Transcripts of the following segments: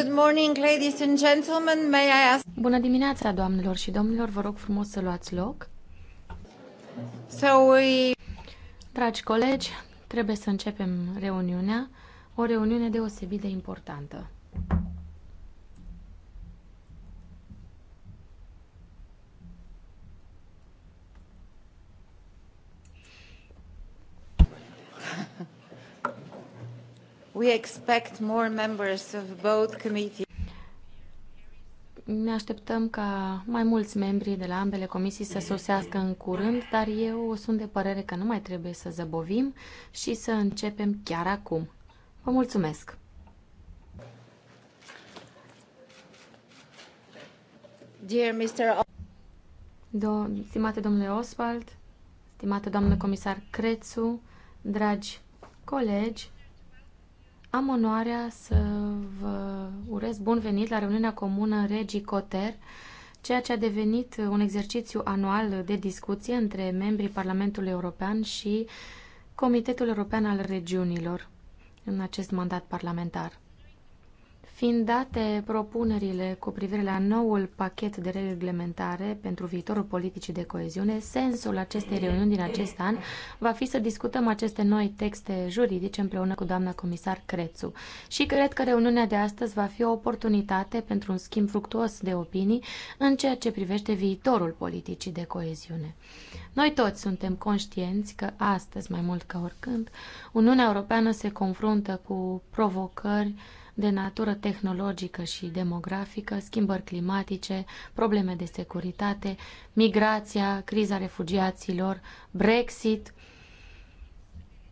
Good morning, ladies and gentlemen. May I ask... Bună dimineața, doamnelor și domnilor. Vă rog frumos să luați loc. So we... Dragi colegi, trebuie să începem reuniunea, o reuniune deosebit de importantă. We expect more members of both committees. Ne așteptăm ca mai mulți membri de la ambele comisii să sosească în curând, dar eu sunt de părere că nu mai trebuie să zăbovim și să începem chiar acum. Vă mulțumesc! Dear Mr. Do stimate domnule Oswald, stimate doamnă comisar Crețu, dragi colegi, am onoarea să vă urez bun venit la reuniunea comună Regii Coter, ceea ce a devenit un exercițiu anual de discuție între membrii Parlamentului European și Comitetul European al Regiunilor în acest mandat parlamentar. Fiind date propunerile cu privire la noul pachet de reglementare pentru viitorul politicii de coeziune, sensul acestei reuniuni din acest an va fi să discutăm aceste noi texte juridice împreună cu doamna comisar Crețu. Și cred că reuniunea de astăzi va fi o oportunitate pentru un schimb fructuos de opinii în ceea ce privește viitorul politicii de coeziune. Noi toți suntem conștienți că astăzi, mai mult ca oricând, Uniunea Europeană se confruntă cu provocări de natură tehnologică și demografică, schimbări climatice, probleme de securitate, migrația, criza refugiaților, Brexit,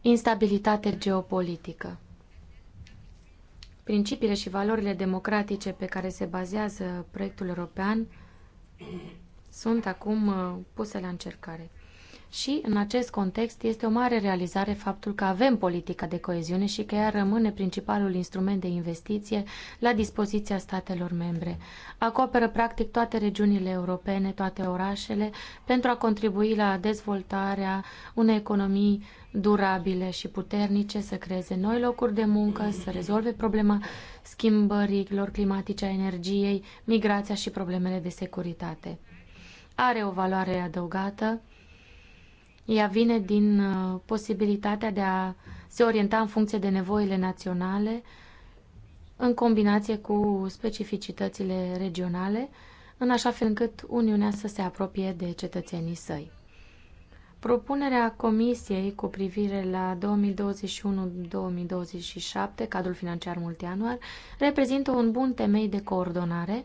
instabilitate geopolitică. Principiile și valorile democratice pe care se bazează proiectul european sunt acum uh, puse la încercare. Și, în acest context, este o mare realizare faptul că avem politica de coeziune și că ea rămâne principalul instrument de investiție la dispoziția statelor membre. Acoperă, practic, toate regiunile europene, toate orașele, pentru a contribui la dezvoltarea unei economii durabile și puternice, să creeze noi locuri de muncă, să rezolve problema schimbărilor climatice, a energiei, migrația și problemele de securitate. Are o valoare adăugată ea vine din uh, posibilitatea de a se orienta în funcție de nevoile naționale, în combinație cu specificitățile regionale, în așa fel încât Uniunea să se apropie de cetățenii săi. Propunerea Comisiei cu privire la 2021-2027, cadrul financiar multianual, reprezintă un bun temei de coordonare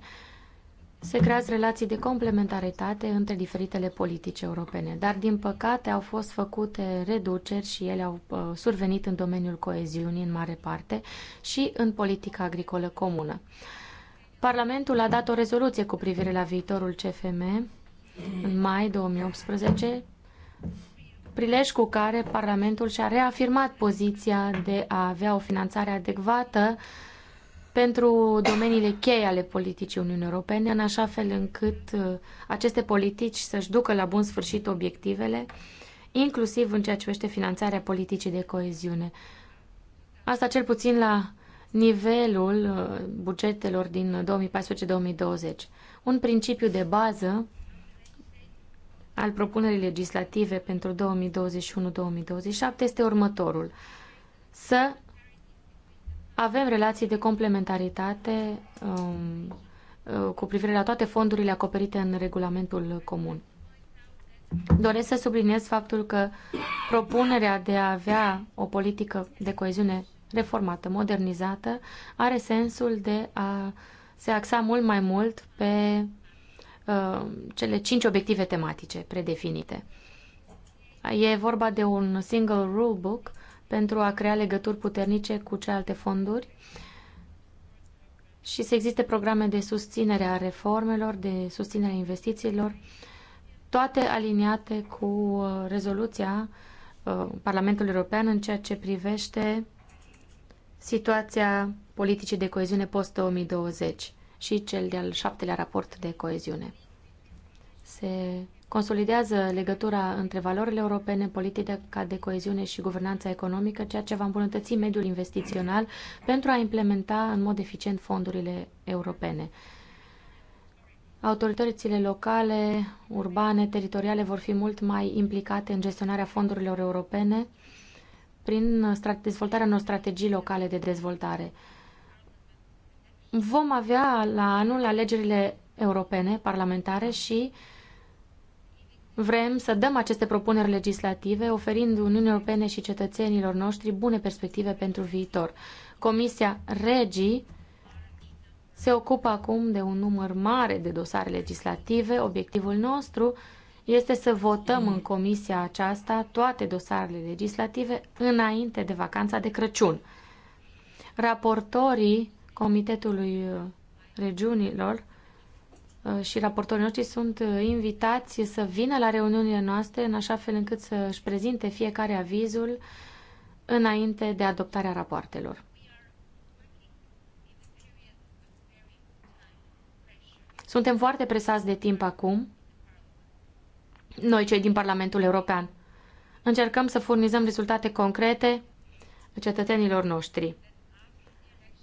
se creează relații de complementaritate între diferitele politici europene, dar din păcate au fost făcute reduceri și ele au uh, survenit în domeniul coeziunii în mare parte și în politica agricolă comună. Parlamentul a dat o rezoluție cu privire la viitorul CFM în mai 2018, prilej cu care Parlamentul și-a reafirmat poziția de a avea o finanțare adecvată uh, pentru domeniile cheie ale politicii Uniunii Europene, în așa fel încât uh, aceste politici să-și ducă la bun sfârșit obiectivele, inclusiv în ceea ce privește finanțarea politicii de coeziune. Asta cel puțin la nivelul uh, bugetelor din 2014-2020. Un principiu de bază al propunerii legislative pentru 2021-2027 este următorul. Să avem relații de complementaritate um, uh, cu privire la toate fondurile acoperite în regulamentul comun. Doresc să subliniez faptul că propunerea de a avea o politică de coeziune reformată, modernizată, are sensul de a se axa mult mai mult pe uh, cele cinci obiective tematice predefinite. E vorba de un single rulebook. uh, pentru a crea legături puternice cu celelalte fonduri și să existe programe de susținere a reformelor, de susținere a investițiilor, toate aliniate cu uh, rezoluția uh, Parlamentului European în ceea ce privește situația politicii de coeziune post-2020 și cel de-al șaptelea raport de coeziune. Se consolidează legătura între valorile europene, politica de coeziune și guvernanța economică, ceea ce va îmbunătăți mediul investițional pentru a implementa în mod eficient fondurile europene. Autoritățile locale, urbane, teritoriale vor fi mult mai implicate în gestionarea fondurilor europene prin dezvoltarea unor strategii locale de dezvoltare. Vom avea la anul alegerile europene, parlamentare și uh, Vrem să dăm aceste propuneri legislative, oferind Uniunii Europene și cetățenilor noștri bune perspective pentru viitor. Comisia REGI se ocupă acum de un număr mare de dosare legislative. Obiectivul nostru este să votăm în comisia aceasta toate dosarele legislative înainte de vacanța de Crăciun. Raportorii Comitetului Regiunilor Uh, și raportorii noștri sunt uh, invitați să vină la reuniunile noastre în așa fel încât să își prezinte fiecare avizul înainte de adoptarea rapoartelor. Suntem foarte presați de timp acum, noi cei din Parlamentul European. Încercăm să furnizăm rezultate concrete cetățenilor noștri.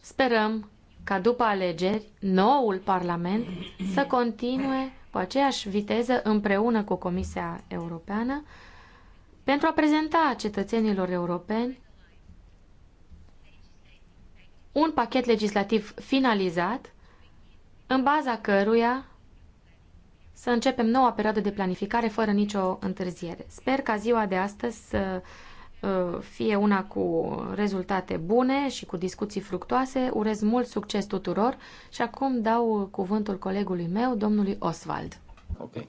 Sperăm ca după alegeri noul Parlament să continue cu aceeași viteză împreună cu Comisia Europeană pentru a prezenta cetățenilor europeni un pachet legislativ finalizat în baza căruia să începem noua perioadă de planificare fără nicio întârziere. Sper ca ziua de astăzi să Uh, fie una cu rezultate bune și cu discuții fructoase. Urez mult succes tuturor și acum dau cuvântul colegului meu, domnului Oswald. Ok. Uh,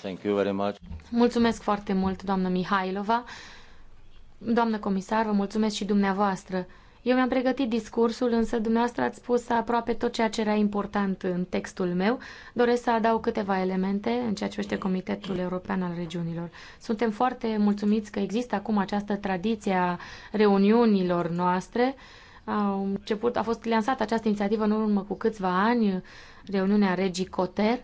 thank you very much. Mulțumesc foarte mult, doamnă Mihailova. Doamnă comisar, vă mulțumesc și dumneavoastră. Eu mi-am pregătit discursul, însă dumneavoastră ați spus aproape tot ceea ce era important în textul meu. Doresc să adaug câteva elemente în ceea ce este Comitetul European al Regiunilor. Suntem foarte mulțumiți că există acum această tradiție a reuniunilor noastre. A, început, a fost lansată această inițiativă în urmă cu câțiva ani, reuniunea Regii Coter.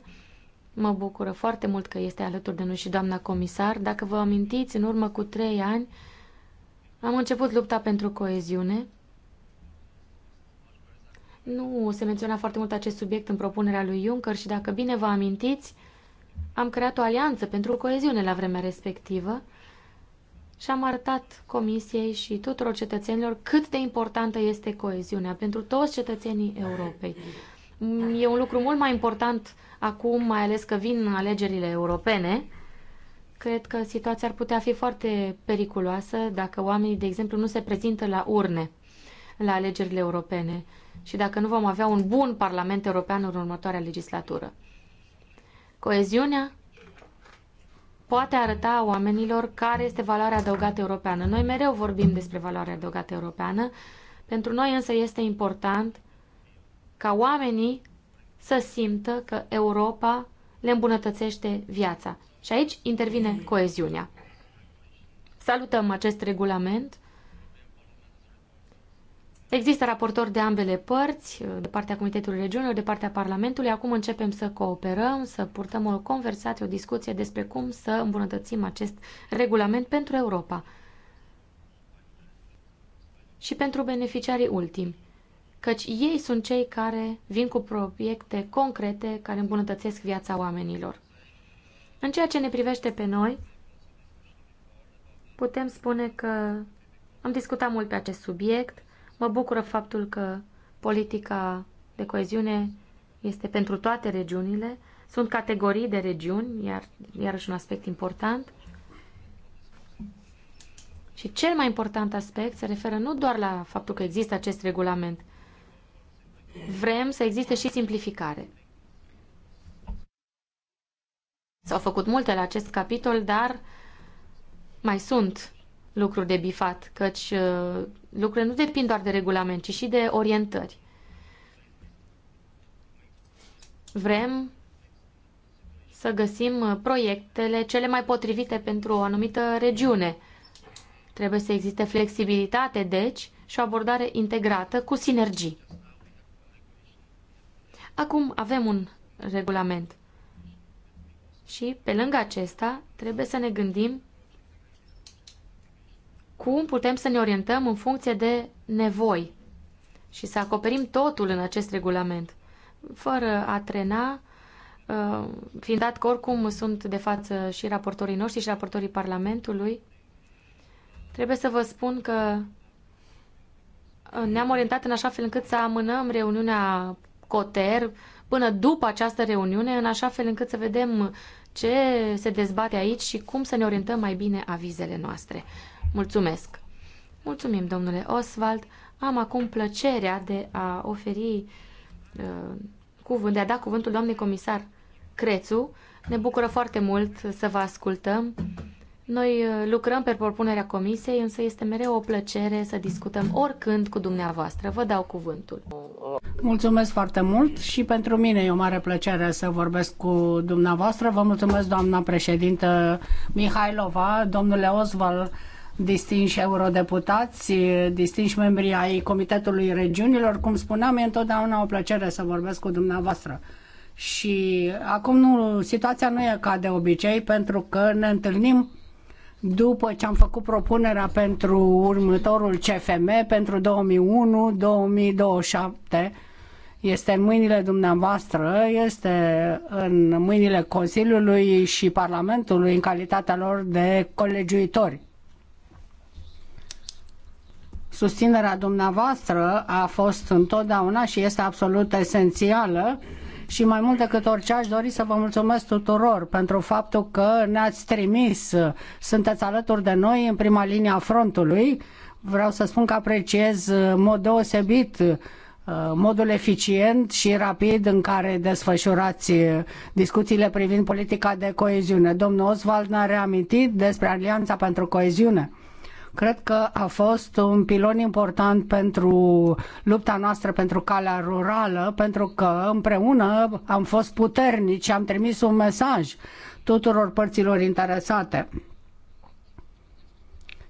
Mă bucură foarte mult că este alături de noi și doamna comisar. Dacă vă amintiți, în urmă cu trei ani am început lupta pentru coeziune nu se menționa foarte mult acest subiect în propunerea lui Juncker și, dacă bine vă amintiți, am creat o alianță pentru coeziune la vremea respectivă și am arătat Comisiei și tuturor cetățenilor cât de importantă este coeziunea pentru toți cetățenii Europei. E un lucru mult mai important acum, mai ales că vin alegerile europene. Cred că situația ar putea fi foarte periculoasă dacă oamenii, de exemplu, nu se prezintă la urne la alegerile europene și dacă nu vom avea un bun Parlament European în următoarea legislatură. Coeziunea poate arăta oamenilor care este valoarea adăugată europeană. Noi mereu vorbim despre valoarea adăugată europeană, pentru noi însă este important ca oamenii să simtă că Europa le îmbunătățește viața. Și aici intervine coeziunea. Salutăm acest regulament Există raportori de ambele părți, de partea Comitetului Regiunilor, de partea Parlamentului. Acum începem să cooperăm, să purtăm o conversație, o discuție despre cum să îmbunătățim acest regulament pentru Europa și pentru beneficiarii ultimi, căci ei sunt cei care vin cu proiecte concrete care îmbunătățesc viața oamenilor. În ceea ce ne privește pe noi, putem spune că am discutat mult pe acest subiect, Mă bucură faptul că politica de coeziune este pentru toate regiunile. Sunt categorii de regiuni, iar, iarăși un aspect important. Și cel mai important aspect se referă nu doar la faptul că există acest regulament. Vrem să existe și simplificare. S-au făcut multe la acest capitol, dar mai sunt lucruri de bifat, căci uh, lucrurile nu depind doar de regulament, ci și de orientări. Vrem să găsim proiectele cele mai potrivite pentru o anumită regiune. Trebuie să existe flexibilitate, deci, și o abordare integrată cu sinergii. Acum avem un regulament. Și, pe lângă acesta, trebuie să ne gândim cum putem să ne orientăm în funcție de nevoi și să acoperim totul în acest regulament, fără a trena, uh, fiind dat că oricum sunt de față și raportorii noștri și raportorii Parlamentului, trebuie să vă spun că uh, ne-am orientat în așa fel încât să amânăm reuniunea COTER până după această reuniune, în așa fel încât să vedem ce se dezbate aici și cum să ne orientăm mai bine avizele noastre. Mulțumesc! Mulțumim, domnule Oswald. Am acum plăcerea de a oferi uh, cuvânt, de a da cuvântul doamnei comisar Crețu. Ne bucură foarte mult să vă ascultăm. Noi uh, lucrăm pe propunerea comisiei, însă este mereu o plăcere să discutăm oricând cu dumneavoastră. Vă dau cuvântul. Mulțumesc foarte mult și pentru mine e o mare plăcere să vorbesc cu dumneavoastră. Vă mulțumesc, doamna președintă Mihailova, domnule Osval, distinși eurodeputați, distinși membri ai Comitetului Regiunilor. Cum spuneam, e întotdeauna o plăcere să vorbesc cu dumneavoastră. Și acum nu, situația nu e ca de obicei, pentru că ne întâlnim după ce am făcut propunerea pentru următorul CFM, pentru 2001-2027, este în mâinile dumneavoastră, este în mâinile Consiliului și Parlamentului în calitatea lor de colegiuitori. Susținerea dumneavoastră a fost întotdeauna și este absolut esențială și mai mult decât orice aș dori să vă mulțumesc tuturor pentru faptul că ne-ați trimis, sunteți alături de noi în prima linie a frontului. Vreau să spun că apreciez în mod deosebit uh, modul eficient și rapid în care desfășurați uh, discuțiile privind politica de coeziune. Domnul Oswald ne-a reamintit despre Alianța pentru Coeziune Cred că a fost un pilon important pentru lupta noastră pentru calea rurală, pentru că împreună am fost puternici și am trimis un mesaj tuturor părților interesate.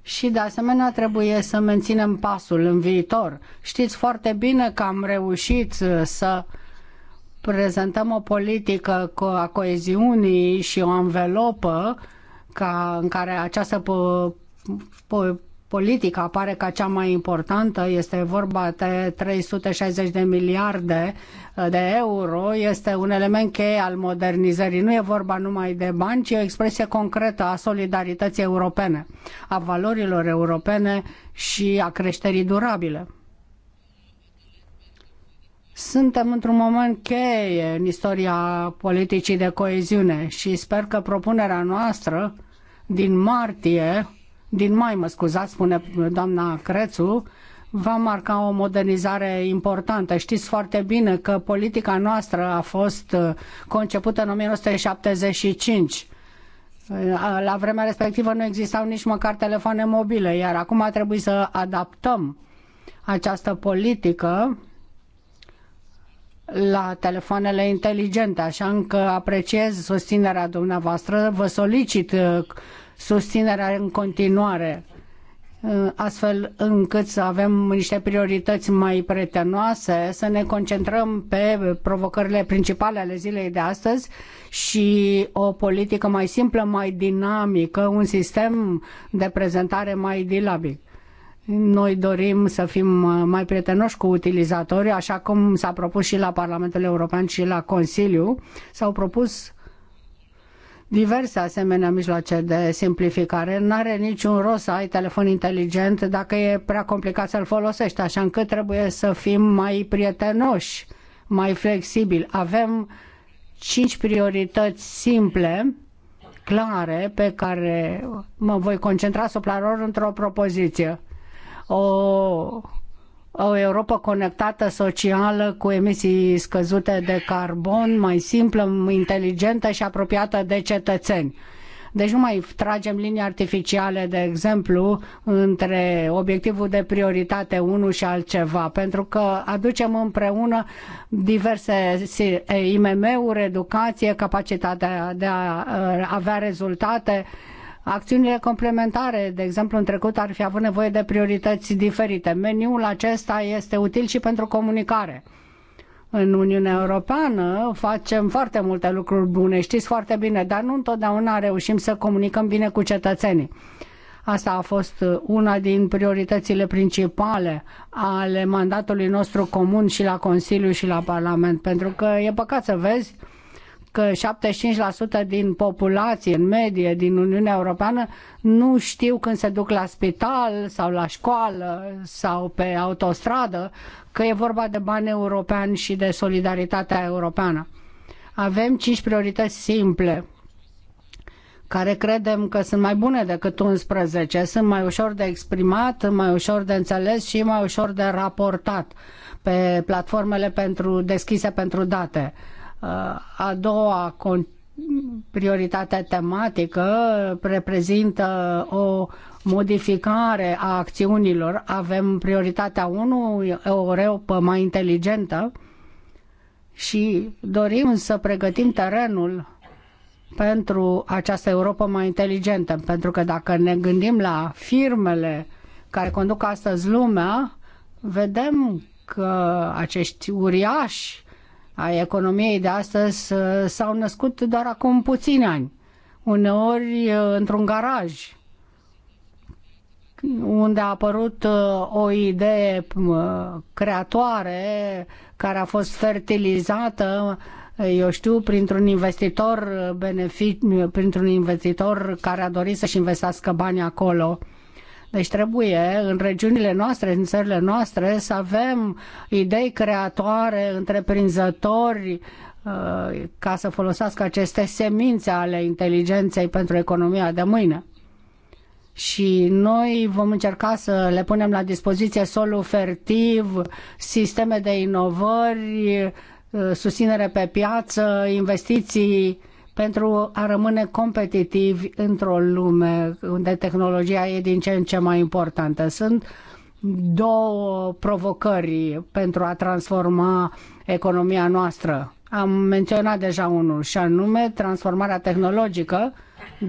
Și de asemenea trebuie să menținem pasul în viitor. Știți foarte bine că am reușit să prezentăm o politică a coeziunii și o anvelopă ca, în care această politica pare ca cea mai importantă, este vorba de 360 de miliarde uh, de euro, este un element cheie al modernizării. Nu e vorba numai de bani, ci e o expresie concretă a solidarității europene, a valorilor europene și a creșterii durabile. Suntem într-un moment cheie în istoria politicii de coeziune și sper că propunerea noastră din martie din mai, mă scuzați, spune doamna Crețu, va marca o modernizare importantă. Știți foarte bine că politica noastră a fost uh, concepută în 1975. Uh, la vremea respectivă nu existau nici măcar telefoane mobile, iar acum a trebuit să adaptăm această politică la telefoanele inteligente, așa încă apreciez susținerea dumneavoastră, vă solicit uh, susținerea în continuare uh, astfel încât să avem niște priorități mai prietenoase, să ne concentrăm pe provocările principale ale zilei de astăzi și o politică mai simplă, mai dinamică, un sistem de prezentare mai dilabic. Noi dorim să fim mai prietenoși cu utilizatorii, așa cum s-a propus și la Parlamentul European și la Consiliu. S-au propus diverse asemenea mijloace de simplificare. Nu are niciun rost să ai telefon inteligent dacă e prea complicat să-l folosești, așa încât trebuie să fim mai prietenoși, mai flexibili. Avem cinci priorități simple, clare, pe care mă voi concentra supra lor într-o propoziție. O o Europa conectată socială cu emisii scăzute de carbon, mai simplă, inteligentă și apropiată de cetățeni. Deci nu mai tragem linii artificiale, de exemplu, între obiectivul de prioritate unu și altceva, pentru că aducem împreună diverse IMM-uri, educație, capacitatea de a avea rezultate, Acțiunile complementare, de exemplu, în trecut ar fi avut nevoie de priorități diferite. Meniul acesta este util și pentru comunicare. În Uniunea Europeană facem foarte multe lucruri bune, știți foarte bine, dar nu întotdeauna reușim să comunicăm bine cu cetățenii. Asta a fost una din prioritățile principale ale mandatului nostru comun și la Consiliu și la Parlament, pentru că e păcat să vezi că 75% din populație în medie din Uniunea Europeană nu știu când se duc la spital sau la școală sau pe autostradă că e vorba de bani europeni și de solidaritatea europeană. Avem cinci priorități simple care credem că sunt mai bune decât 11, sunt mai ușor de exprimat, mai ușor de înțeles și mai ușor de raportat pe platformele pentru, deschise pentru date a doua prioritatea tematică reprezintă o modificare a acțiunilor. Avem prioritatea 1, o reopă mai inteligentă și dorim să pregătim terenul pentru această Europa mai inteligentă, pentru că dacă ne gândim la firmele care conduc astăzi lumea, vedem că acești uriași a economiei de astăzi uh, s-au născut doar acum puțini ani, uneori uh, într-un garaj, unde a apărut uh, o idee creatoare care a fost fertilizată, eu știu, printr-un investitor benefic, printr-un investitor care a dorit să-și investească bani acolo deci trebuie în regiunile noastre, în țările noastre, să avem idei creatoare, întreprinzători, uh, ca să folosească aceste semințe ale inteligenței pentru economia de mâine. Și noi vom încerca să le punem la dispoziție solul fertiv, sisteme de inovări, uh, susținere pe piață, investiții pentru a rămâne competitivi într-o lume unde tehnologia e din ce în ce mai importantă. Sunt două provocări pentru a transforma economia noastră. Am menționat deja unul și anume transformarea tehnologică,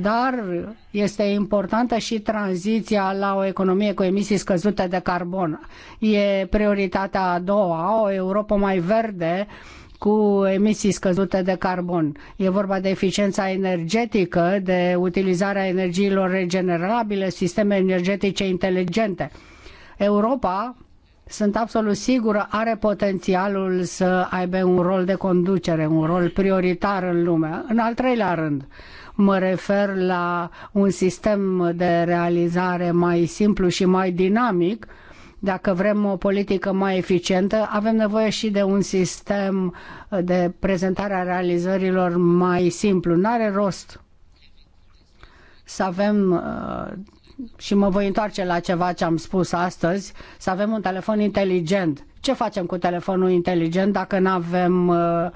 dar este importantă și tranziția la o economie cu emisii scăzute de carbon. E prioritatea a doua, o Europa mai verde, uh, cu emisii scăzute de carbon. E vorba de eficiența energetică, de utilizarea energiilor regenerabile, sisteme energetice inteligente. Europa, sunt absolut sigură, are potențialul să aibă un rol de conducere, un rol prioritar în lume. În al treilea rând, mă refer la un sistem de realizare mai simplu și mai dinamic, dacă vrem o politică mai eficientă, avem nevoie și de un sistem de prezentare a realizărilor mai simplu. N-are rost să avem uh, și mă voi întoarce la ceva ce am spus astăzi, să avem un telefon inteligent. Ce facem cu telefonul inteligent dacă nu avem uh,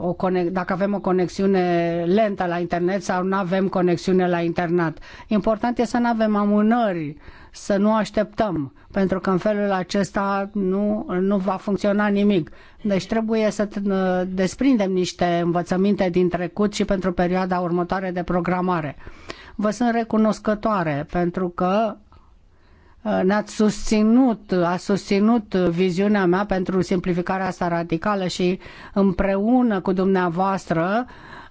uh, o dacă avem o conexiune lentă la internet sau nu avem conexiune la internet. Important este să nu avem amânări uh, să nu așteptăm, pentru că în felul acesta nu, nu va funcționa nimic. Deci trebuie să uh, desprindem niște învățăminte din trecut și pentru perioada următoare de programare. Vă sunt recunoscătoare pentru că uh, ne-ați susținut, a susținut viziunea mea pentru simplificarea asta radicală și împreună cu dumneavoastră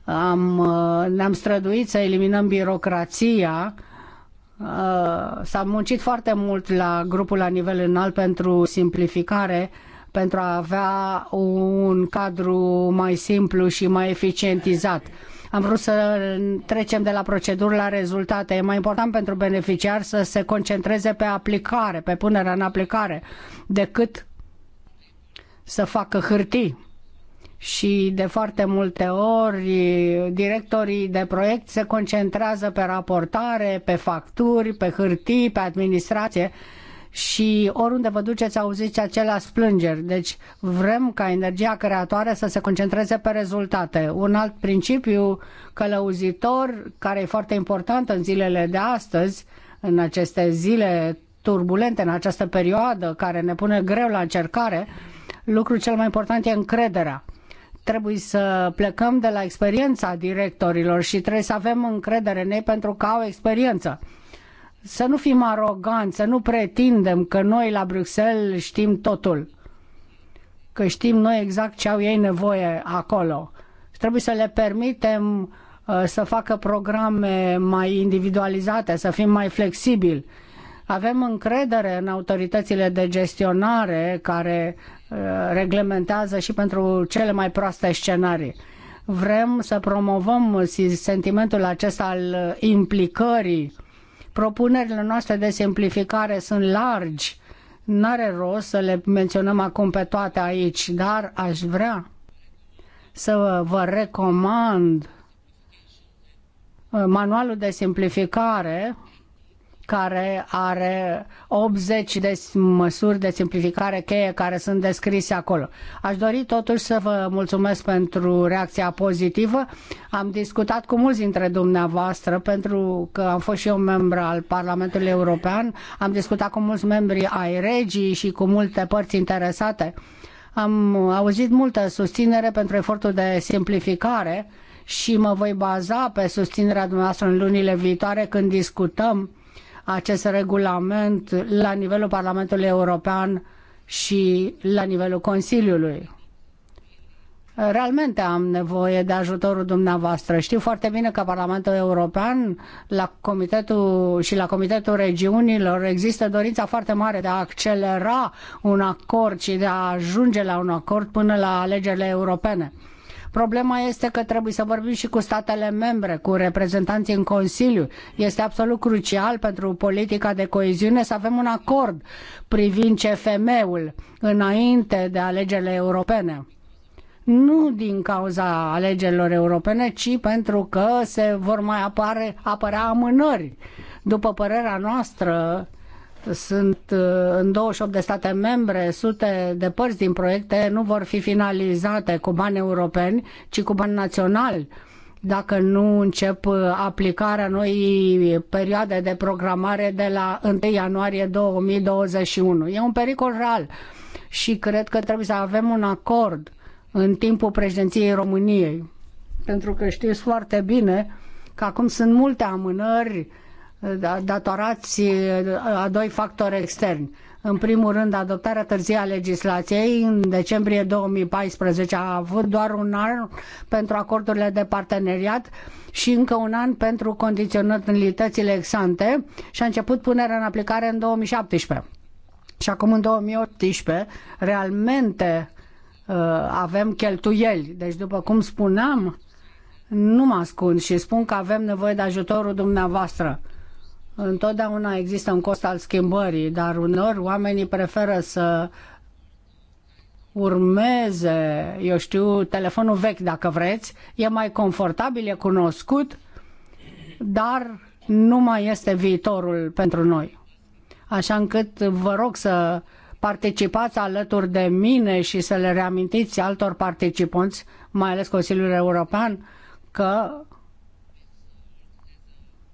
am, uh, ne-am străduit să eliminăm birocrația Uh, s-a muncit foarte mult la grupul la nivel înalt pentru simplificare, pentru a avea un cadru mai simplu și mai eficientizat. Am vrut să trecem de la proceduri la rezultate. E mai important pentru beneficiar să se concentreze pe aplicare, pe punerea în aplicare, decât să facă hârtii și de foarte multe ori directorii de proiect se concentrează pe raportare, pe facturi, pe hârtii, pe administrație și oriunde vă duceți auziți aceleași plângeri. Deci vrem ca energia creatoare să se concentreze pe rezultate. Un alt principiu călăuzitor care e foarte important în zilele de astăzi, în aceste zile turbulente, în această perioadă care ne pune greu la încercare, lucrul cel mai important e încrederea. Trebuie să plecăm de la experiența directorilor și trebuie să avem încredere în ei pentru că au experiență. Să nu fim aroganți, să nu pretindem că noi la Bruxelles știm totul, că știm noi exact ce au ei nevoie acolo. Trebuie să le permitem uh, să facă programe mai individualizate, să fim mai flexibili avem încredere în autoritățile de gestionare care uh, reglementează și pentru cele mai proaste scenarii. Vrem să promovăm sentimentul acesta al uh, implicării. Propunerile noastre de simplificare sunt largi. N-are rost să le menționăm acum pe toate aici, dar aș vrea să vă recomand uh, manualul de simplificare care are 80 de măsuri de simplificare cheie care sunt descrise acolo. Aș dori totuși să vă mulțumesc pentru reacția pozitivă. Am discutat cu mulți dintre dumneavoastră pentru că am fost și eu membru al Parlamentului European, am discutat cu mulți membri ai regii și cu multe părți interesate. Am auzit multă susținere pentru efortul de simplificare și mă voi baza pe susținerea dumneavoastră în lunile viitoare când discutăm acest regulament la nivelul Parlamentului European și la nivelul Consiliului. Realmente am nevoie de ajutorul dumneavoastră. Știu foarte bine că Parlamentul European la comitetul, și la Comitetul Regiunilor există dorința foarte mare de a accelera un acord și de a ajunge la un acord până la alegerile europene. Problema este că trebuie să vorbim și cu statele membre, cu reprezentanții în Consiliu. Este absolut crucial pentru politica de coeziune să avem un acord privind CFM-ul înainte de alegerile europene nu din cauza alegerilor europene, ci pentru că se vor mai apare, apărea amânări. După părerea noastră, sunt uh, în 28 de state membre, sute de părți din proiecte nu vor fi finalizate cu bani europeni, ci cu bani naționali dacă nu încep uh, aplicarea noii perioade de programare de la 1 ianuarie 2021. E un pericol real și cred că trebuie să avem un acord în timpul președinției României. Pentru că știți foarte bine că acum sunt multe amânări da, datorați a doi factori externi. În primul rând, adoptarea târzie a legislației în decembrie 2014 a avut doar un an pentru acordurile de parteneriat și încă un an pentru condiționalitățile exante și a început punerea în aplicare în 2017. Și acum în 2018 realmente uh, avem cheltuieli. Deci, după cum spuneam, nu mă ascund și spun că avem nevoie de ajutorul dumneavoastră Întotdeauna există un cost al schimbării, dar uneori oamenii preferă să urmeze, eu știu, telefonul vechi dacă vreți, e mai confortabil, e cunoscut, dar nu mai este viitorul pentru noi. Așa încât vă rog să participați alături de mine și să le reamintiți altor participanți, mai ales Consiliul European, că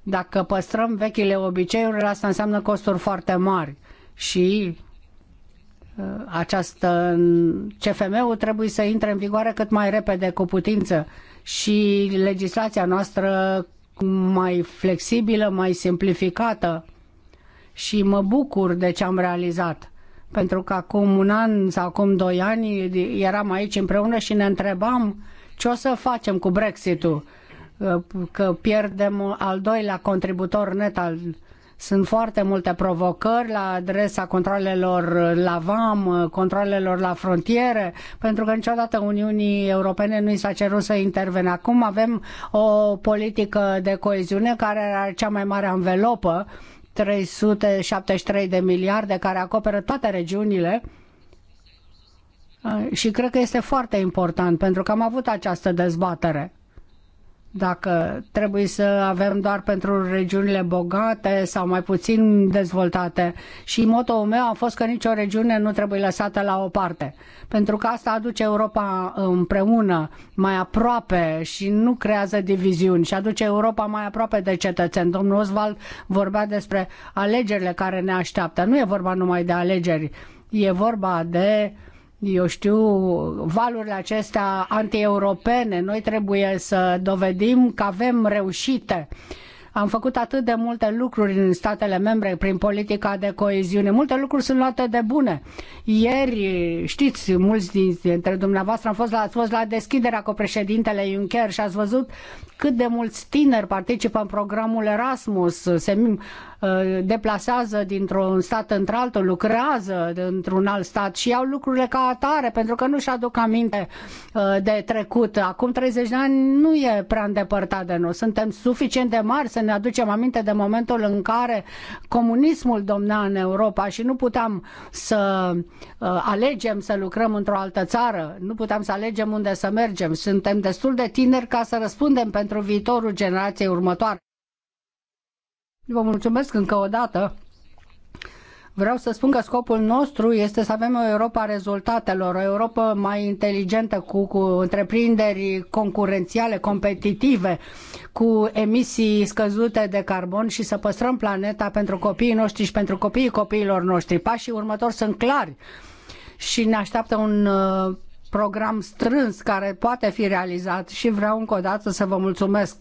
dacă păstrăm vechile obiceiuri, asta înseamnă costuri foarte mari și uh, această CFM-ul trebuie să intre în vigoare cât mai repede cu putință și legislația noastră mai flexibilă, mai simplificată și mă bucur de ce am realizat. Pentru că acum un an sau acum doi ani eram aici împreună și ne întrebam ce o să facem cu Brexit-ul că pierdem al doilea contributor net al sunt foarte multe provocări la adresa controlelor la VAM, controlelor la frontiere, pentru că niciodată Uniunii Europene nu i s-a cerut să intervene. Acum avem o politică de coeziune care are cea mai mare anvelopă, 373 de miliarde, care acoperă toate regiunile. Și cred că este foarte important, pentru că am avut această dezbatere dacă trebuie să avem doar pentru regiunile bogate sau mai puțin dezvoltate. Și motoul meu a fost că nicio regiune nu trebuie lăsată la o parte, pentru că asta aduce Europa împreună, mai aproape și nu creează diviziuni și aduce Europa mai aproape de cetățeni. Domnul Oswald vorbea despre alegerile care ne așteaptă. Nu e vorba numai de alegeri, e vorba de uh, eu știu, valurile acestea antieuropene. Noi trebuie să dovedim că avem reușite. Am făcut atât de multe lucruri în statele membre prin politica de coeziune. Multe lucruri sunt luate de bune. Ieri, știți, mulți dintre dumneavoastră am fost la, ați fost la deschiderea cu președintele Juncker și ați văzut cât de mulți tineri participă în programul Erasmus. Se, Uh, deplasează dintr-un stat într-altul, lucrează într-un alt stat și iau lucrurile ca atare, pentru că nu-și aduc aminte uh, de trecut. Acum 30 de ani nu e prea îndepărtat de noi. Suntem suficient de mari să ne aducem aminte de momentul în care comunismul domnea în Europa și nu puteam să uh, alegem să lucrăm într-o altă țară, nu puteam să alegem unde să mergem. Suntem destul de tineri ca să răspundem pentru viitorul generației următoare. Vă mulțumesc încă o dată. Vreau să spun că scopul nostru este să avem o Europa a rezultatelor, o Europa mai inteligentă, cu, cu întreprinderi concurențiale, competitive, cu emisii scăzute de carbon și să păstrăm planeta pentru copiii noștri și pentru copiii copiilor noștri. Pașii următori sunt clari și ne așteaptă un uh, program strâns care poate fi realizat și vreau încă o dată să vă mulțumesc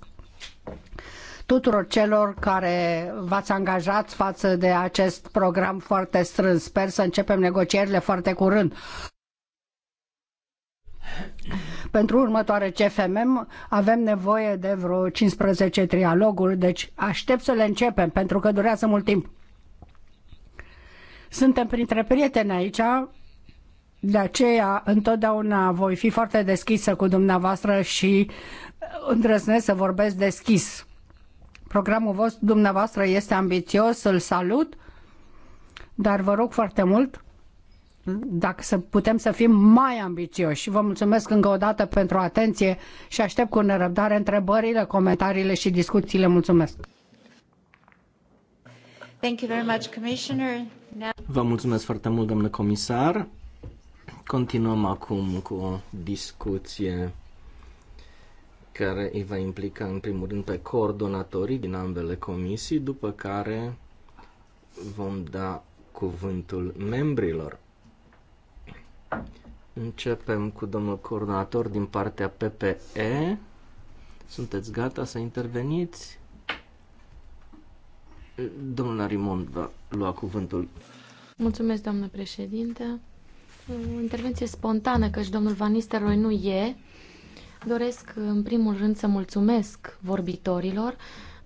tuturor celor care v-ați angajat față de acest program foarte strâns. Sper să începem negocierile foarte curând. Pentru următoare CFM avem nevoie de vreo 15 trialoguri, deci aștept să le începem, pentru că durează mult timp. Suntem printre prieteni aici, de aceea întotdeauna voi fi foarte deschisă cu dumneavoastră și îndrăznesc să vorbesc deschis. Programul vostru, dumneavoastră este ambițios, îl salut, dar vă rog foarte mult dacă să putem să fim mai ambițioși. Vă mulțumesc încă o dată pentru atenție și aștept cu nerăbdare întrebările, comentariile și discuțiile. Mulțumesc! Thank you very much, Commissioner. Now... Vă mulțumesc foarte mult, domnule comisar. Continuăm acum cu o discuție care îi va implica în primul rând pe coordonatorii din ambele comisii, după care vom da cuvântul membrilor. Începem cu domnul coordonator din partea PPE. Sunteți gata să interveniți? Domnul Arimond va lua cuvântul. Mulțumesc, doamnă președinte. O intervenție spontană, căci domnul Van Nistelrooy nu e Doresc, în primul rând, să mulțumesc vorbitorilor,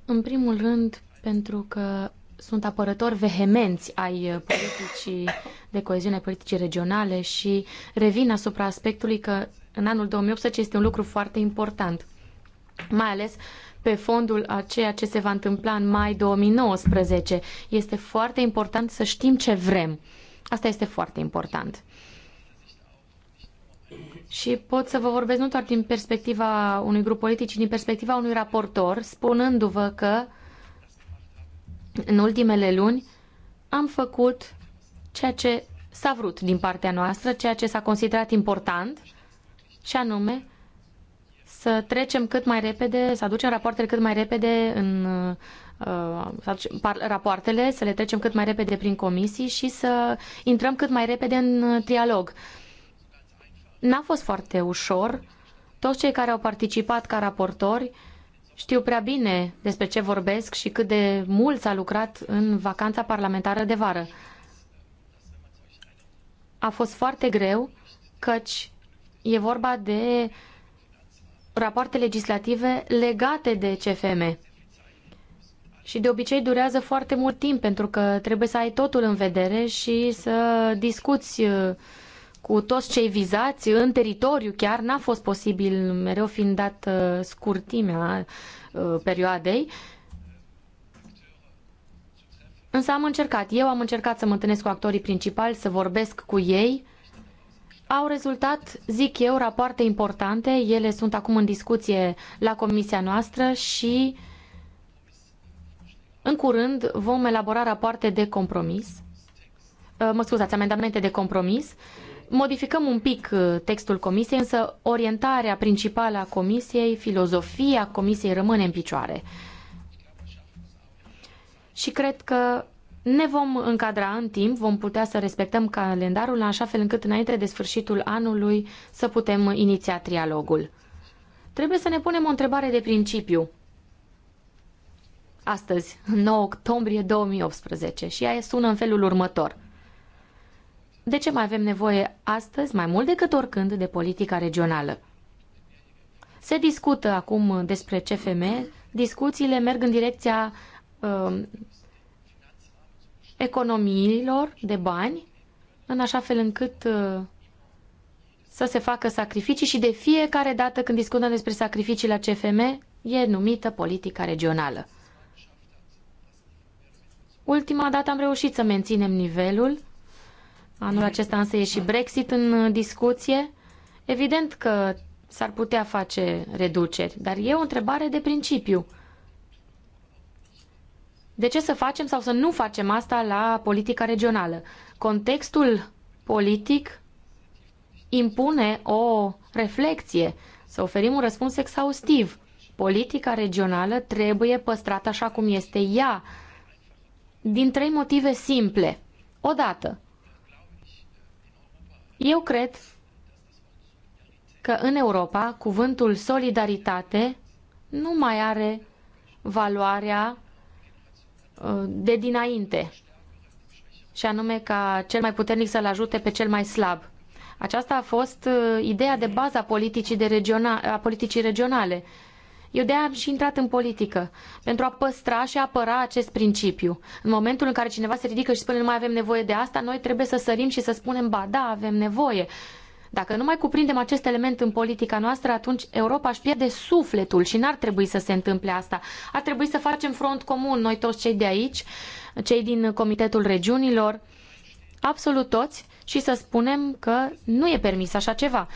în primul rând pentru că sunt apărători vehemenți ai politicii de coeziune, politicii regionale și revin asupra aspectului că în anul 2018 este un lucru foarte important, mai ales pe fondul a ceea ce se va întâmpla în mai 2019. Este foarte important să știm ce vrem. Asta este foarte important și pot să vă vorbesc nu doar din perspectiva unui grup politic, ci din perspectiva unui raportor, spunându-vă că în ultimele luni am făcut ceea ce s-a vrut din partea noastră, ceea ce s-a considerat important, și anume să trecem cât mai repede, să aducem rapoartele cât mai repede în uh, să aducem rapoartele, să le trecem cât mai repede prin comisii și să intrăm cât mai repede în trialog. Uh, N-a fost foarte ușor. Toți cei care au participat ca raportori știu prea bine despre ce vorbesc și cât de mult s-a lucrat în vacanța parlamentară de vară. A fost foarte greu, căci e vorba de rapoarte legislative legate de CFM. Și de obicei durează foarte mult timp pentru că trebuie să ai totul în vedere și să discuți uh, cu toți cei vizați în teritoriu chiar n-a fost posibil, mereu fiind dat uh, scurtimea uh, perioadei. Însă am încercat, eu am încercat să mă întâlnesc cu actorii principali, să vorbesc cu ei. Au rezultat, zic eu, rapoarte importante. Ele sunt acum în discuție la comisia noastră și în curând vom elabora rapoarte de compromis uh, mă scuzați, amendamente de compromis modificăm un pic uh, textul comisiei, însă orientarea principală a comisiei, filozofia comisiei rămâne în picioare. Și cred că ne vom încadra în timp, vom putea să respectăm calendarul în așa fel încât înainte de sfârșitul anului să putem iniția trialogul. Trebuie să ne punem o întrebare de principiu. Astăzi, 9 octombrie 2018 și ea sună în felul următor – de ce mai avem nevoie astăzi, mai mult decât oricând, de politica regională? Se discută acum despre CFM, discuțiile merg în direcția uh, economiilor de bani, în așa fel încât uh, să se facă sacrificii și de fiecare dată când discutăm despre sacrificii la CFM, e numită politica regională. Ultima dată am reușit să menținem nivelul Anul acesta însă e și Brexit în discuție. Evident că s-ar putea face reduceri, dar e o întrebare de principiu. De ce să facem sau să nu facem asta la politica regională? Contextul politic impune o reflexie, să oferim un răspuns exhaustiv. Politica regională trebuie păstrată așa cum este ea, din trei motive simple. Odată, eu cred că în Europa cuvântul solidaritate nu mai are valoarea uh, de dinainte, și anume ca cel mai puternic să-l ajute pe cel mai slab. Aceasta a fost uh, ideea de bază a politicii, de regiona, a politicii regionale. Eu de-aia am și intrat în politică, pentru a păstra și a apăra acest principiu. În momentul în care cineva se ridică și spune nu mai avem nevoie de asta, noi trebuie să sărim și să spunem ba da, avem nevoie. Dacă nu mai cuprindem acest element în politica noastră, atunci Europa își pierde sufletul și n-ar trebui să se întâmple asta. Ar trebui să facem front comun, noi toți cei de aici, cei din Comitetul Regiunilor, absolut toți, și să spunem că nu e permis așa ceva.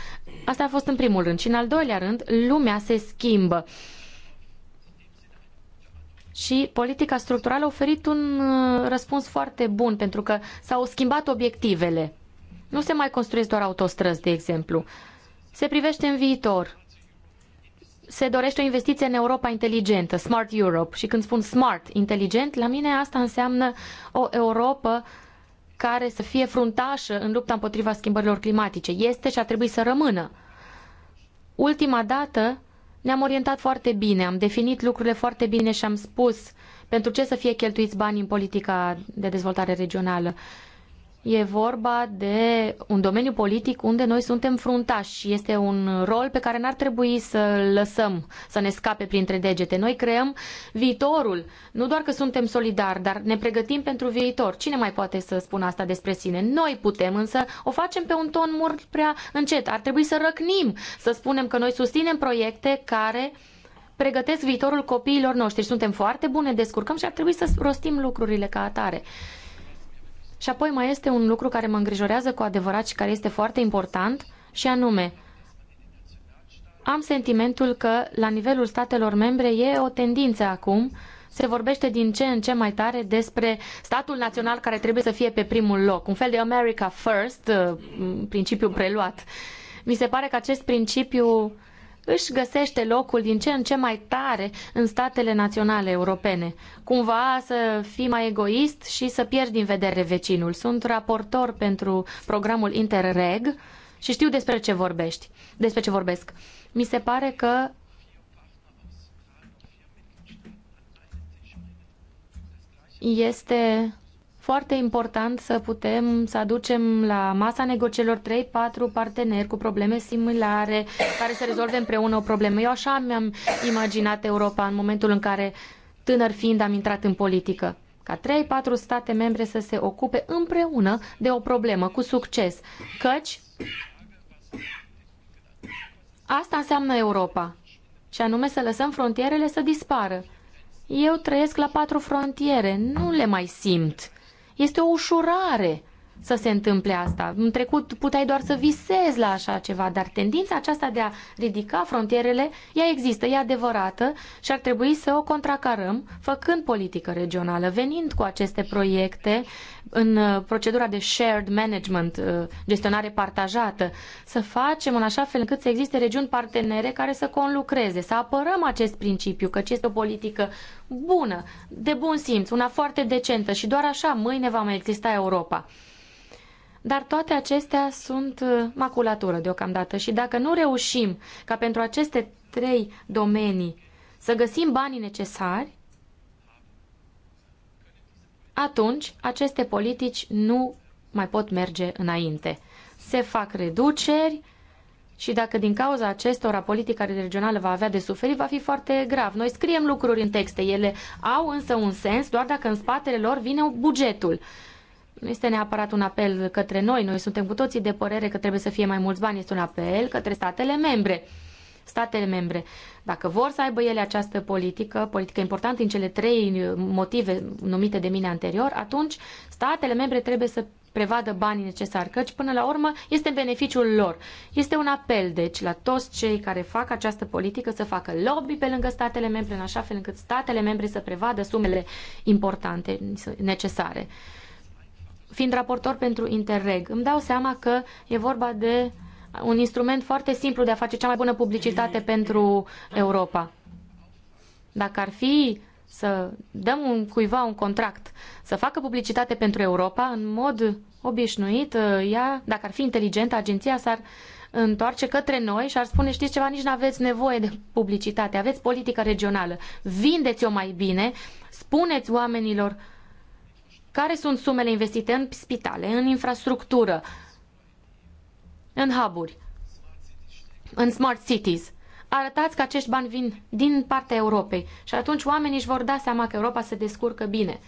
Asta a fost în primul rând. Și în al doilea rând, lumea se schimbă. Și politica structurală a oferit un uh, răspuns foarte bun, pentru că s-au schimbat obiectivele. Nu se mai construiesc doar autostrăzi, de exemplu. Se privește în viitor. Se dorește o investiție în Europa inteligentă, Smart Europe. Și când spun smart, inteligent, la mine asta înseamnă o Europa care să fie fruntașă în lupta împotriva schimbărilor climatice. Este și a trebuit să rămână. Ultima dată ne-am orientat foarte bine, am definit lucrurile foarte bine și am spus pentru ce să fie cheltuiți bani în politica de dezvoltare regională. E vorba de un domeniu politic unde noi suntem fruntași și este un rol pe care n-ar trebui să-l lăsăm să ne scape printre degete. Noi creăm viitorul. Nu doar că suntem solidari, dar ne pregătim pentru viitor. Cine mai poate să spună asta despre sine? Noi putem, însă o facem pe un ton mult prea încet. Ar trebui să răcnim, să spunem că noi susținem proiecte care pregătesc viitorul copiilor noștri. Suntem foarte bune, descurcăm și ar trebui să rostim lucrurile ca atare. Și apoi mai este un lucru care mă îngrijorează cu adevărat și care este foarte important, și anume, am sentimentul că la nivelul statelor membre e o tendință acum se vorbește din ce în ce mai tare despre statul național care trebuie să fie pe primul loc, un fel de America First, uh, principiu preluat. Mi se pare că acest principiu își găsește locul din ce în ce mai tare în statele naționale europene. Cumva să fii mai egoist și să pierzi din vedere vecinul. Sunt raportor pentru programul Interreg și știu despre ce vorbești, despre ce vorbesc. Mi se pare că este foarte important să putem să aducem la masa negocierilor 3-4 parteneri cu probleme similare, care să rezolve împreună o problemă. Eu așa mi-am imaginat Europa în momentul în care, tânăr fiind, am intrat în politică. Ca 3-4 state membre să se ocupe împreună de o problemă cu succes. Căci asta înseamnă Europa. Și anume să lăsăm frontierele să dispară. Eu trăiesc la patru frontiere, nu le mai simt este o ușurare să se întâmple asta. În trecut puteai doar să visezi la așa ceva, dar tendința aceasta de a ridica frontierele, ea există, e adevărată și ar trebui să o contracarăm făcând politică regională, venind cu aceste proiecte în uh, procedura de shared management, uh, gestionare partajată, să facem în așa fel încât să existe regiuni partenere care să conlucreze, să apărăm acest principiu, că este o politică bună, de bun simț, una foarte decentă și doar așa mâine va mai exista Europa. Dar toate acestea sunt uh, maculatură deocamdată și dacă nu reușim ca pentru aceste trei domenii să găsim banii necesari, atunci aceste politici nu mai pot merge înainte. Se fac reduceri și dacă din cauza acestora politica regională va avea de suferit, va fi foarte grav. Noi scriem lucruri în texte, ele au însă un sens doar dacă în spatele lor vine bugetul nu este neapărat un apel către noi, noi suntem cu toții de părere că trebuie să fie mai mulți bani, este un apel către statele membre. Statele membre, dacă vor să aibă ele această politică, politică importantă în cele trei uh, motive numite de mine anterior, atunci statele membre trebuie să prevadă banii necesari, căci până la urmă este în beneficiul lor. Este un apel, deci, la toți cei care fac această politică să facă lobby pe lângă statele membre, în așa fel încât statele membre să prevadă sumele importante necesare fiind raportor pentru Interreg, îmi dau seama că e vorba de un instrument foarte simplu de a face cea mai bună publicitate pentru Europa. Dacă ar fi să dăm un, cuiva un contract să facă publicitate pentru Europa, în mod obișnuit, ea, dacă ar fi inteligentă, agenția s-ar întoarce către noi și ar spune, știți ceva, nici nu aveți nevoie de publicitate, aveți politică regională, vindeți-o mai bine, spuneți oamenilor care sunt sumele investite în spitale, în infrastructură, în hub în smart cities? Arătați că acești bani vin din partea Europei și atunci oamenii își vor da seama că Europa se descurcă bine.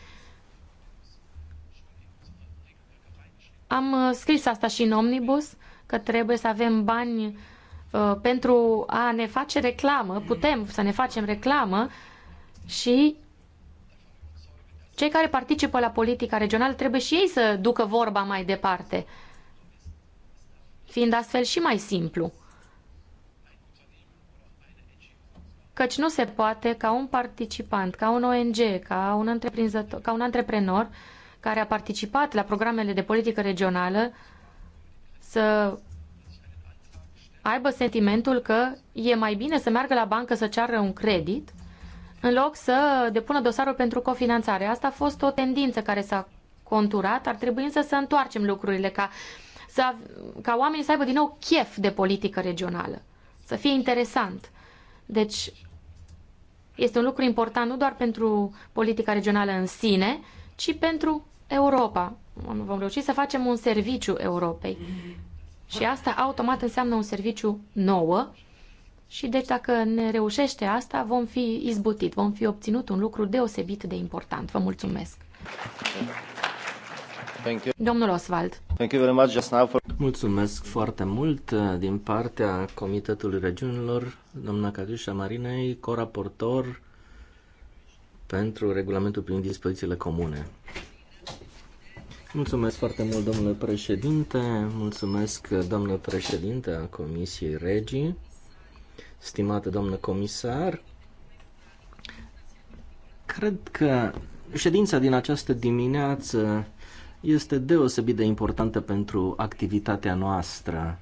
Am uh, scris asta și în Omnibus, că trebuie să avem bani uh, pentru a ne face reclamă, putem să ne facem reclamă și cei care participă la politica regională trebuie și ei să ducă vorba mai departe, fiind astfel și mai simplu. Căci nu se poate ca un participant, ca un ONG, ca un, ca un antreprenor care a participat la programele de politică regională să aibă sentimentul că e mai bine să meargă la bancă să ceară un credit în loc să depună dosarul pentru cofinanțare. Asta a fost o tendință care s-a conturat. Ar trebui însă să întoarcem lucrurile ca, să, ca oamenii să aibă din nou chef de politică regională, să fie interesant. Deci este un lucru important nu doar pentru politica regională în sine, ci pentru Europa. Vom reuși să facem un serviciu Europei. Și asta automat înseamnă un serviciu nouă și deci dacă ne reușește asta, vom fi izbutit, vom fi obținut un lucru deosebit de important. Vă mulțumesc! Thank you. Domnul Oswald. Thank you very much just now for... Mulțumesc foarte mult uh, din partea Comitetului Regiunilor, doamna Catiușa Marinei, coraportor pentru regulamentul prin dispozițiile comune. Mulțumesc foarte mult, domnule președinte, mulțumesc, domnule președinte a Comisiei Regii stimată doamnă comisar. Cred că ședința din această dimineață este deosebit de importantă pentru activitatea noastră.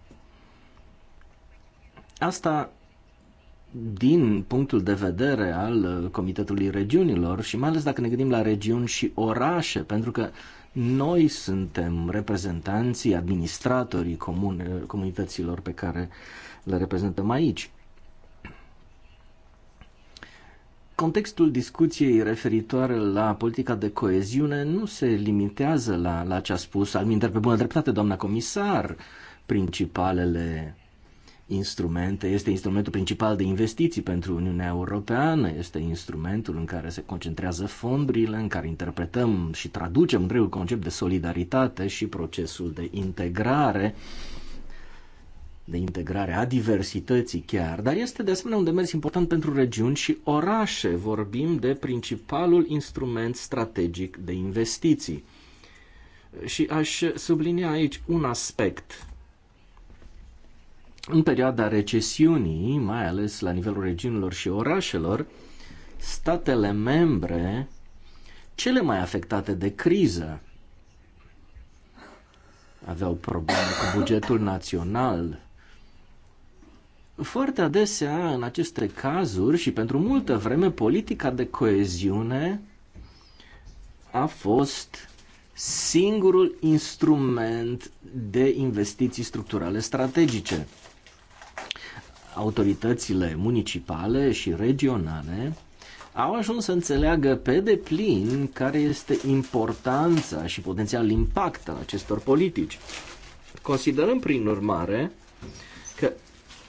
Asta din punctul de vedere al Comitetului Regiunilor și mai ales dacă ne gândim la regiuni și orașe, pentru că noi suntem reprezentanții, administratorii comun, comunităților pe care le reprezentăm aici. contextul discuției referitoare la politica de coeziune nu se limitează la, la ce a spus, al minter pe bună dreptate, doamna comisar, principalele instrumente, este instrumentul principal de investiții pentru Uniunea Europeană, este instrumentul în care se concentrează fondurile, în care interpretăm și traducem întregul concept de solidaritate și procesul de integrare de integrare a diversității chiar, dar este de asemenea un demers important pentru regiuni și orașe. Vorbim de principalul instrument strategic de investiții. Și aș sublinia aici un aspect. În perioada recesiunii, mai ales la nivelul regiunilor și orașelor, statele membre cele mai afectate de criză aveau probleme cu bugetul național, foarte adesea, în aceste cazuri și pentru multă vreme, politica de coeziune a fost singurul instrument de investiții structurale strategice. Autoritățile municipale și regionale au ajuns să înțeleagă pe deplin care este importanța și potențial impact al acestor politici. Considerăm, prin urmare,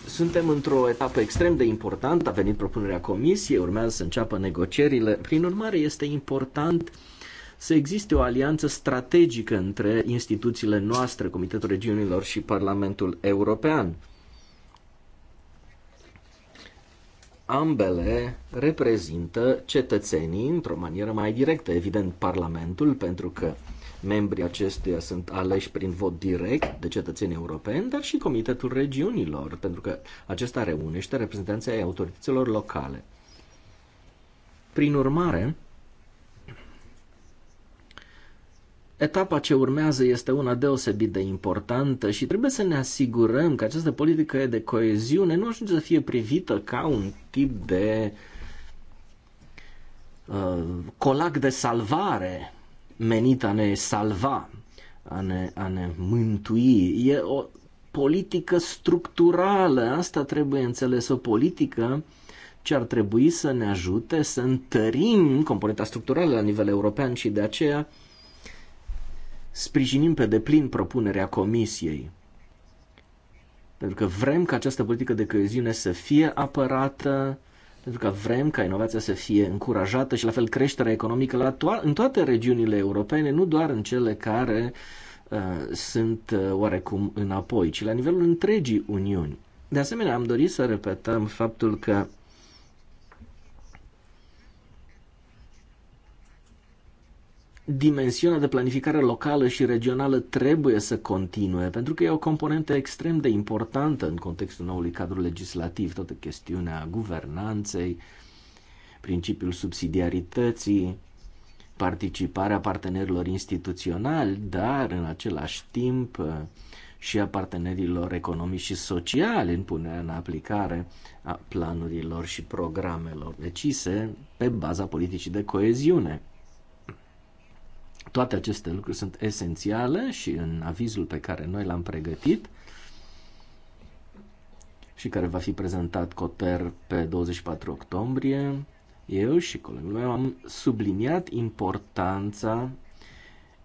suntem într-o etapă extrem de importantă, a venit propunerea comisiei, urmează să înceapă negocierile. Prin urmare, este important să existe o alianță strategică între instituțiile noastre, Comitetul Regiunilor și Parlamentul European. Ambele reprezintă cetățenii într-o manieră mai directă, evident, Parlamentul, pentru că Membrii acesteia sunt aleși prin vot direct de cetățenii europeni, dar și Comitetul Regiunilor, pentru că acesta reunește reprezentanții ai autorităților locale. Prin urmare, Etapa ce urmează este una deosebit de importantă și trebuie să ne asigurăm că această politică de coeziune nu ajunge să fie privită ca un tip de uh, colac de salvare menit a ne salva, a ne, a ne mântui. E o politică structurală, asta trebuie înțeles, o politică ce ar trebui să ne ajute să întărim componenta structurală la nivel european și de aceea sprijinim pe deplin propunerea Comisiei. Pentru că vrem ca această politică de coeziune să fie apărată, pentru că vrem ca inovația să fie încurajată și la fel creșterea economică la to- în toate regiunile europene, nu doar în cele care uh, sunt uh, oarecum înapoi, ci la nivelul întregii Uniuni. De asemenea, am dorit să repetăm faptul că dimensiunea de planificare locală și regională trebuie să continue, pentru că e o componentă extrem de importantă în contextul noului cadru legislativ, toată chestiunea guvernanței, principiul subsidiarității, participarea partenerilor instituționali, dar în același timp uh, și a partenerilor economici și sociali în punerea în aplicare a planurilor și programelor decise pe baza politicii de coeziune. Toate aceste lucruri sunt esențiale și în avizul pe care noi l-am pregătit și care va fi prezentat Coter pe 24 octombrie, eu și colegul meu am subliniat importanța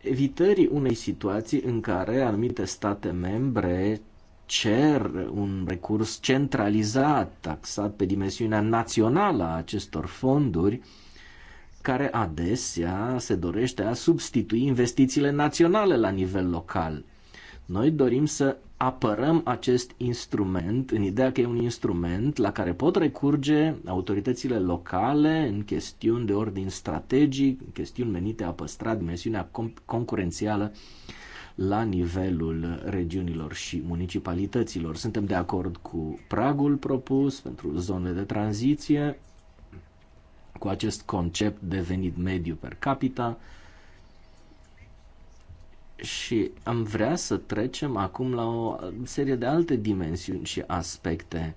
evitării unei situații în care anumite state membre cer un recurs centralizat, taxat pe dimensiunea națională a acestor fonduri, care adesea se dorește a substitui investițiile naționale la nivel local. Noi dorim să apărăm acest instrument în ideea că e un instrument la care pot recurge autoritățile locale în chestiuni de ordin strategic, în chestiuni menite a păstra dimensiunea concurențială la nivelul regiunilor și municipalităților. Suntem de acord cu pragul propus pentru zonele de tranziție, cu acest concept de venit mediu per capita și am vrea să trecem acum la o serie de alte dimensiuni și aspecte.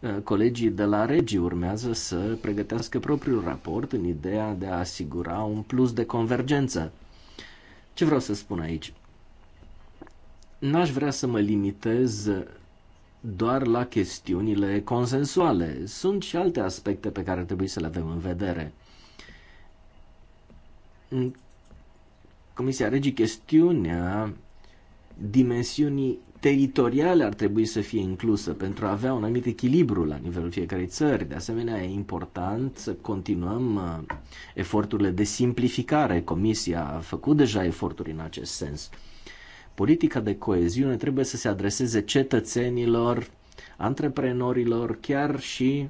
Uh, colegii de la Regi urmează să pregătească propriul raport în ideea de a asigura un plus de convergență. Ce vreau să spun aici? N-aș vrea să mă limitez doar la chestiunile consensuale. Sunt și alte aspecte pe care trebuie să le avem în vedere. În Comisia Regii, chestiunea dimensiunii teritoriale ar trebui să fie inclusă pentru a avea un anumit echilibru la nivelul fiecarei țări. De asemenea, e important să continuăm uh, eforturile de simplificare. Comisia a făcut deja eforturi în acest sens. Politica de coeziune trebuie să se adreseze cetățenilor, antreprenorilor, chiar și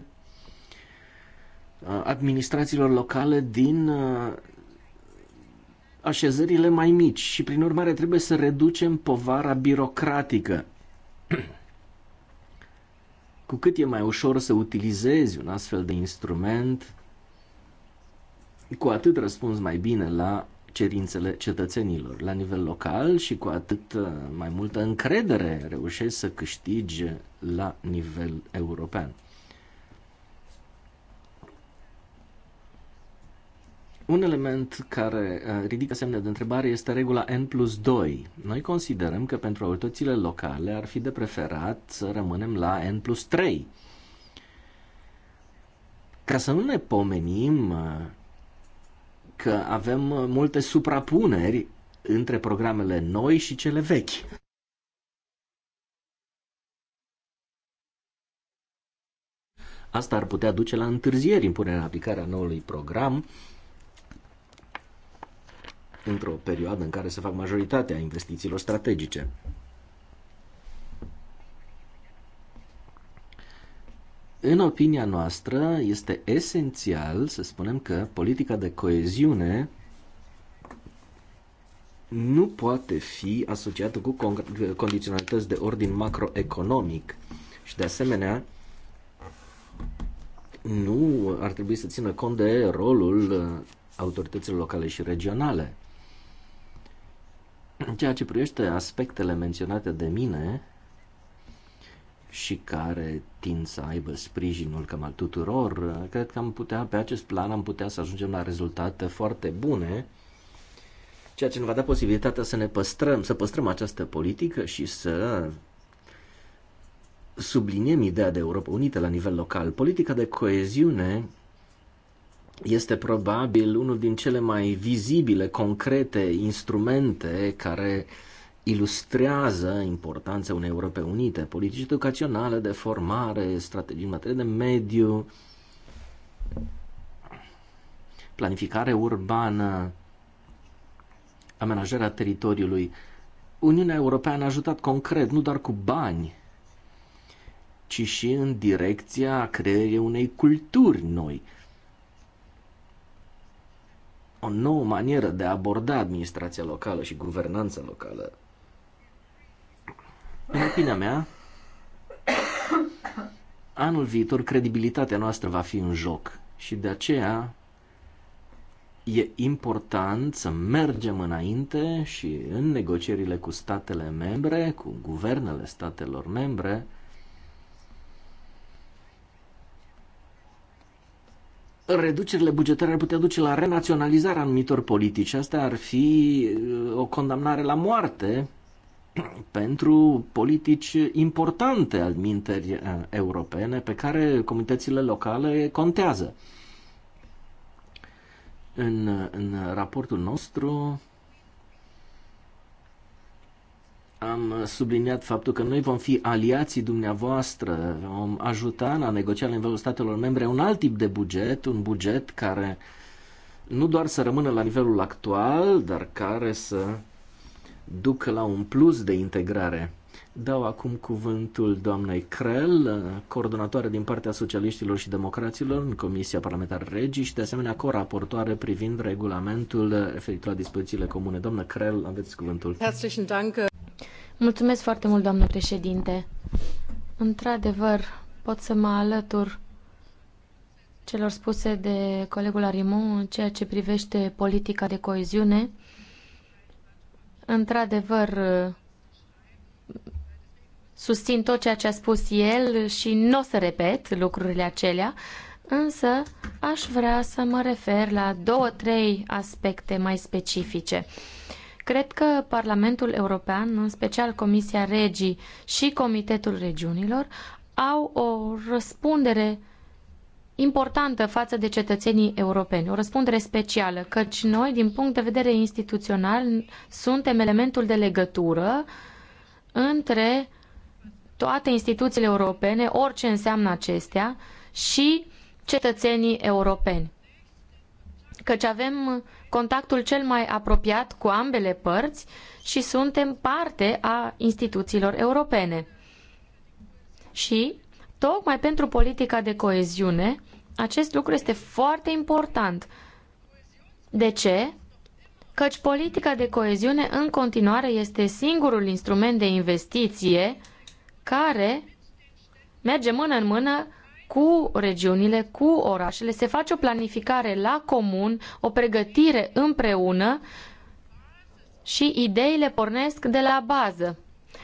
uh, administrațiilor locale din uh, așezările mai mici și prin urmare trebuie să reducem povara birocratică. Cu cât e mai ușor să utilizezi un astfel de instrument, cu atât răspunzi mai bine la cerințele cetățenilor. La nivel local și cu atât uh, mai multă încredere reușești să câștigi la nivel european. Un element care uh, ridică semne de întrebare este regula N plus 2. Noi considerăm că pentru autoritățile locale ar fi de preferat să rămânem la N plus 3. Ca să nu ne pomenim uh, că avem uh, multe suprapuneri între programele noi și cele vechi. Asta ar putea duce la întârzieri în punerea în aplicare a noului program într-o perioadă în care se fac majoritatea investițiilor strategice. În opinia noastră, este esențial să spunem că politica de coeziune nu poate fi asociată cu condiționalități de ordin macroeconomic și de asemenea nu ar trebui să țină cont de rolul uh, autorităților locale și regionale. În ceea ce privește aspectele menționate de mine, și care tind să aibă sprijinul cam al tuturor, cred că am putea, pe acest plan am putea să ajungem la rezultate foarte bune, ceea ce ne va da posibilitatea să ne păstrăm, să păstrăm această politică și să subliniem ideea de Europa Unită la nivel local. Politica de coeziune este probabil unul din cele mai vizibile, concrete instrumente care uh, ilustrează importanța unei Europe unite, politici educaționale, de formare, strategii în materie de mediu, planificare urbană, amenajarea teritoriului. Uniunea Europeană a ajutat concret, nu doar cu bani, ci și în direcția creierii unei culturi noi. O nouă manieră de a aborda administrația locală și guvernanța locală în opinia mea, anul viitor credibilitatea noastră va fi în joc și de aceea e important să mergem înainte și în negocierile cu statele membre, cu guvernele statelor membre, reducerile bugetare ar putea duce la renaționalizarea anumitor politici. Asta ar fi uh, o condamnare la moarte pentru politici importante al minteri eh, europene pe care comunitățile locale contează. În, în raportul nostru am subliniat faptul că noi vom fi aliații dumneavoastră, vom ajuta la a negocia la nivelul statelor membre un alt tip de buget, un buget care nu doar să rămână la nivelul actual, dar care să duc la un plus de integrare. Dau acum cuvântul doamnei Crel, coordonatoare din partea socialiștilor și democraților în Comisia Parlamentară Regii și de asemenea coraportoare privind regulamentul referitor la dispozițiile comune. Doamnă Crel, aveți cuvântul. Mulțumesc foarte mult, doamnă președinte. Într-adevăr, pot să mă alătur celor spuse de colegul Arimon în ceea ce privește politica de coeziune Într-adevăr, susțin tot ceea ce a spus el și nu o să repet lucrurile acelea, însă aș vrea să mă refer la două, trei aspecte mai specifice. Cred că Parlamentul European, în special Comisia Regii și Comitetul Regiunilor, au o răspundere uh, importantă față de cetățenii europeni, o răspundere specială, căci noi, din punct de vedere instituțional, suntem elementul de legătură între toate instituțiile europene, orice înseamnă acestea, și cetățenii europeni. Căci avem contactul cel mai apropiat cu ambele părți și suntem parte a instituțiilor europene. Și Tocmai pentru politica de coeziune, acest lucru este foarte important. De ce? Căci politica de coeziune în continuare este singurul instrument de investiție care merge mână în mână cu regiunile, cu orașele, se face o planificare la comun, o pregătire împreună și ideile pornesc de la bază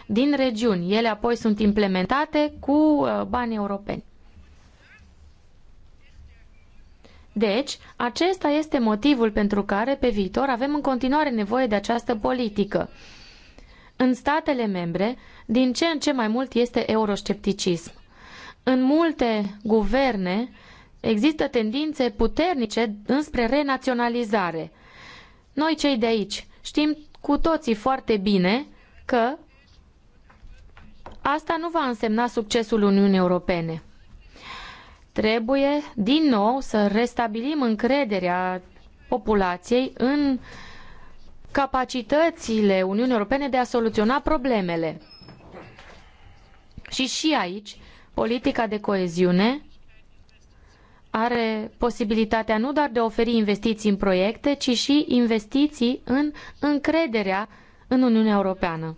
din regiuni. Ele apoi sunt implementate cu uh, bani europeni. Deci, acesta este motivul pentru care pe viitor avem în continuare nevoie de această politică. În statele membre, din ce în ce mai mult este euroscepticism. În multe guverne există tendințe puternice înspre renaționalizare. Noi cei de aici știm cu toții foarte bine că asta nu va însemna succesul Uniunii Europene. Trebuie, din nou, să restabilim încrederea populației în capacitățile Uniunii Europene de a soluționa problemele. Și și aici, politica de coeziune are posibilitatea nu doar de a oferi investiții în proiecte, ci și investiții în încrederea în Uniunea Europeană.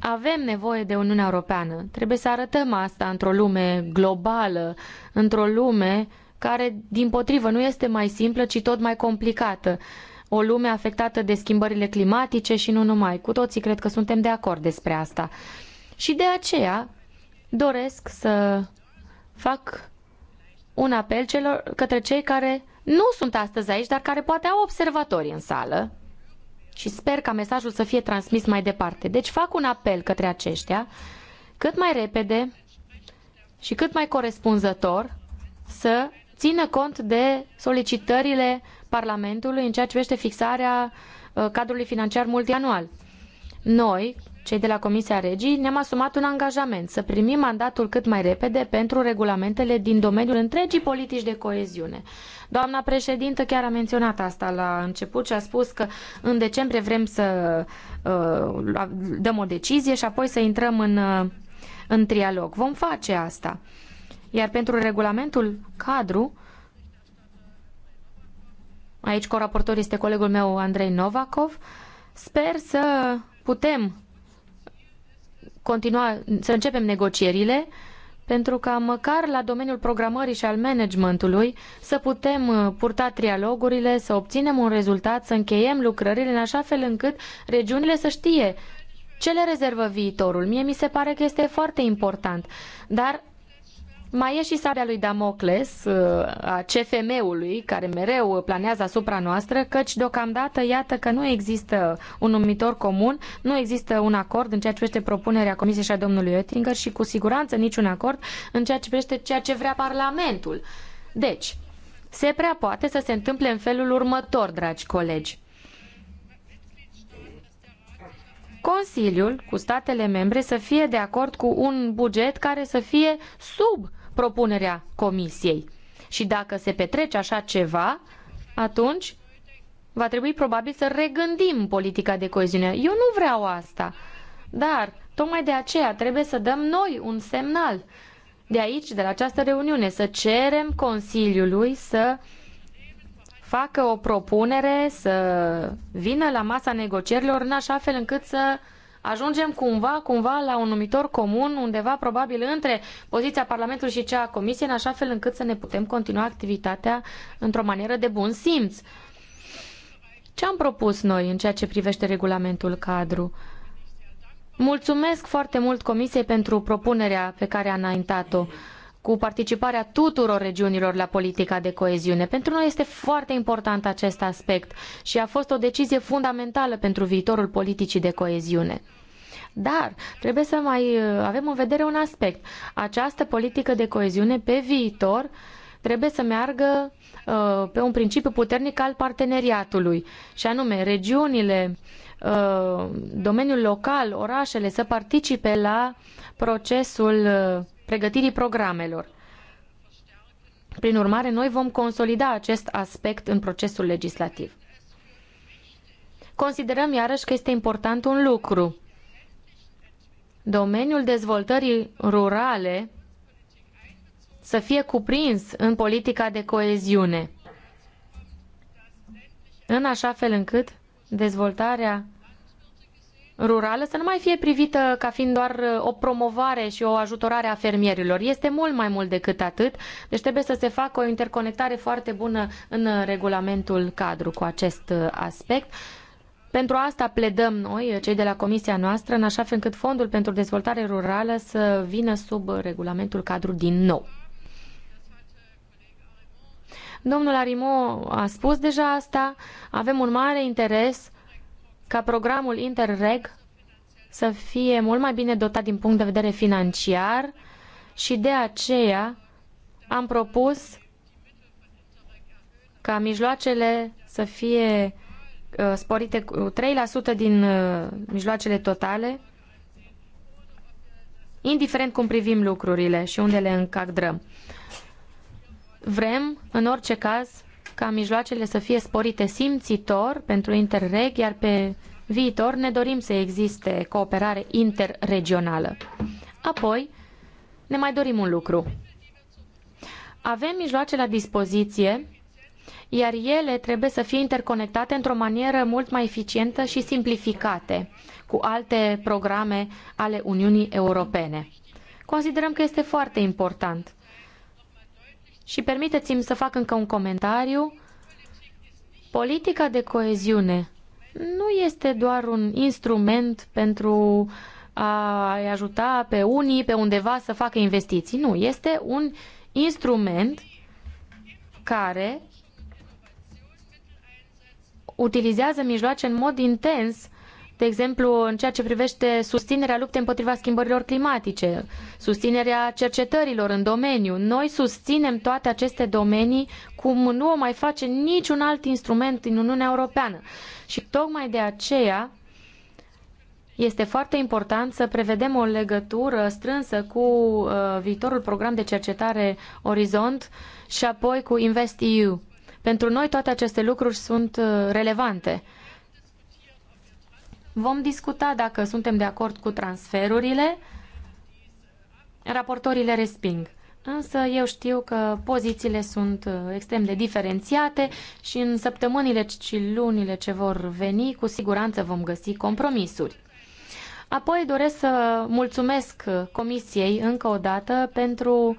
Avem nevoie de Uniunea Europeană. Trebuie să arătăm asta într-o lume globală, într-o lume care, din potrivă, nu este mai simplă, ci tot mai complicată. O lume afectată de schimbările climatice și nu numai. Cu toții cred că suntem de acord despre asta. Și de aceea doresc să fac un apel celor, către cei care nu sunt astăzi aici, dar care poate au observatorii în sală, și sper ca mesajul să fie transmis mai departe. Deci fac un apel către aceștia cât mai repede și cât mai corespunzător să țină cont de solicitările Parlamentului în ceea ce privește fixarea uh, cadrului financiar multianual. Noi, cei de la Comisia Regii, ne-am asumat un angajament să primim mandatul cât mai repede pentru regulamentele din domeniul întregii politici de coeziune. Doamna președintă chiar a menționat asta la început și a spus că în decembrie vrem să uh, dăm o decizie și apoi să intrăm în, uh, în trialog. Vom face asta. Iar pentru regulamentul cadru, aici coraportor este colegul meu Andrei Novakov, sper să putem continua, să începem negocierile pentru ca măcar la domeniul programării și al managementului să putem uh, purta trialogurile, să obținem un rezultat, să încheiem lucrările în așa fel încât regiunile să știe ce le rezervă viitorul. Mie mi se pare că este foarte important, dar mai e și sarea lui Damocles, uh, a CFM-ului, care mereu planează asupra noastră, căci deocamdată iată că nu există un numitor comun, nu există un acord în ceea ce privește propunerea Comisiei și a domnului Oettinger și cu siguranță niciun acord în ceea ce privește ceea ce vrea Parlamentul. Deci, se prea poate să se întâmple în felul următor, dragi colegi. Consiliul cu statele membre să fie de acord cu un buget care să fie sub propunerea comisiei. Și dacă se petrece așa ceva, atunci va trebui probabil să regândim politica de coeziune. Eu nu vreau asta, dar tocmai de aceea trebuie să dăm noi un semnal de aici, de la această reuniune, să cerem Consiliului să facă o propunere, să vină la masa negocierilor în așa fel încât să ajungem cumva, cumva la un numitor comun, undeva probabil între poziția Parlamentului și cea a Comisiei, în așa fel încât să ne putem continua activitatea într-o manieră de bun simț. Ce am propus noi în ceea ce privește regulamentul cadru? Mulțumesc foarte mult Comisiei pentru propunerea pe care a înaintat-o cu participarea tuturor regiunilor la politica de coeziune. Pentru noi este foarte important acest aspect și a fost o decizie fundamentală pentru viitorul politicii de coeziune. Dar trebuie să mai uh, avem în vedere un aspect. Această politică de coeziune pe viitor trebuie să meargă uh, pe un principiu puternic al parteneriatului, și anume regiunile, uh, domeniul local, orașele să participe la procesul uh, pregătirii programelor. Prin urmare, noi vom consolida acest aspect în procesul legislativ. Considerăm iarăși că este important un lucru. Domeniul dezvoltării rurale să fie cuprins în politica de coeziune, în așa fel încât dezvoltarea rurală să nu mai fie privită ca fiind doar uh, o promovare și o ajutorare a fermierilor. Este mult mai mult decât atât, deci trebuie să se facă o interconectare foarte bună în uh, regulamentul cadru cu acest uh, aspect. Pentru asta pledăm noi, cei de la comisia noastră, în așa fel încât Fondul pentru Dezvoltare Rurală să vină sub regulamentul cadru din nou. Domnul Arimo a spus deja asta, avem un mare interes ca programul Interreg să fie mult mai bine dotat din punct de vedere financiar și de aceea am propus ca mijloacele să fie uh, sporite cu 3% din uh, mijloacele totale, indiferent cum privim lucrurile și unde le încadrăm. Vrem, în orice caz, ca mijloacele să fie sporite simțitor pentru Interreg, iar pe viitor ne dorim să existe cooperare interregională. Apoi, ne mai dorim un lucru. Avem mijloace la dispoziție, iar ele trebuie să fie interconectate într-o manieră mult mai eficientă și simplificate cu alte programe ale Uniunii Europene. Considerăm că este foarte important și permiteți-mi să fac încă un comentariu. Politica de coeziune nu este doar un instrument pentru a-i ajuta pe unii pe undeva să facă investiții. Nu, este un instrument care utilizează mijloace în mod intens de exemplu, în ceea ce privește susținerea luptei împotriva schimbărilor climatice, susținerea cercetărilor în domeniu. Noi susținem toate aceste domenii cum nu o mai face niciun alt instrument din Uniunea Europeană. Și tocmai de aceea este foarte important să prevedem o legătură strânsă cu uh, viitorul program de cercetare Orizont și apoi cu InvestEU. Pentru noi toate aceste lucruri sunt uh, relevante. Vom discuta dacă suntem de acord cu transferurile. Raportorii le resping. Însă eu știu că pozițiile sunt uh, extrem de diferențiate și în săptămânile și lunile ce vor veni, cu siguranță vom găsi compromisuri. Apoi doresc să mulțumesc uh, Comisiei încă o dată pentru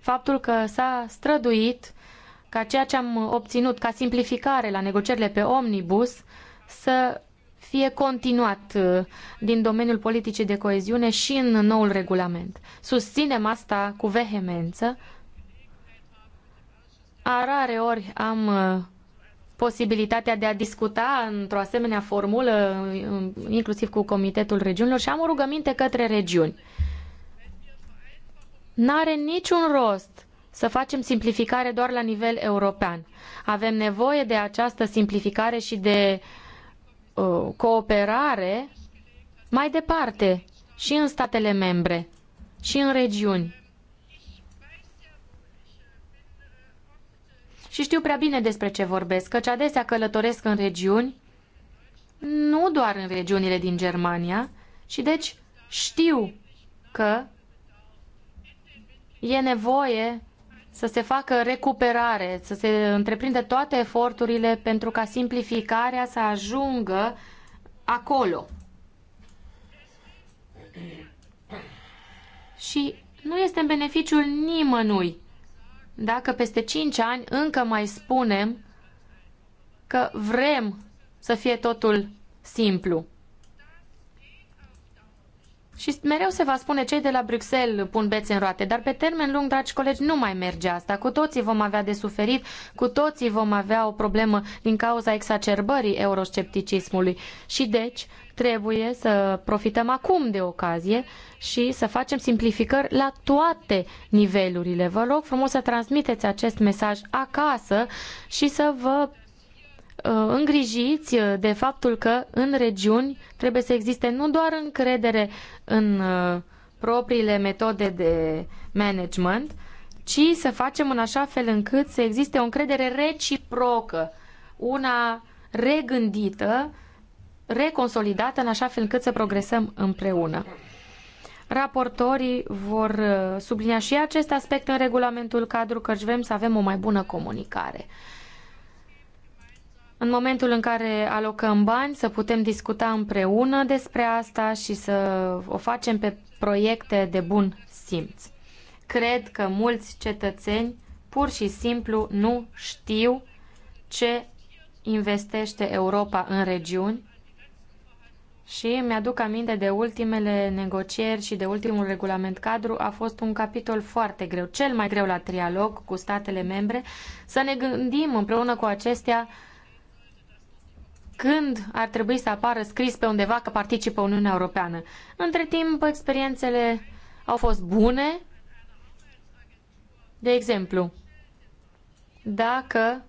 faptul că s-a străduit ca ceea ce am obținut ca simplificare la negocierile pe omnibus să fie continuat uh, din domeniul politicii de coeziune și în noul regulament. Susținem asta cu vehemență. A rare ori am uh, posibilitatea de a discuta într-o asemenea formulă, uh, inclusiv cu Comitetul Regiunilor, și am o rugăminte către regiuni. N-are niciun rost să facem simplificare doar la nivel european. Avem nevoie de această simplificare și de uh, Uh, cooperare mai departe și în statele membre și în regiuni. Și știu prea bine despre ce vorbesc, căci adesea călătoresc în regiuni, nu doar în regiunile din Germania, și deci știu că e nevoie să se facă recuperare, să se întreprinde toate eforturile pentru ca simplificarea să ajungă acolo. Și nu este în beneficiul nimănui dacă peste 5 ani încă mai spunem că vrem să fie totul simplu. Și mereu se va spune cei de la Bruxelles pun bețe în roate, dar pe termen lung, dragi colegi, nu mai merge asta. Cu toții vom avea de suferit, cu toții vom avea o problemă din cauza exacerbării euroscepticismului. Și deci trebuie să profităm acum de ocazie și să facem simplificări la toate nivelurile. Vă rog frumos să transmiteți acest mesaj acasă și să vă Uh, îngrijiți uh, de faptul că în regiuni trebuie să existe nu doar încredere în uh, propriile metode de management, ci să facem în așa fel încât să existe o încredere reciprocă, una regândită, reconsolidată, în așa fel încât să progresăm împreună. Raportorii vor sublinia și acest aspect în regulamentul cadru, căci vrem să avem o mai bună comunicare în momentul în care alocăm bani, să putem discuta împreună despre asta și să o facem pe proiecte de bun simț. Cred că mulți cetățeni pur și simplu nu știu ce investește Europa în regiuni și mi-aduc aminte de ultimele negocieri și de ultimul regulament cadru. A fost un capitol foarte greu, cel mai greu la trialog cu statele membre, să ne gândim împreună cu acestea când ar trebui să apară scris pe undeva că participă Uniunea Europeană. Între timp, experiențele au fost bune. De exemplu, dacă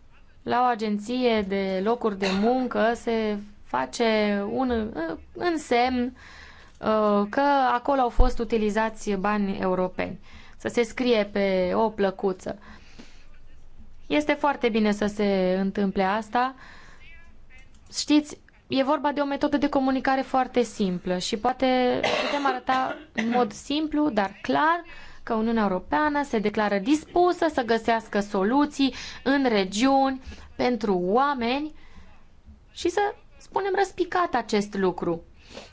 la o agenție de locuri de muncă se face un însemn uh, că acolo au fost utilizați bani europeni. Să se scrie pe o plăcuță. Este foarte bine să se întâmple asta Știți, e vorba de o metodă de comunicare foarte simplă și poate putem arăta în mod simplu, dar clar, că Uniunea Europeană se declară dispusă să găsească soluții în regiuni pentru oameni și să spunem răspicat acest lucru.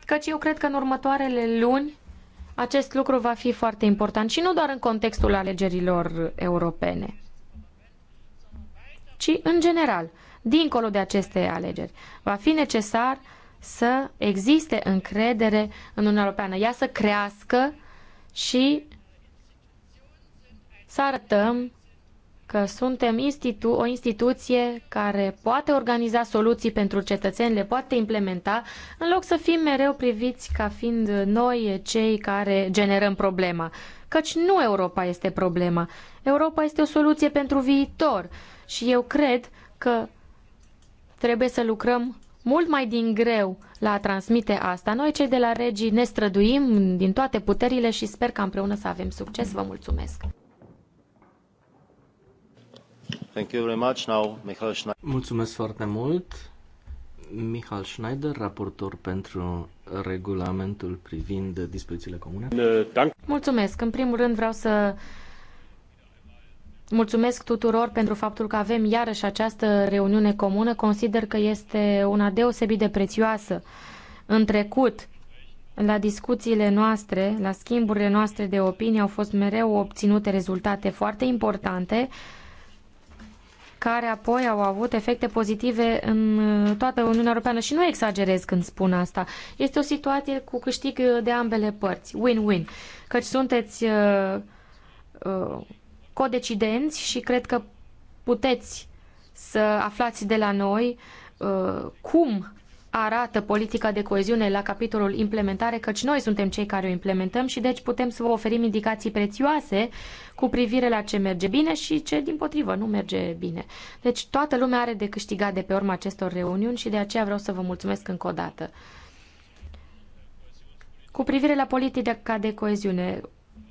Căci eu cred că în următoarele luni acest lucru va fi foarte important și nu doar în contextul alegerilor europene, ci în general dincolo de aceste alegeri. Va fi necesar să existe încredere în Uniunea Europeană, ea să crească și să arătăm că suntem institu- o instituție care poate organiza soluții pentru cetățeni, le poate implementa, în loc să fim mereu priviți ca fiind noi cei care generăm problema. Căci nu Europa este problema. Europa este o soluție pentru viitor și eu cred că trebuie să lucrăm mult mai din greu la a transmite asta. Noi, cei de la Regii, ne străduim din toate puterile și sper că împreună să avem succes. Vă mulțumesc! Thank you very much. Now, Michael Schneider. Mulțumesc foarte mult! Michael Schneider, raportor pentru regulamentul privind dispozițiile comune. Uh, mulțumesc! În primul rând vreau să Mulțumesc tuturor pentru faptul că avem iarăși această reuniune comună. Consider că este una deosebit de prețioasă. În trecut, la discuțiile noastre, la schimburile noastre de opinie, au fost mereu obținute rezultate foarte importante, care apoi au avut efecte pozitive în toată Uniunea Europeană. Și nu exagerez când spun asta. Este o situație cu câștig de ambele părți, win-win, căci sunteți. Uh, uh, codecidenți și cred că puteți să aflați de la noi uh, cum arată politica de coeziune la capitolul implementare, căci noi suntem cei care o implementăm și deci putem să vă oferim indicații prețioase cu privire la ce merge bine și ce din potrivă nu merge bine. Deci toată lumea are de câștigat de pe urma acestor reuniuni și de aceea vreau să vă mulțumesc încă o dată. Cu privire la politica de coeziune,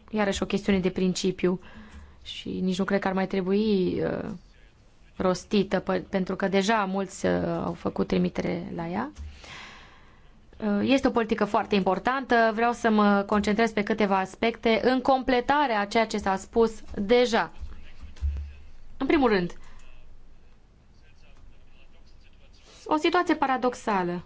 iarăși o chestiune de principiu, uh, și nici nu cred că ar mai trebui uh, rostită, pentru că deja mulți uh, au făcut trimitere la ea. Uh, este o politică foarte importantă, vreau să mă concentrez pe câteva aspecte în completarea a ceea ce s-a spus deja. În primul rând, o situație paradoxală.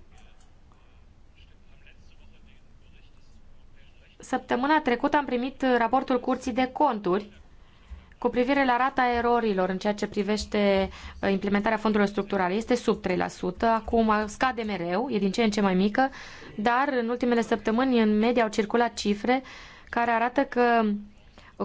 Săptămâna trecută am primit raportul Curții de Conturi cu privire la rata erorilor în ceea ce privește uh, implementarea fondurilor structurale, este sub 3%, acum scade mereu, e din ce în ce mai mică, dar în ultimele săptămâni în media au circulat cifre care arată că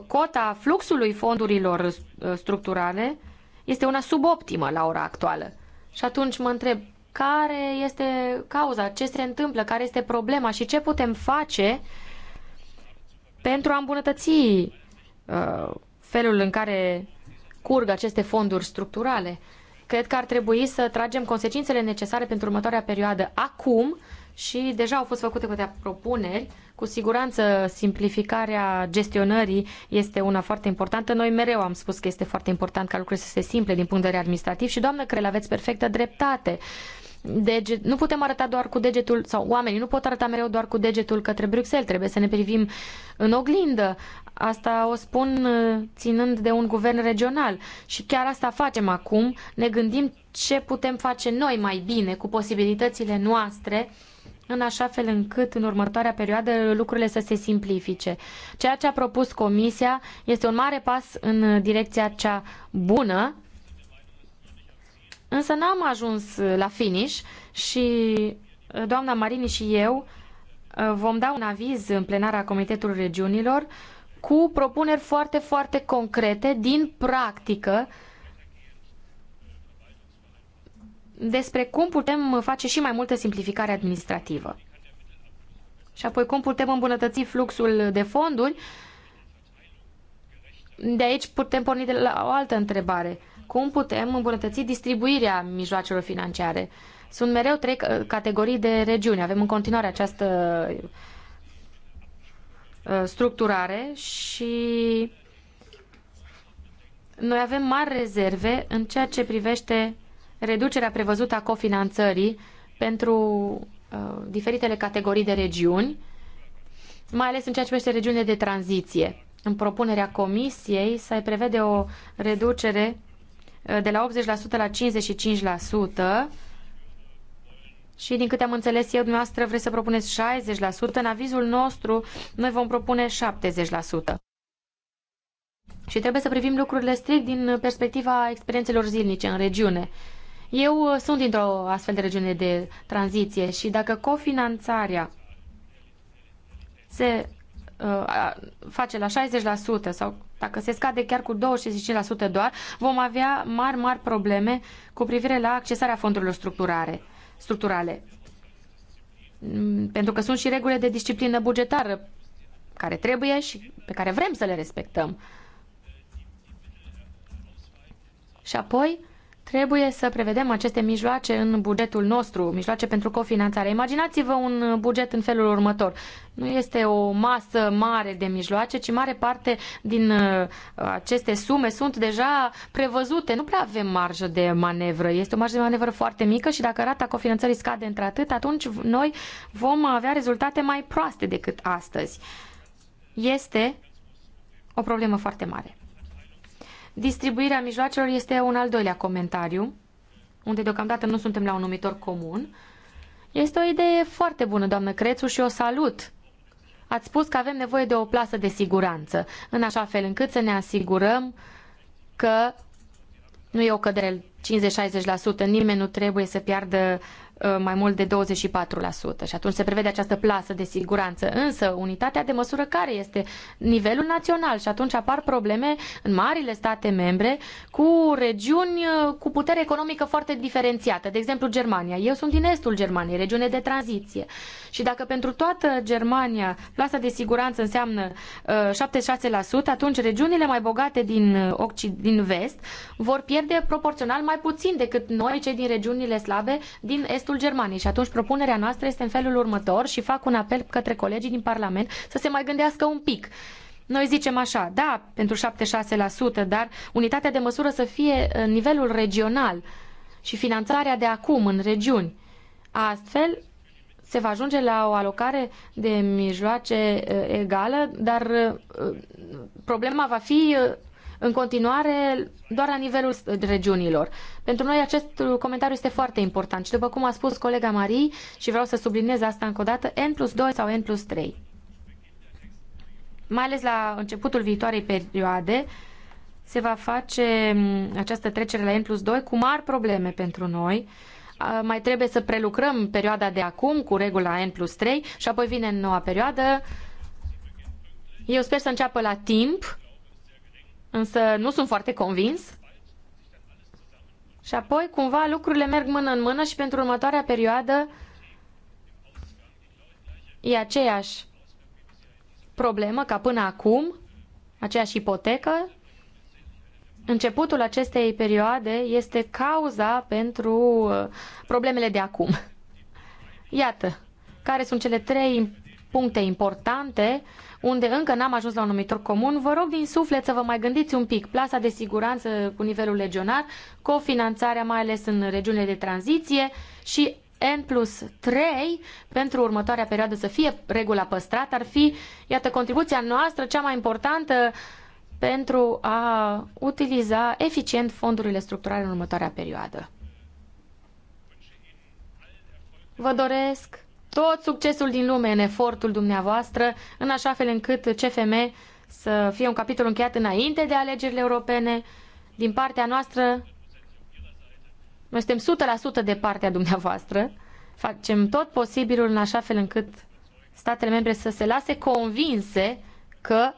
cota fluxului fondurilor uh, structurale este una suboptimă la ora actuală. Și atunci mă întreb, care este cauza, ce se întâmplă, care este problema și ce putem face pentru a îmbunătăți uh, felul în care curg aceste fonduri structurale. Cred că ar trebui să tragem consecințele necesare pentru următoarea perioadă acum și deja au fost făcute câteva propuneri. Cu siguranță simplificarea gestionării este una foarte importantă. Noi mereu am spus că este foarte important ca lucrurile să se simple din punct de vedere administrativ și, doamnă Crel, aveți perfectă dreptate deget, nu putem arăta doar cu degetul, sau oamenii nu pot arăta mereu doar cu degetul către Bruxelles, trebuie să ne privim în oglindă. Asta o spun uh, ținând de un guvern regional și chiar asta facem acum, ne gândim ce putem face noi mai bine cu posibilitățile noastre în așa fel încât în următoarea perioadă lucrurile să se simplifice. Ceea ce a propus Comisia este un mare pas în direcția cea bună, Însă n-am ajuns la finish și uh, doamna Marini și eu uh, vom da un aviz în plenara Comitetului Regiunilor cu propuneri foarte, foarte concrete din practică despre cum putem face și mai multă simplificare administrativă. Și apoi cum putem îmbunătăți fluxul de fonduri. De aici putem porni de la o altă întrebare cum putem îmbunătăți distribuirea mijloacelor financiare. Sunt mereu trei categorii de regiuni. Avem în continuare această ă, structurare și noi avem mari rezerve în ceea ce privește reducerea prevăzută a cofinanțării pentru ă, diferitele categorii de regiuni, mai ales în ceea ce privește regiunile de tranziție. În propunerea comisiei se prevede o reducere de la 80% la 55% și din câte am înțeles eu, dumneavoastră vreți să propuneți 60%, în avizul nostru noi vom propune 70%. Și trebuie să privim lucrurile strict din perspectiva experiențelor zilnice în regiune. Eu uh, sunt dintr-o astfel de regiune de tranziție și dacă cofinanțarea se Uh, face la 60% sau dacă se scade chiar cu 25% doar, vom avea mari, mari probleme cu privire la accesarea fondurilor structurare, structurale. Mm, pentru că sunt și regulile de disciplină bugetară care trebuie și pe care vrem să le respectăm. Și apoi, Trebuie să prevedem aceste mijloace în bugetul nostru, mijloace pentru cofinanțare. Imaginați-vă un buget în felul următor. Nu este o masă mare de mijloace, ci mare parte din uh, aceste sume sunt deja prevăzute. Nu prea avem marjă de manevră. Este o marjă de manevră foarte mică și dacă rata cofinanțării scade într-atât, atunci noi vom avea rezultate mai proaste decât astăzi. Este o problemă foarte mare. Distribuirea mijloacelor este un al doilea comentariu, unde deocamdată nu suntem la un numitor comun. Este o idee foarte bună, doamnă Crețu, și o salut. Ați spus că avem nevoie de o plasă de siguranță, în așa fel încât să ne asigurăm că nu e o cădere 50-60%, nimeni nu trebuie să piardă Uh, mai mult de 24% și atunci se prevede această plasă de siguranță. Însă, unitatea de măsură care este nivelul național și atunci apar probleme în marile state membre cu regiuni uh, cu putere economică foarte diferențiată. De exemplu, Germania. Eu sunt din estul Germaniei, regiune de tranziție. Și dacă pentru toată Germania plasa de siguranță înseamnă uh, 76%, atunci regiunile mai bogate din, uh, Occid- din vest vor pierde proporțional mai puțin decât noi, cei din regiunile slabe din estul vestul Germaniei și atunci propunerea noastră este în felul următor și fac un apel către colegii din Parlament să se mai gândească un pic. Noi zicem așa, da, pentru 7-6%, dar unitatea de măsură să fie în nivelul regional și finanțarea de acum în regiuni. Astfel, se va ajunge la o alocare de mijloace eh, egală, dar eh, problema va fi eh, în continuare doar la nivelul regiunilor. Pentru noi acest comentariu este foarte important și după cum a spus colega Marie și vreau să subliniez asta încă o dată, N plus 2 sau N plus 3. Mai ales la începutul viitoarei perioade se va face această trecere la N plus 2 cu mari probleme pentru noi, mai trebuie să prelucrăm perioada de acum cu regula N plus 3 și apoi vine noua perioadă. Eu sper să înceapă la timp însă nu sunt foarte convins. Și apoi, cumva, lucrurile merg mână în mână și pentru următoarea perioadă e aceeași problemă ca până acum, aceeași ipotecă. Începutul acestei perioade este cauza pentru uh, problemele de acum. Iată, care sunt cele trei puncte importante uh, unde încă n-am ajuns la un numitor comun, vă rog din suflet să vă mai gândiți un pic. Plasa de siguranță cu nivelul legionar, cofinanțarea mai ales în regiunile de tranziție și N plus 3 pentru următoarea perioadă să fie regula păstrată ar fi, iată, contribuția noastră cea mai importantă pentru a utiliza eficient fondurile structurale în următoarea perioadă. Vă doresc tot succesul din lume în efortul dumneavoastră, în așa fel încât CFM să fie un capitol încheiat înainte de alegerile europene. Din partea noastră, noi suntem 100% de partea dumneavoastră. Facem tot posibilul în așa fel încât statele membre să se lase convinse că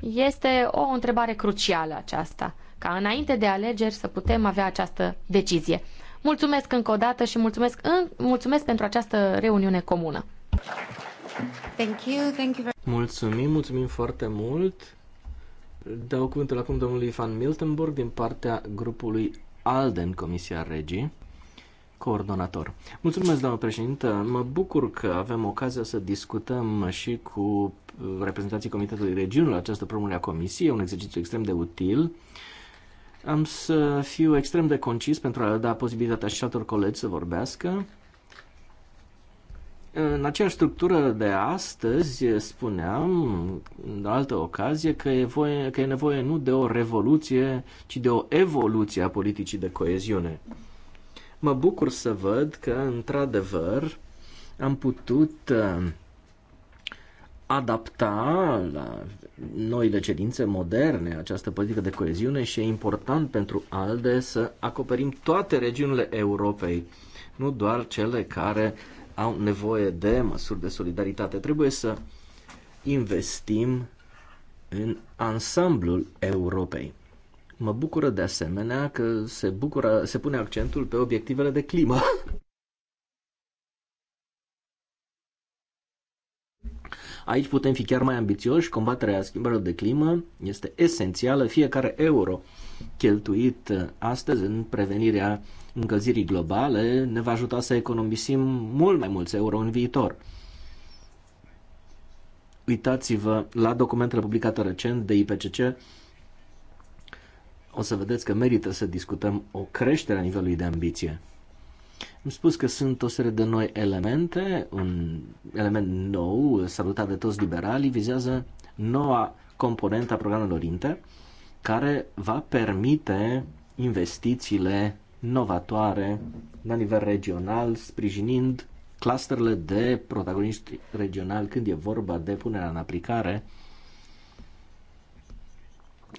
este o întrebare crucială aceasta, ca înainte de alegeri să putem avea această decizie. Mulțumesc încă o dată și mulțumesc, în, mulțumesc pentru această reuniune comună. Thank you, thank you very... Mulțumim, mulțumim foarte mult. Dau cuvântul acum domnului Ivan Miltenburg din partea grupului ALDEN, Comisia Regii coordonator. Mulțumesc, doamnă președintă. Mă bucur că avem ocazia să discutăm și cu reprezentanții Comitetului Regiunilor această problemă a Comisiei. un exercițiu extrem de util am să fiu extrem de concis pentru a da posibilitatea și altor colegi să vorbească. În aceeași structură de astăzi spuneam, în altă ocazie, că e, voie, că e nevoie nu de o revoluție, ci de o evoluție a politicii de coeziune. Mă bucur să văd că, într-adevăr, am putut uh, adapta la noile cerințe moderne această politică de coeziune și e important pentru ALDE să acoperim toate regiunile Europei, nu doar cele care au nevoie de măsuri de solidaritate. Trebuie să investim în ansamblul Europei. Mă bucură de asemenea că se, bucură, se pune accentul pe obiectivele de climă Aici putem fi chiar mai ambițioși, combaterea schimbărilor de climă este esențială, fiecare euro cheltuit uh, astăzi în prevenirea încălzirii globale ne va ajuta să economisim mult mai mulți euro în viitor. Uitați-vă la documentele publicate recent de IPCC, o să vedeți că merită să discutăm o creștere a nivelului de ambiție. Am spus că sunt o serie de noi elemente, un element nou, salutat de toți liberalii, vizează noua componentă a programelor INTER, care va permite investițiile novatoare la nivel regional, sprijinind clusterele de protagoniști regionali când e vorba de punerea în aplicare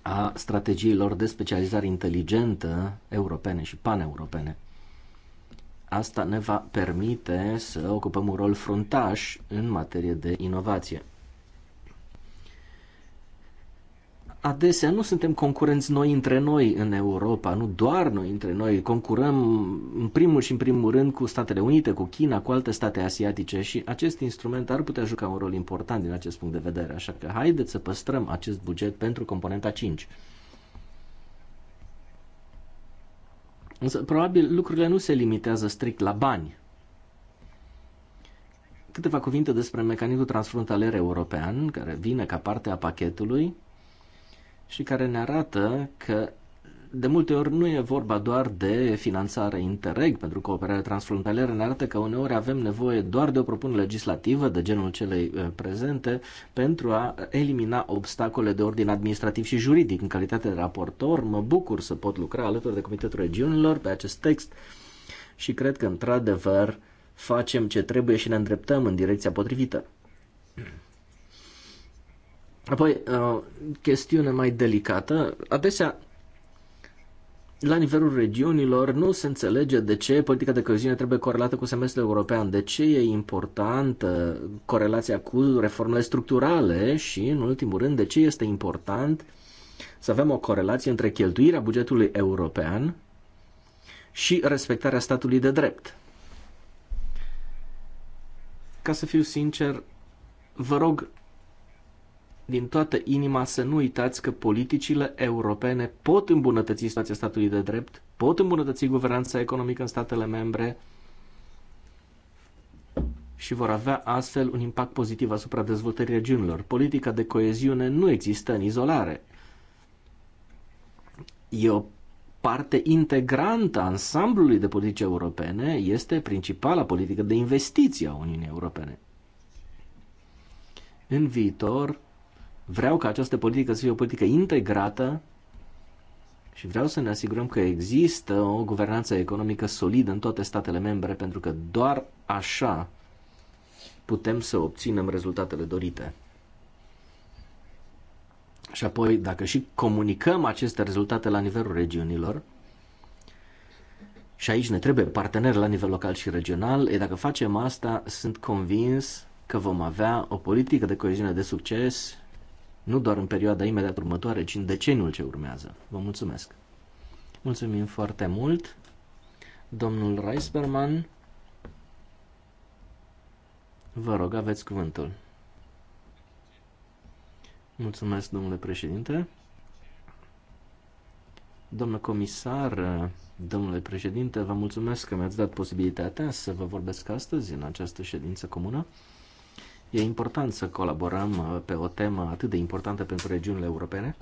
a strategiilor de specializare inteligentă europene și paneuropene. Asta ne va permite să ocupăm un rol fruntaș în materie de inovație. adesea nu suntem concurenți noi între noi în Europa, nu doar noi între noi, concurăm în primul și în primul rând cu Statele Unite, cu China, cu alte state asiatice și acest instrument ar putea juca un rol important din acest punct de vedere, așa că haideți să păstrăm acest buget pentru componenta 5. Însă, probabil, lucrurile nu se limitează strict la bani. Câteva cuvinte despre mecanismul transfrontalier european, care vine ca parte a pachetului și care ne arată că de multe ori nu e vorba doar de finanțare interreg pentru cooperare transfrontalieră, ne arată că uneori avem nevoie doar de o propunere legislativă de genul celei uh, prezente pentru a elimina obstacole de ordin administrativ și juridic. În calitate de raportor, mă bucur să pot lucra alături de Comitetul Regiunilor pe acest text și cred că, într-adevăr, facem ce trebuie și ne îndreptăm în direcția potrivită. Apoi, o uh, chestiune mai delicată. Adesea la nivelul regiunilor nu se înțelege de ce politica de coeziune trebuie corelată cu semestrul european, de ce e importantă corelația cu reformele structurale și, în ultimul rând, de ce este important să avem o corelație între cheltuirea bugetului european și respectarea statului de drept. Ca să fiu sincer, vă rog din toată inima să nu uitați că politicile europene pot îmbunătăți situația statului de drept, pot îmbunătăți guvernanța economică în statele membre și vor avea astfel un impact pozitiv asupra dezvoltării regiunilor. Politica de coeziune nu există în izolare. E o parte integrantă a ansamblului de politici europene, este principala politică de investiție a Uniunii Europene. În viitor, Vreau ca această politică să fie o politică integrată și vreau să ne asigurăm că există o guvernanță economică solidă în toate statele membre, pentru că doar așa putem să obținem rezultatele dorite. Și apoi, dacă și comunicăm aceste rezultate la nivelul regiunilor, și aici ne trebuie parteneri la nivel local și regional, e dacă facem asta, sunt convins că vom avea o politică de coeziune de succes nu doar în perioada imediat următoare, ci în deceniul ce urmează. Vă mulțumesc! Mulțumim foarte mult, domnul Reisberman. Vă rog, aveți cuvântul. Mulțumesc, domnule președinte. Domnule comisar, domnule președinte, vă mulțumesc că mi-ați dat posibilitatea să vă vorbesc astăzi în această ședință comună. E important să colaborăm uh, pe o temă atât de importantă pentru regiunile europene?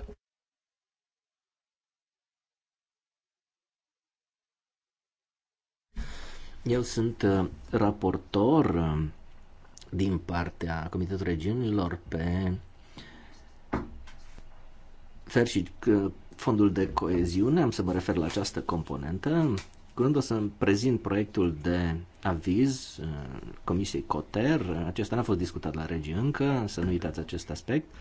Eu sunt uh, raportor uh, din partea Comitetului Regiunilor pe fer și fondul de coeziune, am să mă refer la această componentă. Curând o să prezint proiectul de aviz uh, Comisiei Coter. Acesta n-a fost discutat la regi încă, să nu uitați acest aspect.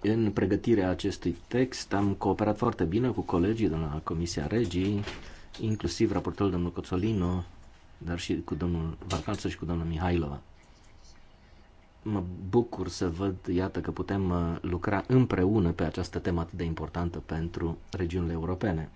În pregătirea acestui text am cooperat foarte bine cu colegii de la Comisia Regii, inclusiv raportorul domnul Coțolino, dar și cu domnul Varcalță și cu domnul Mihailova. Mă bucur să văd, iată, că putem uh, lucra împreună pe această temă atât de importantă pentru regiunile europene.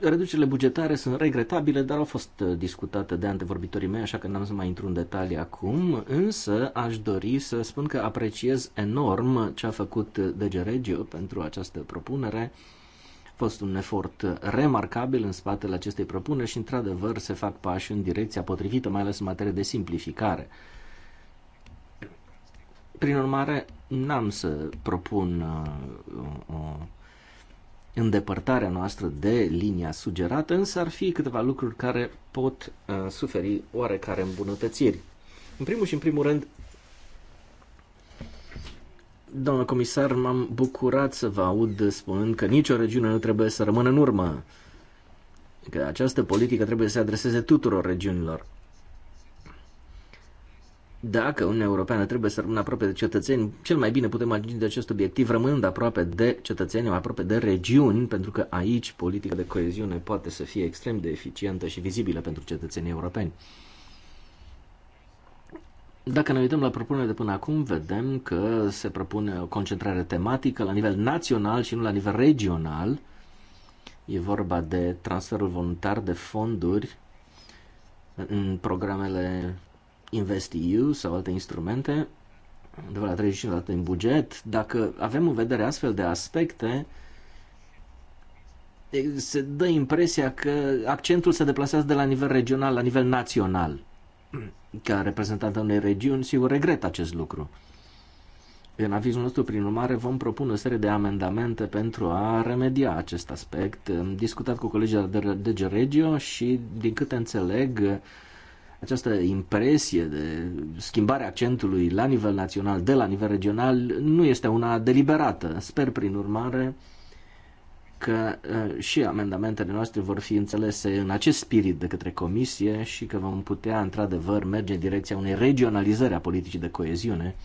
Reducerile bugetare sunt regretabile, dar au fost uh, discutate de antevorbitorii mei, așa că n-am să mai intru în detalii acum, însă aș dori să spun că apreciez enorm ce a făcut uh, DG Regio pentru această propunere. A fost un efort uh, remarcabil în spatele acestei propuneri și, într-adevăr, se fac pași în direcția potrivită, mai ales în materie de simplificare. Prin urmare, n-am să propun o îndepărtarea noastră de linia sugerată, însă ar fi câteva lucruri care pot uh, suferi oarecare îmbunătățiri. În primul și în primul rând, doamnă comisar, m-am bucurat să vă aud spunând că nicio regiune nu trebuie să rămână în urmă, că această politică trebuie să se adreseze tuturor regiunilor. Dacă Uniunea Europeană trebuie să rămână aproape de cetățeni, cel mai bine putem atinge acest obiectiv rămânând aproape de cetățeni, aproape de regiuni, pentru că aici politica de coeziune poate să fie extrem de eficientă și vizibilă pentru cetățenii europeni. Dacă ne uităm la propunerea de până acum, vedem că se propune o concentrare tematică la nivel național și nu la nivel regional. E vorba de transferul voluntar de fonduri în programele InvestEU sau alte instrumente, undeva la 35% în buget, dacă avem în vedere astfel de aspecte, se dă impresia că accentul se deplasează de la nivel regional la nivel național. Ca reprezentant al unei regiuni, sigur, regret acest lucru. În avizul nostru, prin urmare, vom propune o serie de amendamente pentru a remedia acest aspect. Am discutat cu colegii de DG Regio și, din câte înțeleg, această impresie de schimbare accentului la nivel național, de la nivel regional, nu este una deliberată. Sper, prin urmare, că uh, și amendamentele noastre vor fi înțelese în acest spirit de către Comisie și că vom putea, într-adevăr, merge în direcția unei regionalizări a politicii de coeziune,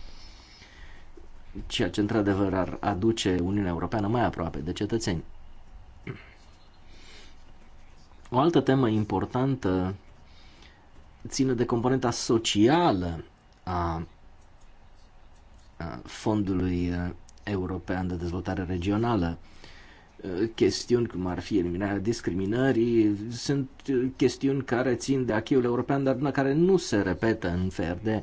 ceea ce, într-adevăr, ar aduce Uniunea Europeană mai aproape de cetățeni. O altă temă importantă ține de componenta socială a Fondului uh, European de Dezvoltare Regională. Uh, chestiuni cum ar fi eliminarea discriminării sunt uh, chestiuni care țin de acheiul european, dar care nu se repetă în de,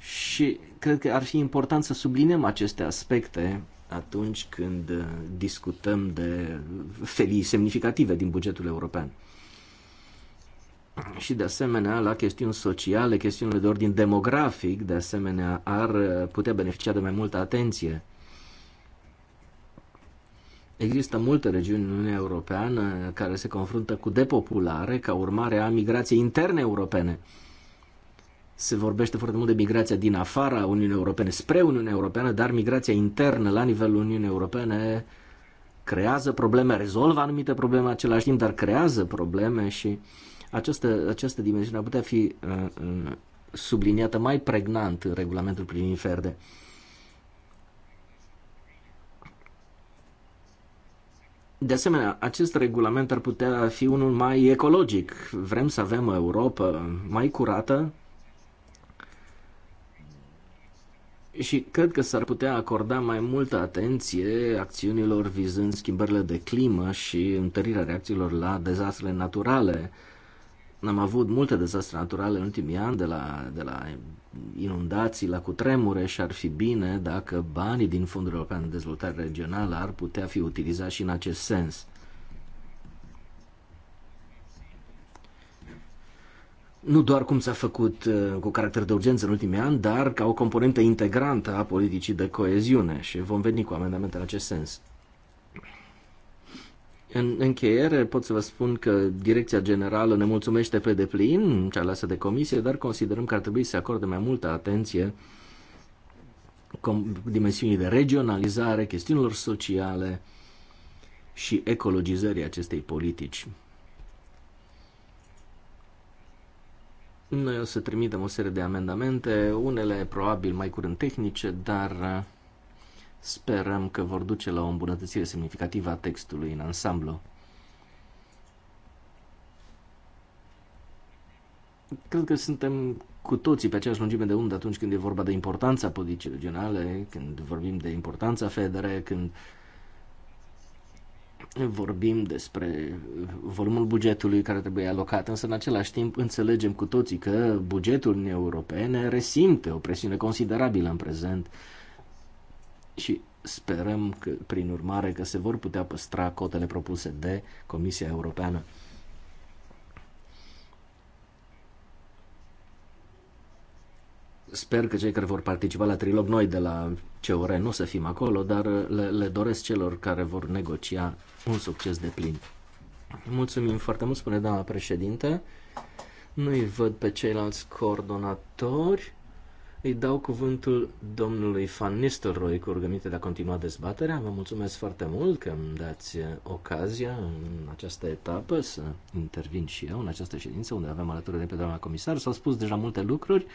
și cred că ar fi important să subliniem aceste aspecte atunci când discutăm de felii semnificative din bugetul european și de asemenea la chestiuni sociale, chestiunile de ordin demografic, de asemenea, ar putea beneficia de mai multă atenție. Există multe regiuni în Uniunea Europeană care se confruntă cu depopulare ca urmare a migrației interne europene. Se vorbește foarte mult de migrația din afara Uniunii Europene spre Uniunea Europeană, dar migrația internă la nivelul Uniunii Europene creează probleme, rezolvă anumite probleme în același timp, dar creează probleme și uh, această, această dimensiune ar putea fi uh, uh, subliniată mai pregnant în regulamentul privind inferde. De asemenea, acest regulament ar putea fi unul mai ecologic. Vrem să avem o Europa mai curată și cred că s-ar putea acorda mai multă atenție acțiunilor vizând schimbările de climă și întărirea reacțiilor la dezastrele naturale. Am avut multe dezastre naturale în ultimii ani, de la, de la inundații la cutremure și ar fi bine dacă banii din Fondul European de Dezvoltare Regională ar putea fi utilizați și în acest sens. Nu doar cum s-a făcut uh, cu caracter de urgență în ultimii ani, dar ca o componentă integrantă a politicii de coeziune și vom veni cu amendamente în acest sens. În încheiere pot să vă spun că Direcția Generală ne mulțumește pe deplin cea lasă de comisie, dar considerăm că ar trebui să acorde mai multă atenție dimensiunii de regionalizare, chestiunilor sociale și ecologizării acestei politici. Noi o să trimitem o serie de amendamente, unele probabil mai curând tehnice, dar Sperăm că vor duce la o îmbunătățire semnificativă a textului în ansamblu. Cred că suntem cu toții pe aceeași lungime de undă atunci când e vorba de importanța politicii regionale, când vorbim de importanța FEDERE, când vorbim despre volumul bugetului care trebuie alocat, însă în același timp înțelegem cu toții că bugetul Europene resimte o presiune considerabilă în prezent și sperăm, că, prin urmare, că se vor putea păstra cotele propuse de Comisia Europeană. Sper că cei care vor participa la trilog, noi de la CUR nu să fim acolo, dar le, le doresc celor care vor negocia un succes de plin. Mulțumim foarte mult, spune doamna președinte. Nu-i văd pe ceilalți coordonatori. Îi dau cuvântul domnului Van Nistelrooy cu rugăminte de a continua dezbaterea. Vă mulțumesc foarte mult că îmi dați eh, ocazia în această etapă să intervin și eu în această ședință unde avem alături de pe doamna comisar. S-au spus deja multe lucruri.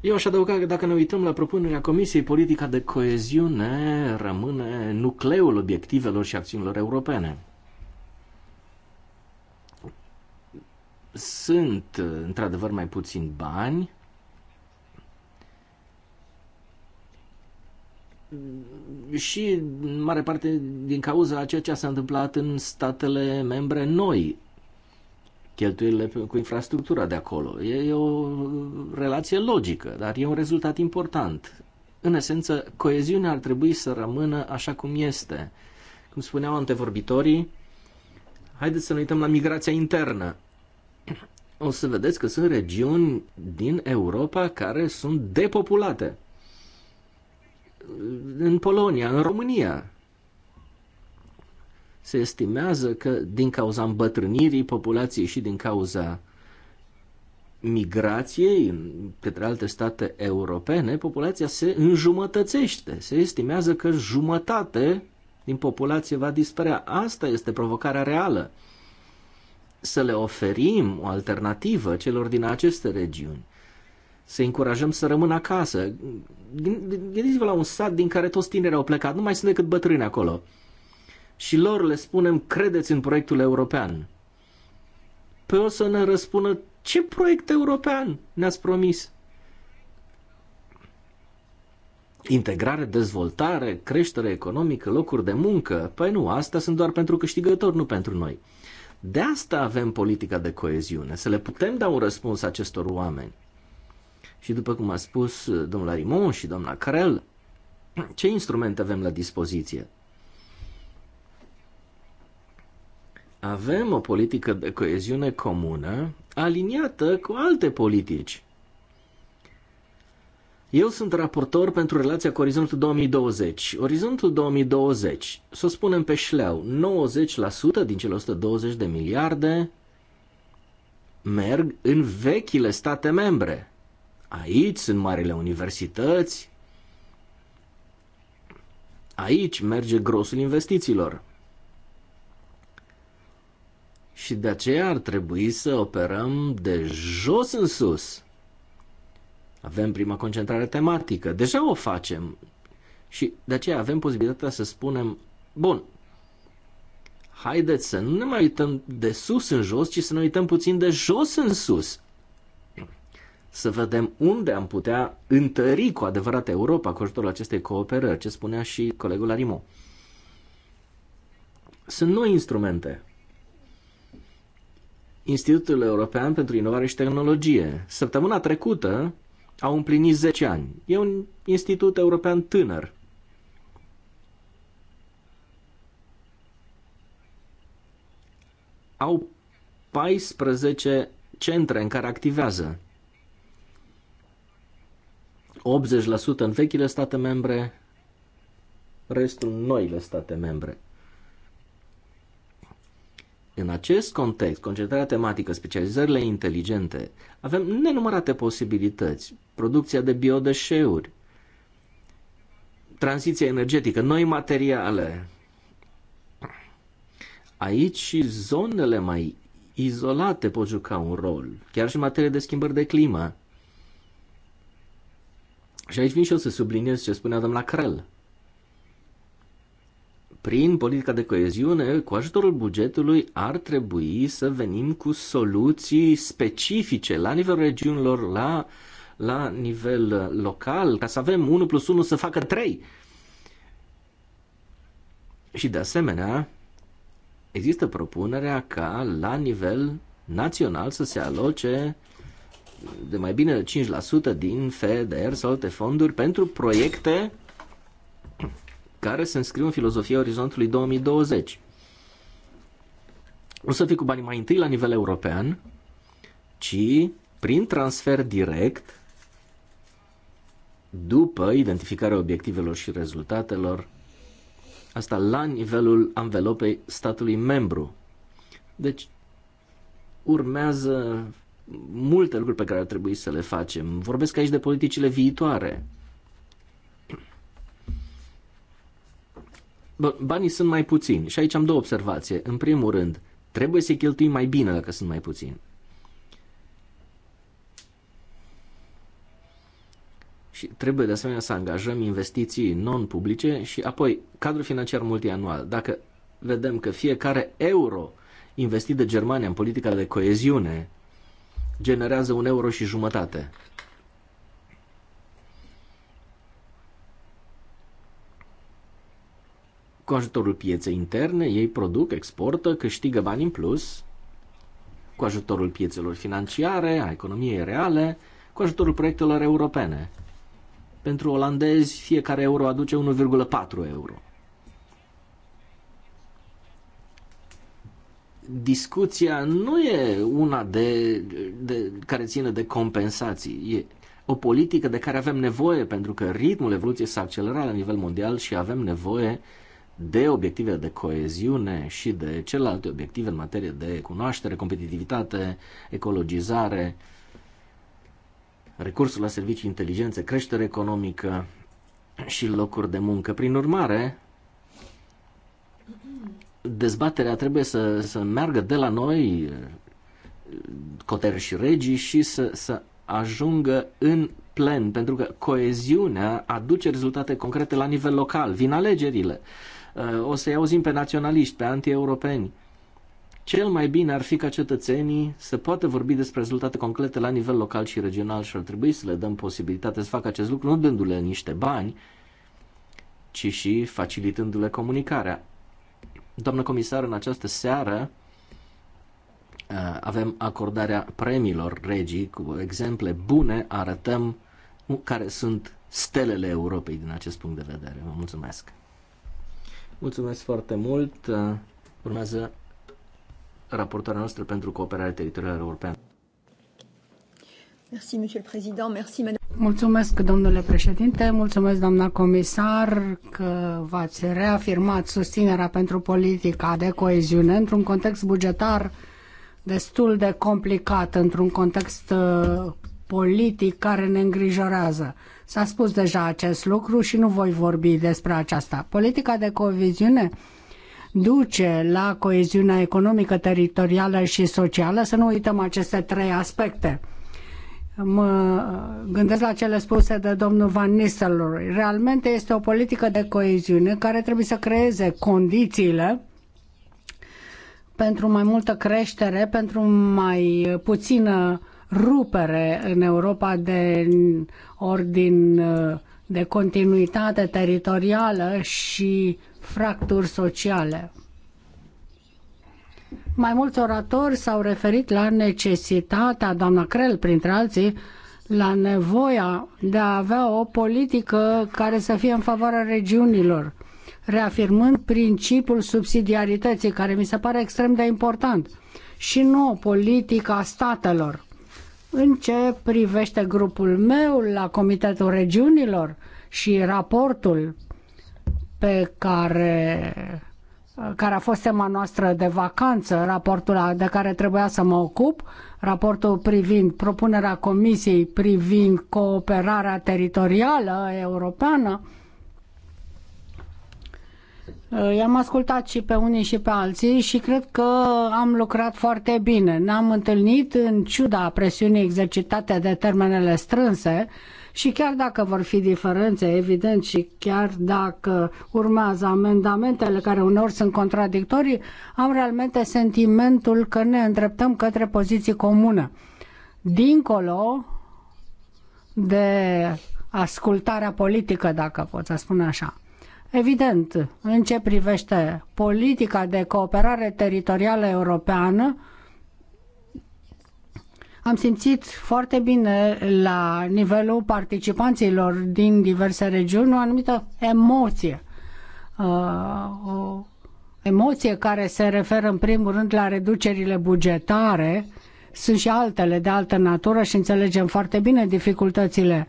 Eu aș adăuga că dacă ne uităm la propunerea Comisiei, politica de coeziune rămâne nucleul obiectivelor și acțiunilor europene. Sunt, eh, într-adevăr, mai puțin bani, și în mare parte din cauza a ceea ce s-a întâmplat în statele membre noi, cheltuielile cu infrastructura de acolo. E, e o relație logică, dar e un rezultat important. În esență, coeziunea ar trebui să rămână așa cum este. Cum spuneau antevorbitorii, haideți să ne uităm la migrația internă. O să vedeți că sunt regiuni din Europa care sunt depopulate în Polonia, în România. Se estimează că din cauza îmbătrânirii populației și din cauza migrației către alte state europene, populația se înjumătățește. Se estimează că jumătate din populație va dispărea. Asta este provocarea reală. Să le oferim o alternativă celor din aceste regiuni să încurajăm să rămână acasă. Gândiți-vă la un sat din care toți tinerii au plecat, nu mai sunt decât bătrâni acolo. Și lor le spunem, credeți în proiectul european. Păi o să ne răspună, ce proiect european ne-ați promis? Integrare, dezvoltare, creștere economică, locuri de muncă? Păi nu, astea sunt doar pentru câștigători, nu pentru noi. De asta avem politica de coeziune, să le putem da un răspuns acestor oameni. Și după cum a spus uh, domnul Arimon și doamna Carel, ce instrumente avem la dispoziție? Avem o politică de coeziune comună aliniată cu alte politici. Eu sunt raportor pentru relația cu Orizontul 2020. Orizontul 2020, să o spunem pe șleau, 90% din cele 120 de miliarde merg în vechile state membre. Aici sunt marile universități, aici merge grosul investițiilor. Și de aceea ar trebui să operăm de jos în sus. Avem prima concentrare tematică, deja o facem. Și de aceea avem posibilitatea să spunem, bun, haideți să nu ne mai uităm de sus în jos, ci să ne uităm puțin de jos în sus să vedem unde am putea întări cu adevărat Europa cu ajutorul acestei cooperări, ce spunea și colegul Arimo. Sunt noi instrumente. Institutul European pentru Inovare și Tehnologie. Săptămâna trecută au împlinit 10 ani. E un institut european tânăr. Au 14 centre în care activează. 80% în vechile state membre, restul în noile state membre. În acest context, concentrarea tematică, specializările inteligente, avem nenumărate posibilități. Producția de biodeșeuri, tranziția energetică, noi materiale. Aici și zonele mai izolate pot juca un rol, chiar și în materie de schimbări de climă. Și aici vin și eu să subliniez ce spunea domnul Crel. Prin politica de coeziune, cu ajutorul bugetului, ar trebui să venim cu soluții specifice la nivelul regiunilor, la, la nivel uh, local, ca să avem 1 plus 1 să facă 3. Și de asemenea, există propunerea ca la nivel național să se aloce de mai bine de 5% din FEDER sau alte fonduri pentru proiecte care se înscriu în filozofia orizontului 2020. Nu să fie cu banii mai întâi la nivel european, ci prin transfer direct după identificarea obiectivelor și rezultatelor, asta la nivelul anvelopei statului membru. Deci urmează multe lucruri pe care ar trebui să le facem. Vorbesc aici de politicile viitoare. banii sunt mai puțini și aici am două observații. În primul rând, trebuie să-i cheltuim mai bine dacă sunt mai puțini. Și trebuie de asemenea să angajăm investiții non-publice și apoi cadrul financiar multianual. Dacă vedem că fiecare euro investit de Germania în politica de coeziune generează un euro și jumătate. Cu ajutorul pieței interne, ei produc, exportă, câștigă bani în plus, cu ajutorul piețelor financiare, a economiei reale, cu ajutorul proiectelor europene. Pentru olandezi, fiecare euro aduce 1,4 euro. discuția nu e una de, de, care ține de compensații. E o politică de care avem nevoie, pentru că ritmul evoluției s-a accelerat la nivel mondial și avem nevoie de obiective de coeziune și de celelalte obiective în materie de cunoaștere, competitivitate, ecologizare, recursul la servicii inteligențe, creștere economică și locuri de muncă. Prin urmare, dezbaterea trebuie să, să meargă de la noi, Coter și Regii, și să, să ajungă în plen, pentru că coeziunea aduce rezultate concrete la nivel local. Vin alegerile. Uh, o să-i auzim pe naționaliști, pe anti-europeni. Cel mai bine ar fi ca cetățenii să poată vorbi despre rezultate concrete la nivel local și regional și ar trebui să le dăm posibilitatea să facă acest lucru, nu dându-le niște bani, ci și facilitându-le comunicarea. Doamnă comisar, în această seară uh, avem acordarea premiilor regii cu exemple bune, arătăm care sunt stelele Europei din acest punct de vedere. Vă mulțumesc! Mulțumesc foarte mult! Uh, urmează raportarea noastră pentru cooperarea teritorială europeană. Mulțumesc, Monsieur le Président. Merci, Madame. Mulțumesc, domnule președinte, mulțumesc, doamna comisar, că v-ați reafirmat susținerea pentru politica de coeziune într-un context bugetar destul de complicat, într-un context uh, politic care ne îngrijorează. S-a spus deja acest lucru și nu voi vorbi despre aceasta. Politica de coeziune duce la coeziunea economică, teritorială și socială, să nu uităm aceste trei aspecte – mă uh, gândesc la cele spuse de domnul Van Nistelrooy. Realmente este o politică de coeziune care trebuie să creeze condițiile pentru mai multă creștere, pentru mai puțină rupere în Europa de ordin uh, de continuitate teritorială și fracturi sociale. Mai mulți oratori s-au referit la necesitatea, doamna Crel printre alții, la nevoia de a avea o politică care să fie în favoarea regiunilor, reafirmând principiul subsidiarității, care mi se pare extrem de important, și nu o politică a statelor. În ce privește grupul meu la Comitetul Regiunilor și raportul pe care care a fost tema noastră de vacanță, raportul de care trebuia să mă ocup, raportul privind propunerea Comisiei privind cooperarea teritorială europeană. Eh, i-am ascultat și pe unii și pe alții și cred că am lucrat foarte bine. Ne-am întâlnit în ciuda presiunii exercitate de termenele strânse, uh, și chiar dacă vor fi diferențe, evident, și chiar dacă urmează amendamentele care uneori sunt contradictorii, am realmente sentimentul că ne îndreptăm către poziții comune. Dincolo de ascultarea politică, dacă pot să spun așa. Evident, în ce privește politica de cooperare teritorială europeană, am simțit foarte bine la nivelul participanților din diverse regiuni o anumită emoție. Uh, o emoție care se referă în primul rând la reducerile bugetare, sunt și altele de altă natură și înțelegem foarte bine dificultățile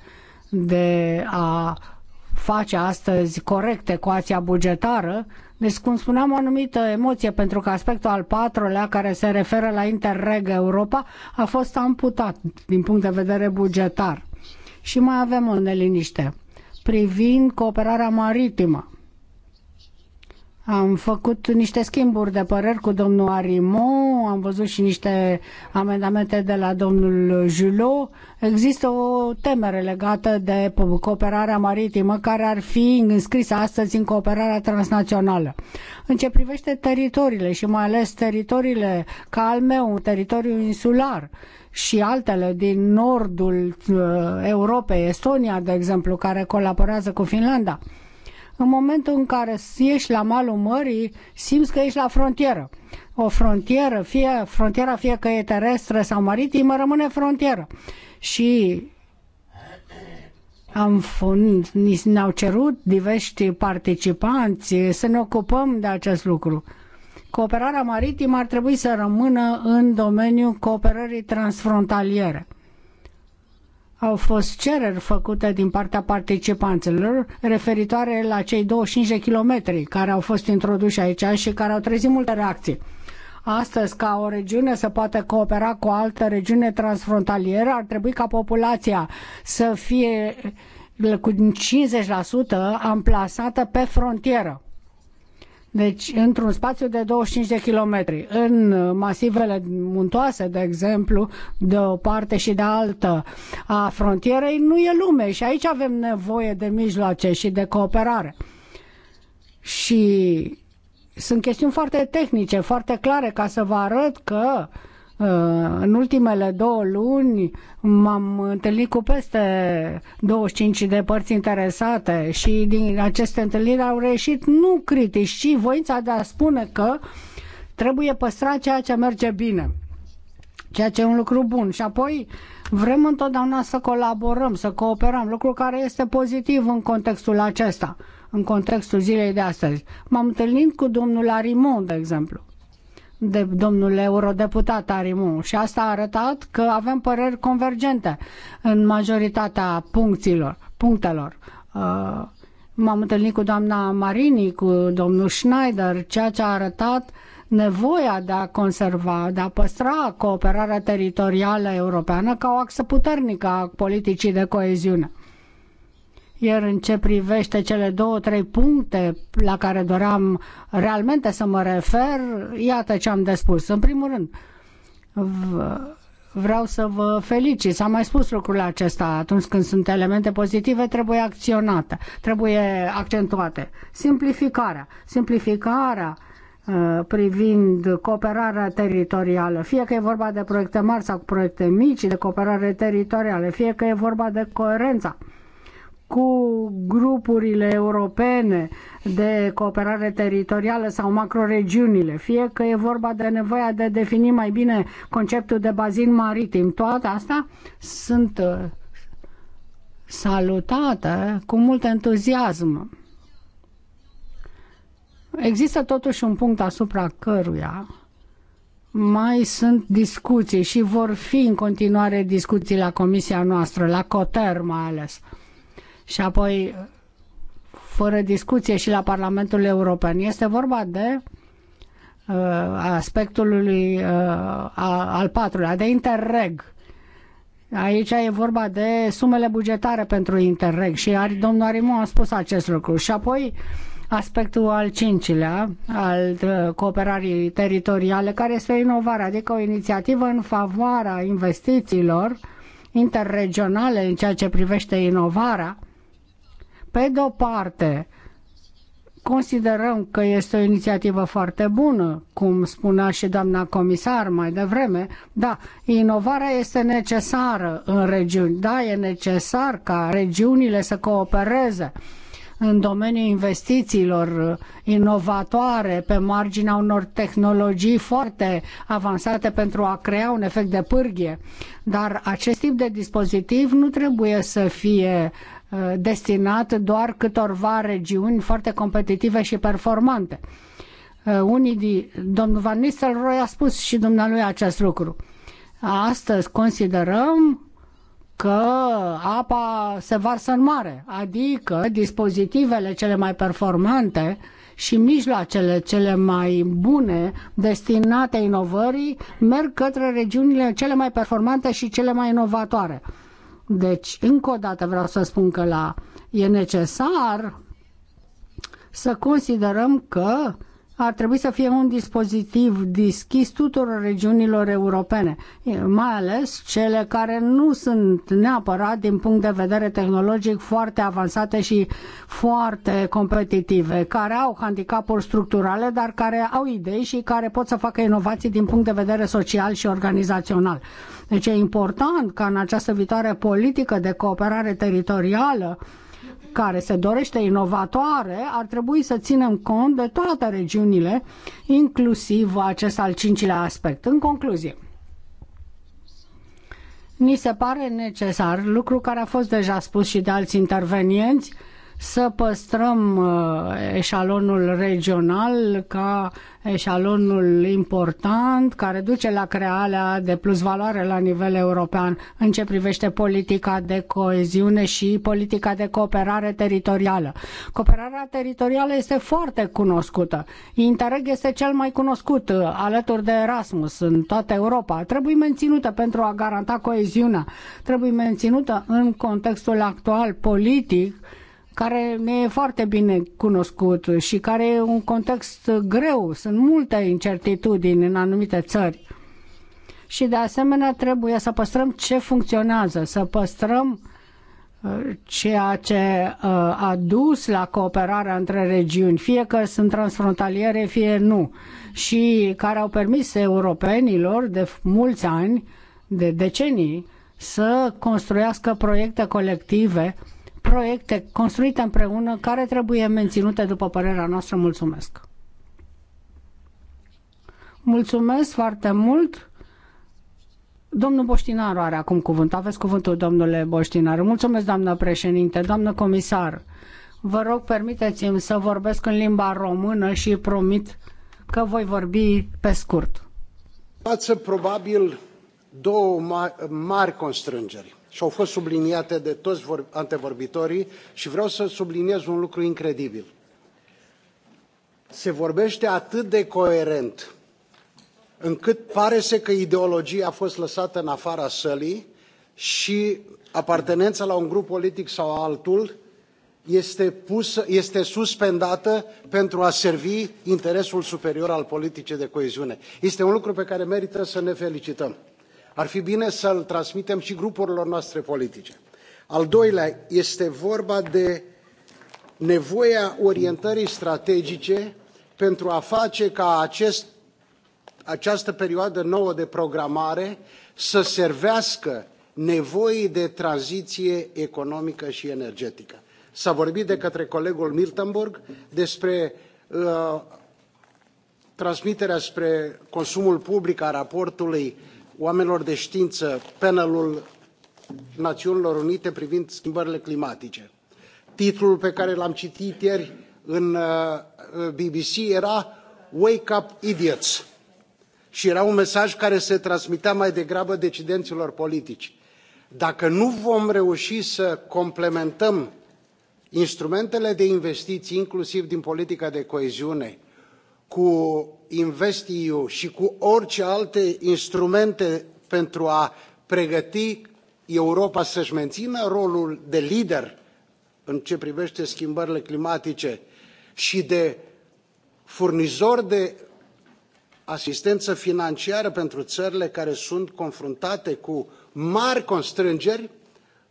de a face astăzi corect ecuația bugetară, deci, cum spuneam, o anumită emoție pentru că aspectul al patrulea, care se referă la Interreg Europa, a fost amputat din punct de vedere bugetar. Și mai avem o neliniște privind cooperarea maritimă am făcut niște schimburi de păreri cu domnul Arimo, am văzut și niște amendamente de la domnul Julo. Există o temere legată de cooperarea maritimă care ar fi înscrisă astăzi în cooperarea transnațională. În ce privește teritoriile și mai ales teritoriile ca al meu, un teritoriu insular și altele din nordul uh, Europei, Estonia, de exemplu, care colaborează cu Finlanda, în momentul în care ieși la malul mării, simți că ești la frontieră. O frontieră, fie frontiera fie că e terestră sau maritimă, rămâne frontieră. Și am ne-au cerut diversi participanți să ne ocupăm de acest lucru. Cooperarea maritimă ar trebui să rămână în domeniul cooperării transfrontaliere au fost cereri făcute din partea participanților referitoare la cei 25 de kilometri care au fost introduși aici și care au trezit multe reacții. Astăzi, ca o regiune să poată coopera cu o altă regiune transfrontalieră, ar trebui ca populația să fie cu 50% amplasată pe frontieră deci, într-un spațiu de 25 de kilometri, în masivele muntoase, de exemplu, de o parte și de altă a frontierei, nu e lume și aici avem nevoie de mijloace și de cooperare. Și sunt chestiuni foarte tehnice, foarte clare, ca să vă arăt că uh, în ultimele două luni m-am întâlnit cu peste 25 de părți interesate și din aceste întâlniri au reușit, nu critici, ci voința de a spune că trebuie păstra ceea ce merge bine, ceea ce e un lucru bun. Și apoi vrem întotdeauna să colaborăm, să cooperăm, lucru care este pozitiv în contextul acesta, în contextul zilei de astăzi. M-am întâlnit cu domnul Arimon, de exemplu de domnul eurodeputat Arimu și asta a arătat că avem păreri convergente în majoritatea punctilor, punctelor. Uh, m-am întâlnit cu doamna Marini, cu domnul Schneider, ceea ce a arătat nevoia de a conserva, de a păstra cooperarea teritorială europeană ca o axă puternică a politicii de coeziune. Iar în ce privește cele două, trei puncte la care doream realmente să mă refer, iată ce am de spus. În primul rând, vreau să vă felicit. S-a mai spus lucrul acesta atunci când sunt elemente pozitive, trebuie acționate, trebuie accentuate. Simplificarea. Simplificarea uh, privind cooperarea teritorială, fie că e vorba de proiecte mari sau proiecte mici, de cooperare teritorială, fie că e vorba de coerența cu grupurile europene de cooperare teritorială sau macroregiunile, fie că e vorba de nevoia de a defini mai bine conceptul de bazin maritim. Toate astea sunt uh, salutate cu mult entuziasm. Există totuși un punct asupra căruia mai sunt discuții și vor fi în continuare discuții la comisia noastră, la COTER mai ales și apoi fără discuție și la Parlamentul European. Este vorba de uh, aspectul uh, al patrulea, de interreg. Aici e vorba de sumele bugetare pentru interreg și domnul Arimu a spus acest lucru. Și apoi aspectul al cincilea, al uh, cooperării teritoriale, care este inovarea, adică o inițiativă în favoarea investițiilor interregionale în ceea ce privește inovarea pe de o parte, considerăm că este o inițiativă foarte bună, cum spunea și doamna comisar mai devreme, da, inovarea este necesară în regiuni, da, e necesar ca regiunile să coopereze în domeniul investițiilor inovatoare pe marginea unor tehnologii foarte avansate pentru a crea un efect de pârghie. Dar acest tip de dispozitiv nu trebuie să fie uh, Uh, destinat doar câtorva regiuni foarte competitive și performante. Uh, unii, din, domnul Van Nistelrooy a spus și dumnealui acest lucru. Astăzi considerăm că apa se varsă în mare, adică dispozitivele cele mai performante și mijloacele cele mai bune destinate inovării merg către regiunile cele mai performante și cele mai inovatoare. Deci, încă o dată vreau să spun că la, e necesar să considerăm că ar trebui să fie un dispozitiv deschis tuturor regiunilor europene, mai ales cele care nu sunt neapărat din punct de vedere tehnologic foarte avansate și foarte competitive, care au handicapuri structurale, dar care au idei și care pot să facă inovații din punct de vedere social și organizațional. Deci e important ca în această viitoare politică de cooperare teritorială care se dorește inovatoare, ar trebui să ținem cont de toate regiunile, inclusiv acest al cincilea aspect. În concluzie, ni se pare necesar, lucru care a fost deja spus și de alți intervenienți, să păstrăm uh, eșalonul regional ca eșalonul important care duce la crearea de plus valoare la nivel european în ce privește politica de coeziune și politica de cooperare teritorială. Cooperarea teritorială este foarte cunoscută. Interreg este cel mai cunoscut uh, alături de Erasmus în toată Europa. Trebuie menținută pentru a garanta coeziunea. Trebuie menținută în contextul actual politic care ne e foarte bine cunoscut și care e un context greu. Sunt multe incertitudini în anumite țări. Și de asemenea trebuie să păstrăm ce funcționează, să păstrăm uh, ceea ce uh, a dus la cooperarea între regiuni, fie că sunt transfrontaliere, fie nu, și care au permis europenilor de mulți ani, de decenii, să construiască proiecte colective proiecte construite împreună care trebuie menținute după părerea noastră. Mulțumesc! Mulțumesc foarte mult! Domnul Boștinaru are acum cuvânt. Aveți cuvântul, domnule Boștinaru. Mulțumesc, doamnă președinte, doamnă comisar. Vă rog, permiteți-mi să vorbesc în limba română și promit că voi vorbi pe scurt. Față probabil două mari constrângeri și au fost subliniate de toți antevorbitorii și vreau să subliniez un lucru incredibil. Se vorbește atât de coerent încât pare să că ideologia a fost lăsată în afara sălii și apartenența la un grup politic sau altul este, pusă, este suspendată pentru a servi interesul superior al politicii de coeziune. Este un lucru pe care merită să ne felicităm ar fi bine să îl transmitem și grupurilor noastre politice. Al doilea este vorba de nevoia orientării strategice pentru a face ca acest, această perioadă nouă de programare să servească nevoii de tranziție economică și energetică. S-a vorbit de către colegul Miltenburg despre uh, transmiterea spre consumul public a raportului oamenilor de știință panelul Națiunilor Unite privind schimbările climatice. Titlul pe care l-am citit ieri în uh, BBC era Wake Up Idiots și era un mesaj care se transmitea mai degrabă decidenților politici. Dacă nu vom reuși să complementăm instrumentele de investiții, inclusiv din politica de coeziune, cu InvestEU și cu orice alte instrumente pentru a pregăti Europa să-și mențină rolul de lider în ce privește schimbările climatice și de furnizor de asistență financiară pentru țările care sunt confruntate cu mari constrângeri,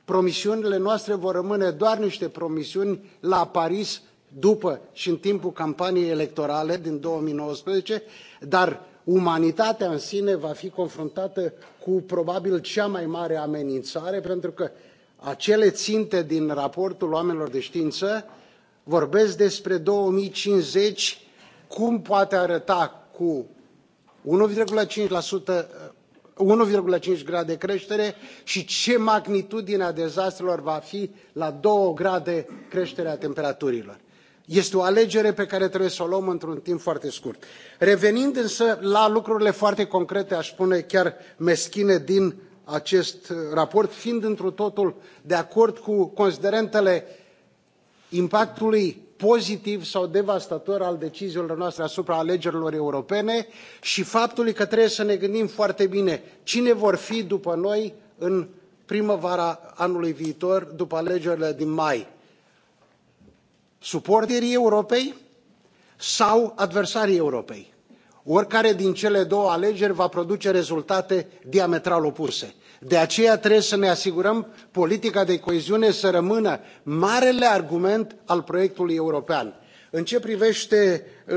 promisiunile noastre vor rămâne doar niște promisiuni la Paris după și în timpul campaniei electorale din 2019, dar umanitatea în sine va fi confruntată cu probabil cea mai mare amenințare, pentru că acele ținte din raportul oamenilor de știință vorbesc despre 2050, cum poate arăta cu 1,5%, 1,5 grade creștere și ce magnitudine a dezastrelor va fi la 2 grade creșterea temperaturilor. Este o alegere pe care trebuie să o luăm într-un timp foarte scurt. Revenind însă la lucrurile foarte concrete, aș spune chiar meschine din acest uh, raport, fiind întru totul de acord cu considerentele impactului pozitiv sau devastator al deciziilor noastre asupra alegerilor europene și faptului că trebuie să ne gândim foarte bine cine vor fi după noi în primăvara anului viitor, după alegerile din mai suporterii Europei sau adversarii Europei. Oricare din cele două alegeri va produce rezultate diametral opuse. De aceea trebuie să ne asigurăm politica de coeziune să rămână marele argument al proiectului european. În ce privește uh,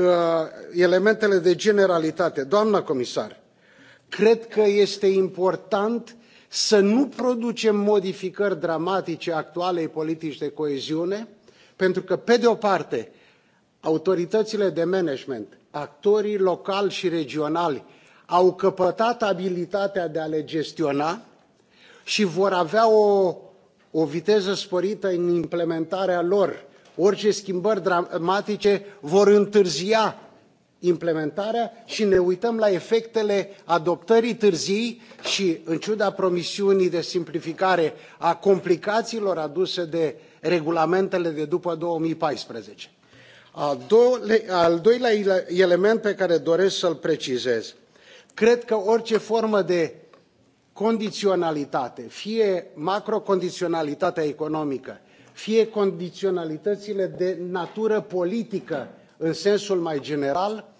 elementele de generalitate, doamnă comisar, cred că este important să nu producem modificări dramatice actualei politici de coeziune, pentru că pe de o parte autoritățile de management actorii locali și regionali au căpătat abilitatea de a le gestiona și vor avea o, o viteză sporită în implementarea lor. Orice schimbări dramatice vor întârzia implementarea și ne uităm la efectele adoptării târzii și, în ciuda promisiunii de simplificare, a complicațiilor aduse de regulamentele de după două mii paisprezece al doilea element pe care doresc să l precizez cred că orice formă de condiționalitate fie macrocondiționalitatea economică fie condiționalitățile de natură politică în sensul mai general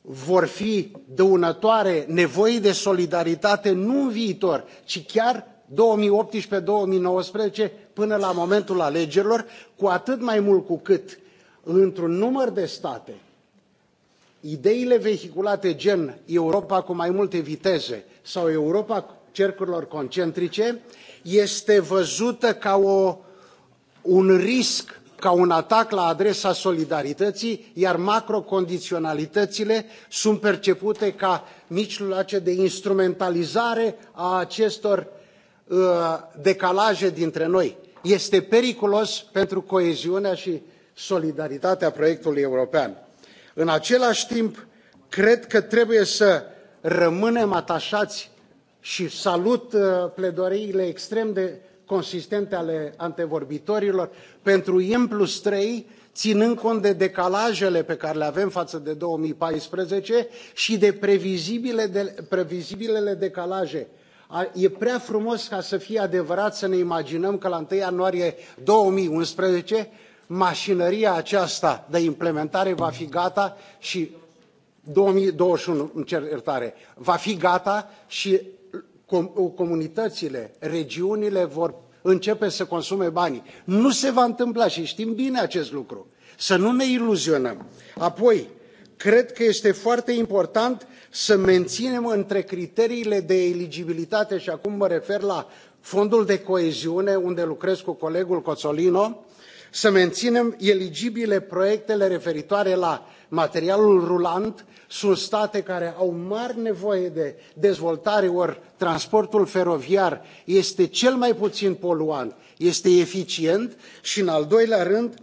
vor fi dăunătoare nevoii de solidaritate nu în viitor ci chiar două mii optsprezece două mii nouăsprezece până la momentul alegerilor cu atât mai mult cu cât într un număr de state ideile vehiculate gen europa cu mai multe viteze sau europa cercurilor concentrice este văzută ca o, un risc ca un atac la adresa solidarității iar macrocondiționalitățile sunt percepute ca mijloace de instrumentalizare a acestor Uh, decalaje dintre noi. Este periculos pentru coeziunea și solidaritatea proiectului european. În același timp, cred că trebuie să rămânem atașați și salut uh, pledoariile extrem de consistente ale antevorbitorilor pentru m trei ținând cont de decalajele pe care le avem față de 2014 și de previzibilele decalaje E prea frumos ca să fie adevărat să ne imaginăm că la 1 ianuarie 2011 mașinăria aceasta de implementare va fi gata și 2021, îmi cer iertare, va fi gata și comunitățile, regiunile vor începe să consume banii. Nu se va întâmpla și știm bine acest lucru. Să nu ne iluzionăm. Apoi, cred că este foarte important să menținem între criteriile de eligibilitate și acum mă refer la fondul de coeziune unde lucrez cu colegul cozzolino să menținem eligibile proiectele referitoare la materialul rulant sunt state care au mari nevoie de dezvoltare ori transportul feroviar este cel mai puțin poluant este eficient și în al doilea rând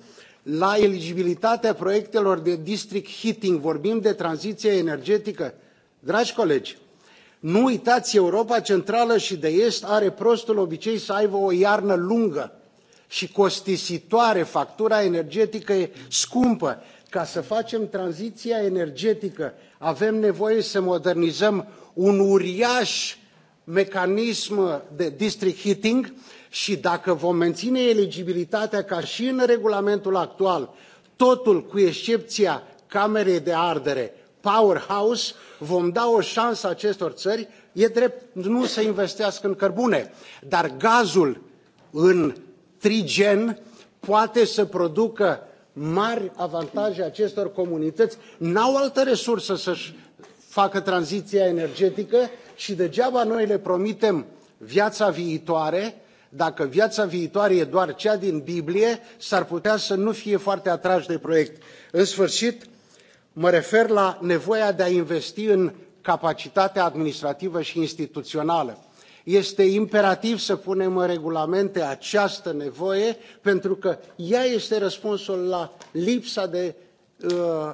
la eligibilitatea proiectelor de district heating, vorbim de tranziție energetică. Dragi colegi, nu uitați, Europa Centrală și de Est are prostul obicei să aibă o iarnă lungă și costisitoare. Factura energetică e scumpă. Ca să facem tranziția energetică, avem nevoie să modernizăm un uriaș mecanism de district heating, și dacă vom menține eligibilitatea ca și în regulamentul actual, totul cu excepția camerei de ardere, powerhouse, vom da o șansă acestor țări, e drept nu să investească în cărbune, dar gazul în trigen poate să producă mari avantaje acestor comunități. N-au altă resursă să-și facă tranziția energetică și degeaba noi le promitem viața viitoare dacă viața viitoare e doar cea din Biblie, s-ar putea să nu fie foarte atrași de proiect. În sfârșit, mă refer la nevoia de a investi în capacitatea administrativă și instituțională. Este imperativ să punem în regulamente această nevoie, pentru că ea este răspunsul la lipsa de uh,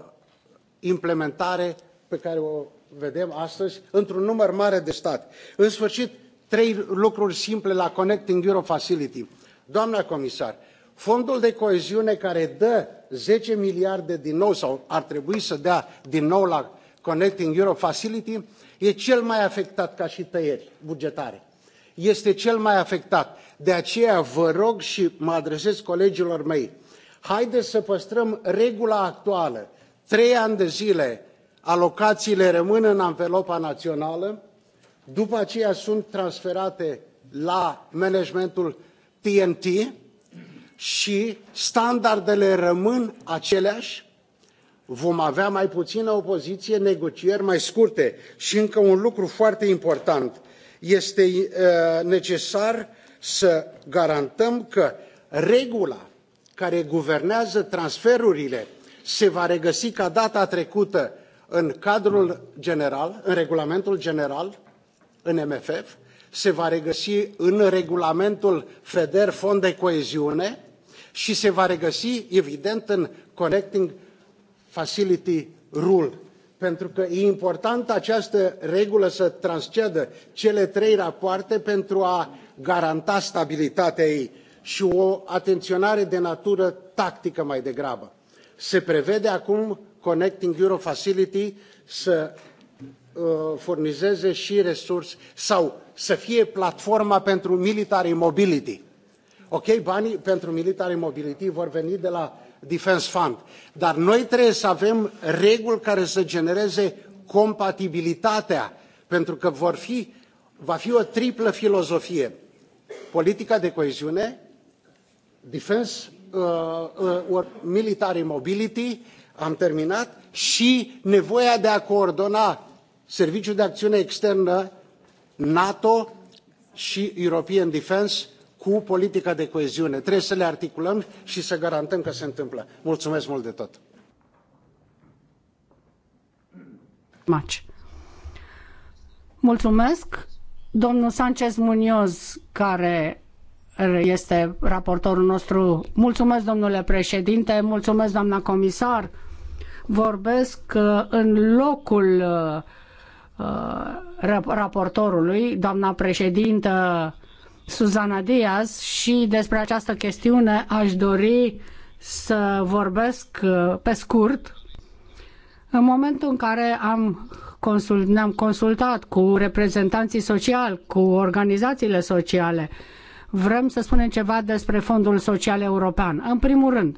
implementare pe care o vedem astăzi într-un număr mare de state. În sfârșit, trei lucruri simple la Connecting Europe Facility. Doamna comisar, fondul de coeziune care dă 10 miliarde din nou sau ar trebui să dea din nou la Connecting Europe Facility e cel mai afectat ca și tăieri bugetare. Este cel mai afectat. De aceea vă rog și mă adresez colegilor mei. Haideți să păstrăm regula actuală. Trei ani de zile alocațiile rămân în anvelopa națională, după aceea sunt transferate la managementul TNT și standardele rămân aceleași, vom avea mai puțină opoziție, negocieri mai scurte. Și încă un lucru foarte important, este uh, necesar să garantăm că regula care guvernează transferurile se va regăsi ca data trecută în cadrul general, în regulamentul general, în MFF se va regăsi în regulamentul FEDER Fond de Coeziune și se va regăsi, evident, în Connecting Facility Rule. Pentru că e important această regulă să transcedă cele trei rapoarte pentru a garanta stabilitatea ei și o atenționare de natură tactică mai degrabă. Se prevede acum Connecting Euro Facility să Uh, furnizeze și resurse sau să fie platforma pentru military mobility. Ok, banii pentru military mobility vor veni de la Defense Fund, dar noi trebuie să avem reguli care să genereze compatibilitatea, pentru că vor fi, va fi o triplă filozofie. Politica de coeziune, defense uh, uh, military mobility, am terminat, și nevoia de a coordona Serviciul de Acțiune Externă, NATO și European Defence cu politica de coeziune. Trebuie să le articulăm și să garantăm că se întâmplă. Mulțumesc mult de tot! Maci. Mulțumesc. Domnul Sanchez Munoz, care este raportorul nostru. Mulțumesc, domnule președinte, mulțumesc, doamna comisar. Vorbesc uh, în locul uh, raportorului, doamna președintă Suzana Diaz și despre această chestiune aș dori să vorbesc uh, pe scurt. În momentul în care am consult, ne-am consultat cu reprezentanții sociali, cu organizațiile sociale, vrem să spunem ceva despre Fondul Social European. În primul rând,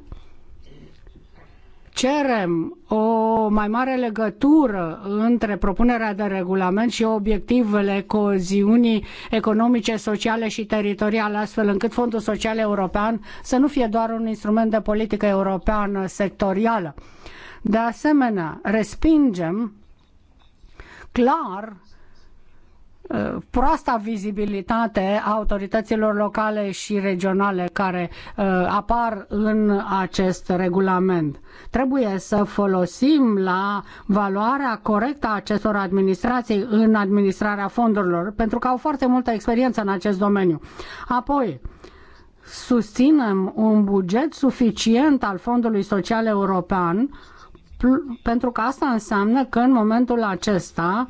cerem o mai mare legătură între propunerea de regulament și obiectivele coziunii economice, sociale și teritoriale, astfel încât Fondul Social European să nu fie doar un instrument de politică europeană sectorială. De asemenea, respingem clar proasta vizibilitate a autorităților locale și regionale care uh, apar în acest regulament. Trebuie să folosim la valoarea corectă a acestor administrații în administrarea fondurilor, pentru că au foarte multă experiență în acest domeniu. Apoi, susținem un buget suficient al Fondului Social European, pentru că asta înseamnă că în momentul acesta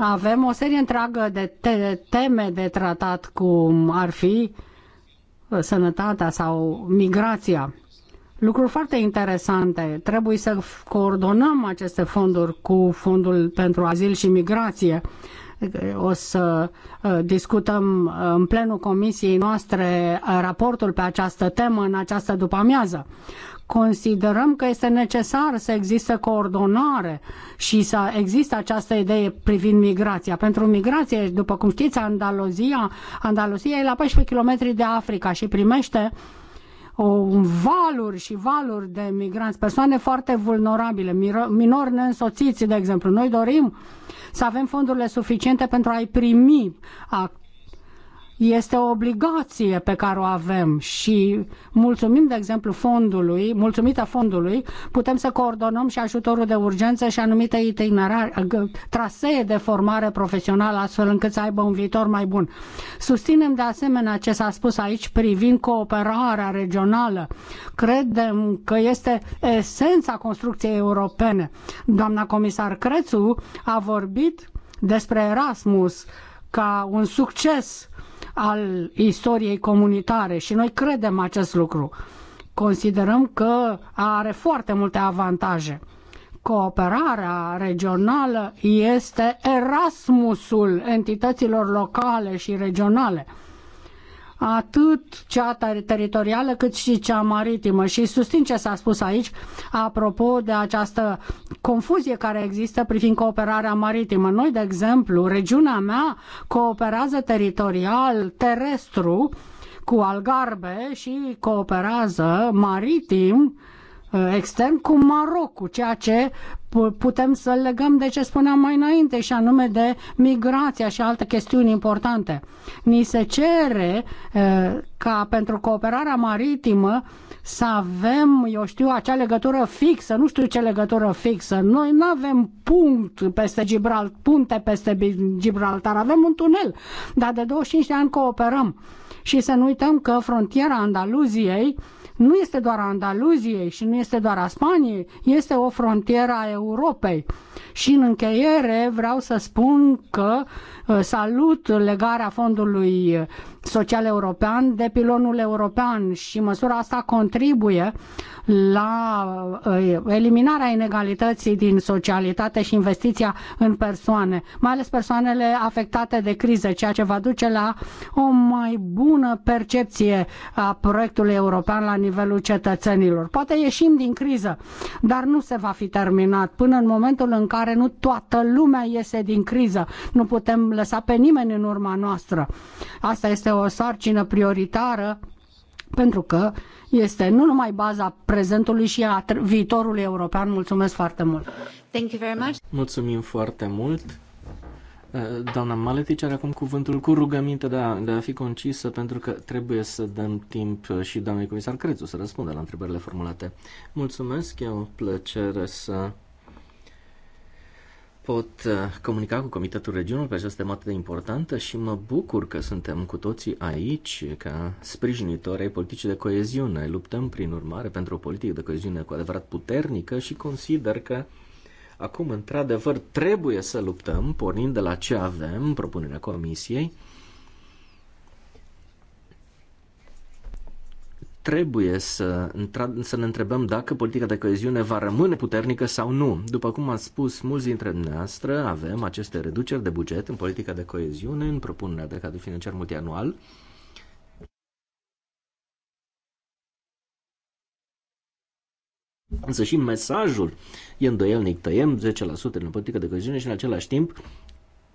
avem o serie întreagă de te- teme de tratat, cum ar fi uh, sănătatea sau migrația. Lucruri foarte interesante. Trebuie să coordonăm aceste fonduri cu Fondul pentru Azil și Migrație. Uh, o să uh, discutăm în plenul comisiei noastre raportul pe această temă în această după-amiază. Considerăm că este necesar să existe coordonare și să există această idee privind migrația. Pentru migrație, după cum știți, Andaluzia, Andaluzia e la 14 km de Africa și primește o, valuri și valuri de migranți, persoane foarte vulnerabile, minori neînsoțiți, de exemplu. Noi dorim să avem fondurile suficiente pentru a-i primi este o obligație pe care o avem și mulțumim, de exemplu, fondului, mulțumită fondului, putem să coordonăm și ajutorul de urgență și anumite itinerari, ă, trasee de formare profesională astfel încât să aibă un viitor mai bun. Susținem de asemenea ce s-a spus aici privind cooperarea regională. Credem că este esența construcției europene. Doamna comisar Crețu a vorbit despre Erasmus ca un succes al istoriei comunitare și noi credem acest lucru. Considerăm că are foarte multe avantaje. Cooperarea regională este Erasmusul entităților locale și regionale atât cea teritorială cât și cea maritimă. Și susțin ce s-a spus aici apropo de această confuzie care există privind cooperarea maritimă. Noi, de exemplu, regiunea mea cooperează teritorial, terestru, cu Algarve și cooperează maritim Uh, extern cu Marocul, ceea ce putem să legăm de ce spuneam mai înainte și anume de migrația și alte chestiuni importante. Ni se cere uh, ca pentru cooperarea maritimă să avem, eu știu, acea legătură fixă, nu știu ce legătură fixă. Noi nu avem punct peste Gibraltar, punte peste Gibraltar, avem un tunel, dar de 25 de ani cooperăm. Și să nu uităm că frontiera Andaluziei nu este doar a Andaluziei și nu este doar a Spaniei, este o frontieră a Europei. Și în încheiere vreau să spun că uh, salut legarea fondului uh, Social European de pilonul european și măsura asta contribuie la uh, eliminarea inegalității din socialitate și investiția în persoane, mai ales persoanele afectate de criză, ceea ce va duce la o mai bună percepție a proiectului european la nivelul cetățenilor. Poate ieșim din criză, dar nu se va fi terminat până în momentul în care nu toată lumea iese din criză. Nu putem lăsa pe nimeni în urma noastră. Asta este o o sarcină prioritară pentru că este nu numai baza prezentului și a viitorului european. Mulțumesc foarte mult! Thank you very much. Mulțumim foarte mult! Eh, doamna Maletici are acum cuvântul cu rugăminte de a, de a fi concisă pentru că trebuie să dăm timp eh, și doamnei comisar Crețu să răspundă la întrebările formulate. Mulțumesc, e o plăcere să pot uh, comunica cu Comitetul Regiunilor pe această temă atât de importantă și mă bucur că suntem cu toții aici ca sprijinitori ai politicii de coeziune. Luptăm, prin urmare, pentru o politică de coeziune cu adevărat puternică și consider că acum, într-adevăr, trebuie să luptăm, pornind de la ce avem, propunerea Comisiei, trebuie să, să ne întrebăm dacă politica de coeziune va rămâne puternică sau nu. După cum ați spus mulți dintre dumneavoastră, avem aceste reduceri de buget în politica de coeziune, în propunerea de cadru financiar multianual. Însă și mesajul e îndoielnic. Tăiem 10% din politica de coeziune și în același timp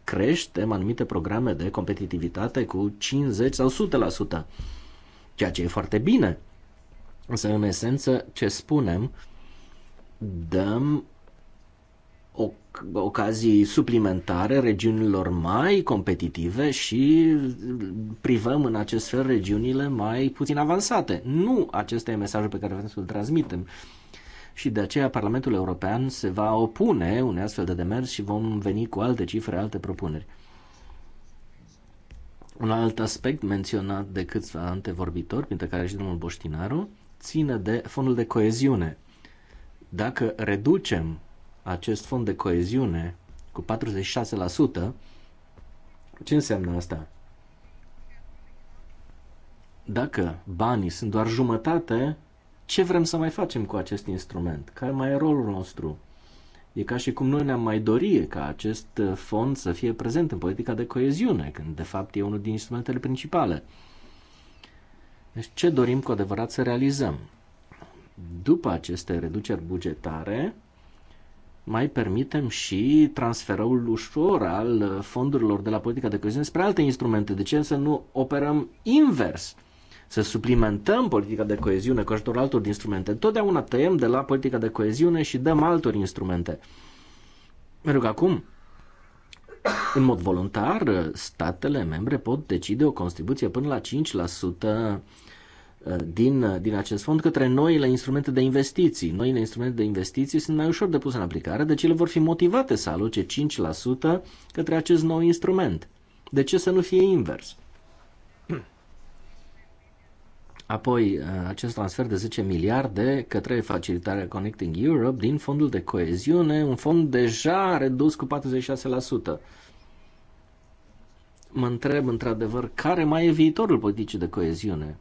creștem anumite programe de competitivitate cu 50 sau 100% ceea ce e foarte bine. Însă, în esență, ce spunem, dăm ocazii suplimentare regiunilor mai competitive și privăm în acest fel regiunile mai puțin avansate. Nu acesta e mesajul pe care vrem să-l transmitem. Și de aceea Parlamentul European se va opune unei astfel de demers și vom veni cu alte cifre, alte propuneri. Un alt aspect menționat de câțiva antevorbitori, printre care și domnul Boștinaru, ține de fondul de coeziune. Dacă reducem acest fond de coeziune cu 46%, ce înseamnă asta? Dacă banii sunt doar jumătate, ce vrem să mai facem cu acest instrument? Care mai e rolul nostru? E ca și cum noi ne-am mai dori ca acest fond să fie prezent în politica de coeziune, când de fapt e unul din instrumentele principale. Deci ce dorim cu adevărat să realizăm? După aceste reduceri bugetare, mai permitem și transferul ușor al fondurilor de la politica de coeziune spre alte instrumente. De ce să nu operăm invers? să suplimentăm politica de coeziune cu ajutorul altor instrumente. Întotdeauna tăiem de la politica de coeziune și dăm altor instrumente. Pentru că acum, în mod voluntar, statele membre pot decide o contribuție până la 5% uh, din, uh, din acest fond către noile instrumente de investiții. Noile instrumente de investiții sunt mai ușor de pus în aplicare, deci ele vor fi motivate să aloce 5% către acest nou instrument. De ce să nu fie invers? Apoi, uh, acest transfer de 10 miliarde către facilitarea Connecting Europe din fondul de coeziune, un fond deja redus cu 46%. Mă întreb într-adevăr care mai e viitorul politicii de coeziune.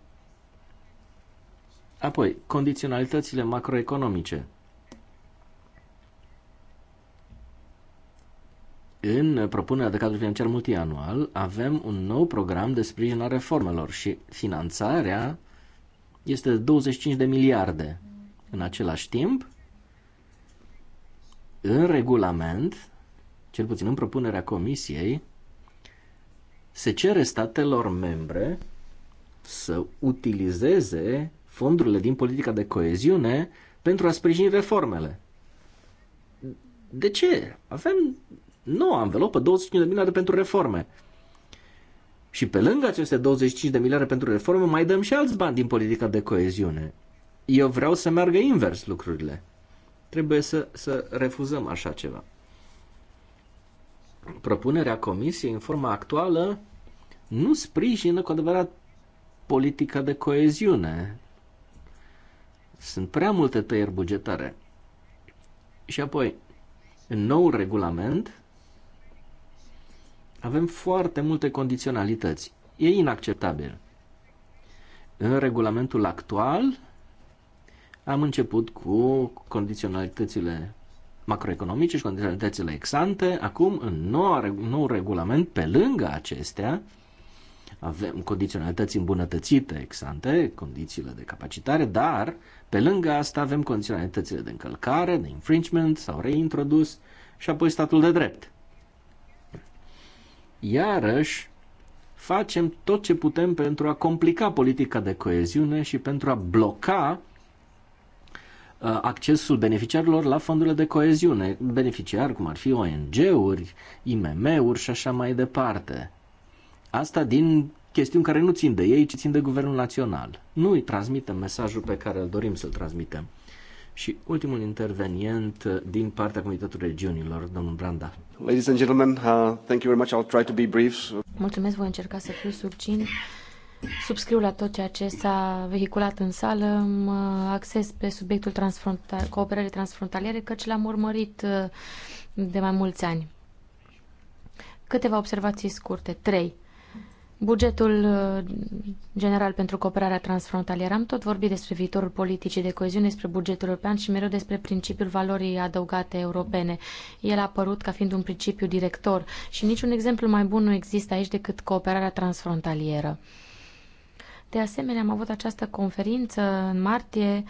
Apoi, condiționalitățile macroeconomice. În propunerea de cadru financiar multianual avem un nou program de sprijin a reformelor și finanțarea este de 25 de miliarde. În același timp, în regulament, cel puțin în propunerea Comisiei, se cere statelor membre să utilizeze fondurile din politica de coeziune pentru a sprijini reformele. De ce? Avem noua anvelopă, 25 de miliarde pentru reforme. Și pe lângă aceste 25 de milioane pentru reformă, mai dăm și alți bani din politica de coeziune. Eu vreau să meargă invers lucrurile. Trebuie să, să refuzăm așa ceva. Propunerea Comisiei, în forma actuală, nu sprijină cu adevărat politica de coeziune. Sunt prea multe tăieri bugetare. Și apoi, în noul regulament, avem foarte multe condiționalități. E inacceptabil. În regulamentul actual am început cu condiționalitățile macroeconomice și condiționalitățile exante. Acum, în noua, nou regulament, pe lângă acestea, avem condiționalități îmbunătățite exante, condițiile de capacitare, dar pe lângă asta avem condiționalitățile de încălcare, de infringement sau reintrodus și apoi statul de drept iarăși facem tot ce putem pentru a complica politica de coeziune și pentru a bloca uh, accesul beneficiarilor la fondurile de coeziune, beneficiari cum ar fi ONG-uri, IMM-uri și așa mai departe. Asta din chestiuni care nu țin de ei, ci țin de guvernul național. Nu îi transmitem mesajul pe care îl dorim să-l transmitem și ultimul intervenient uh, din partea Comitetului Regiunilor, domnul Branda. Ladies and gentlemen, uh, thank you very much. I'll try to be brief. Mulțumesc, voi încerca să fiu succint. Subscriu la tot ceea ce s-a vehiculat în sală, mă acces pe subiectul transfrontal, cooperării transfrontaliere, căci l-am urmărit uh, de mai mulți ani. Câteva observații scurte. Trei. Bugetul uh, general pentru cooperarea transfrontalieră. Am tot vorbit despre viitorul politicii de coeziune, despre bugetul european și mereu despre principiul valorii adăugate europene. El a apărut ca fiind un principiu director și niciun exemplu mai bun nu există aici decât cooperarea transfrontalieră. De asemenea, am avut această conferință în martie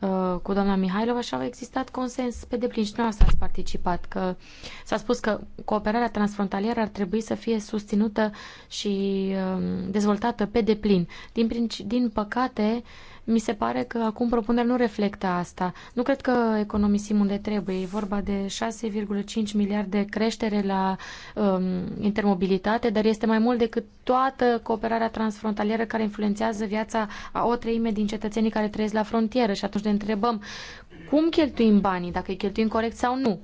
Uh, cu doamna Mihailova și au existat consens pe deplin și noastră ați participat, că s-a spus că cooperarea transfrontalieră ar trebui să fie susținută și um, dezvoltată pe deplin. Din, din păcate, mi se pare că acum propunerea nu reflectă asta. Nu cred că economisim unde trebuie. E vorba de 6,5 miliarde creștere la um, intermobilitate, dar este mai mult decât toată cooperarea transfrontalieră care influențează viața a o treime din cetățenii care trăiesc la frontieră. Și atunci ne întrebăm cum cheltuim banii, dacă îi cheltuim corect sau nu.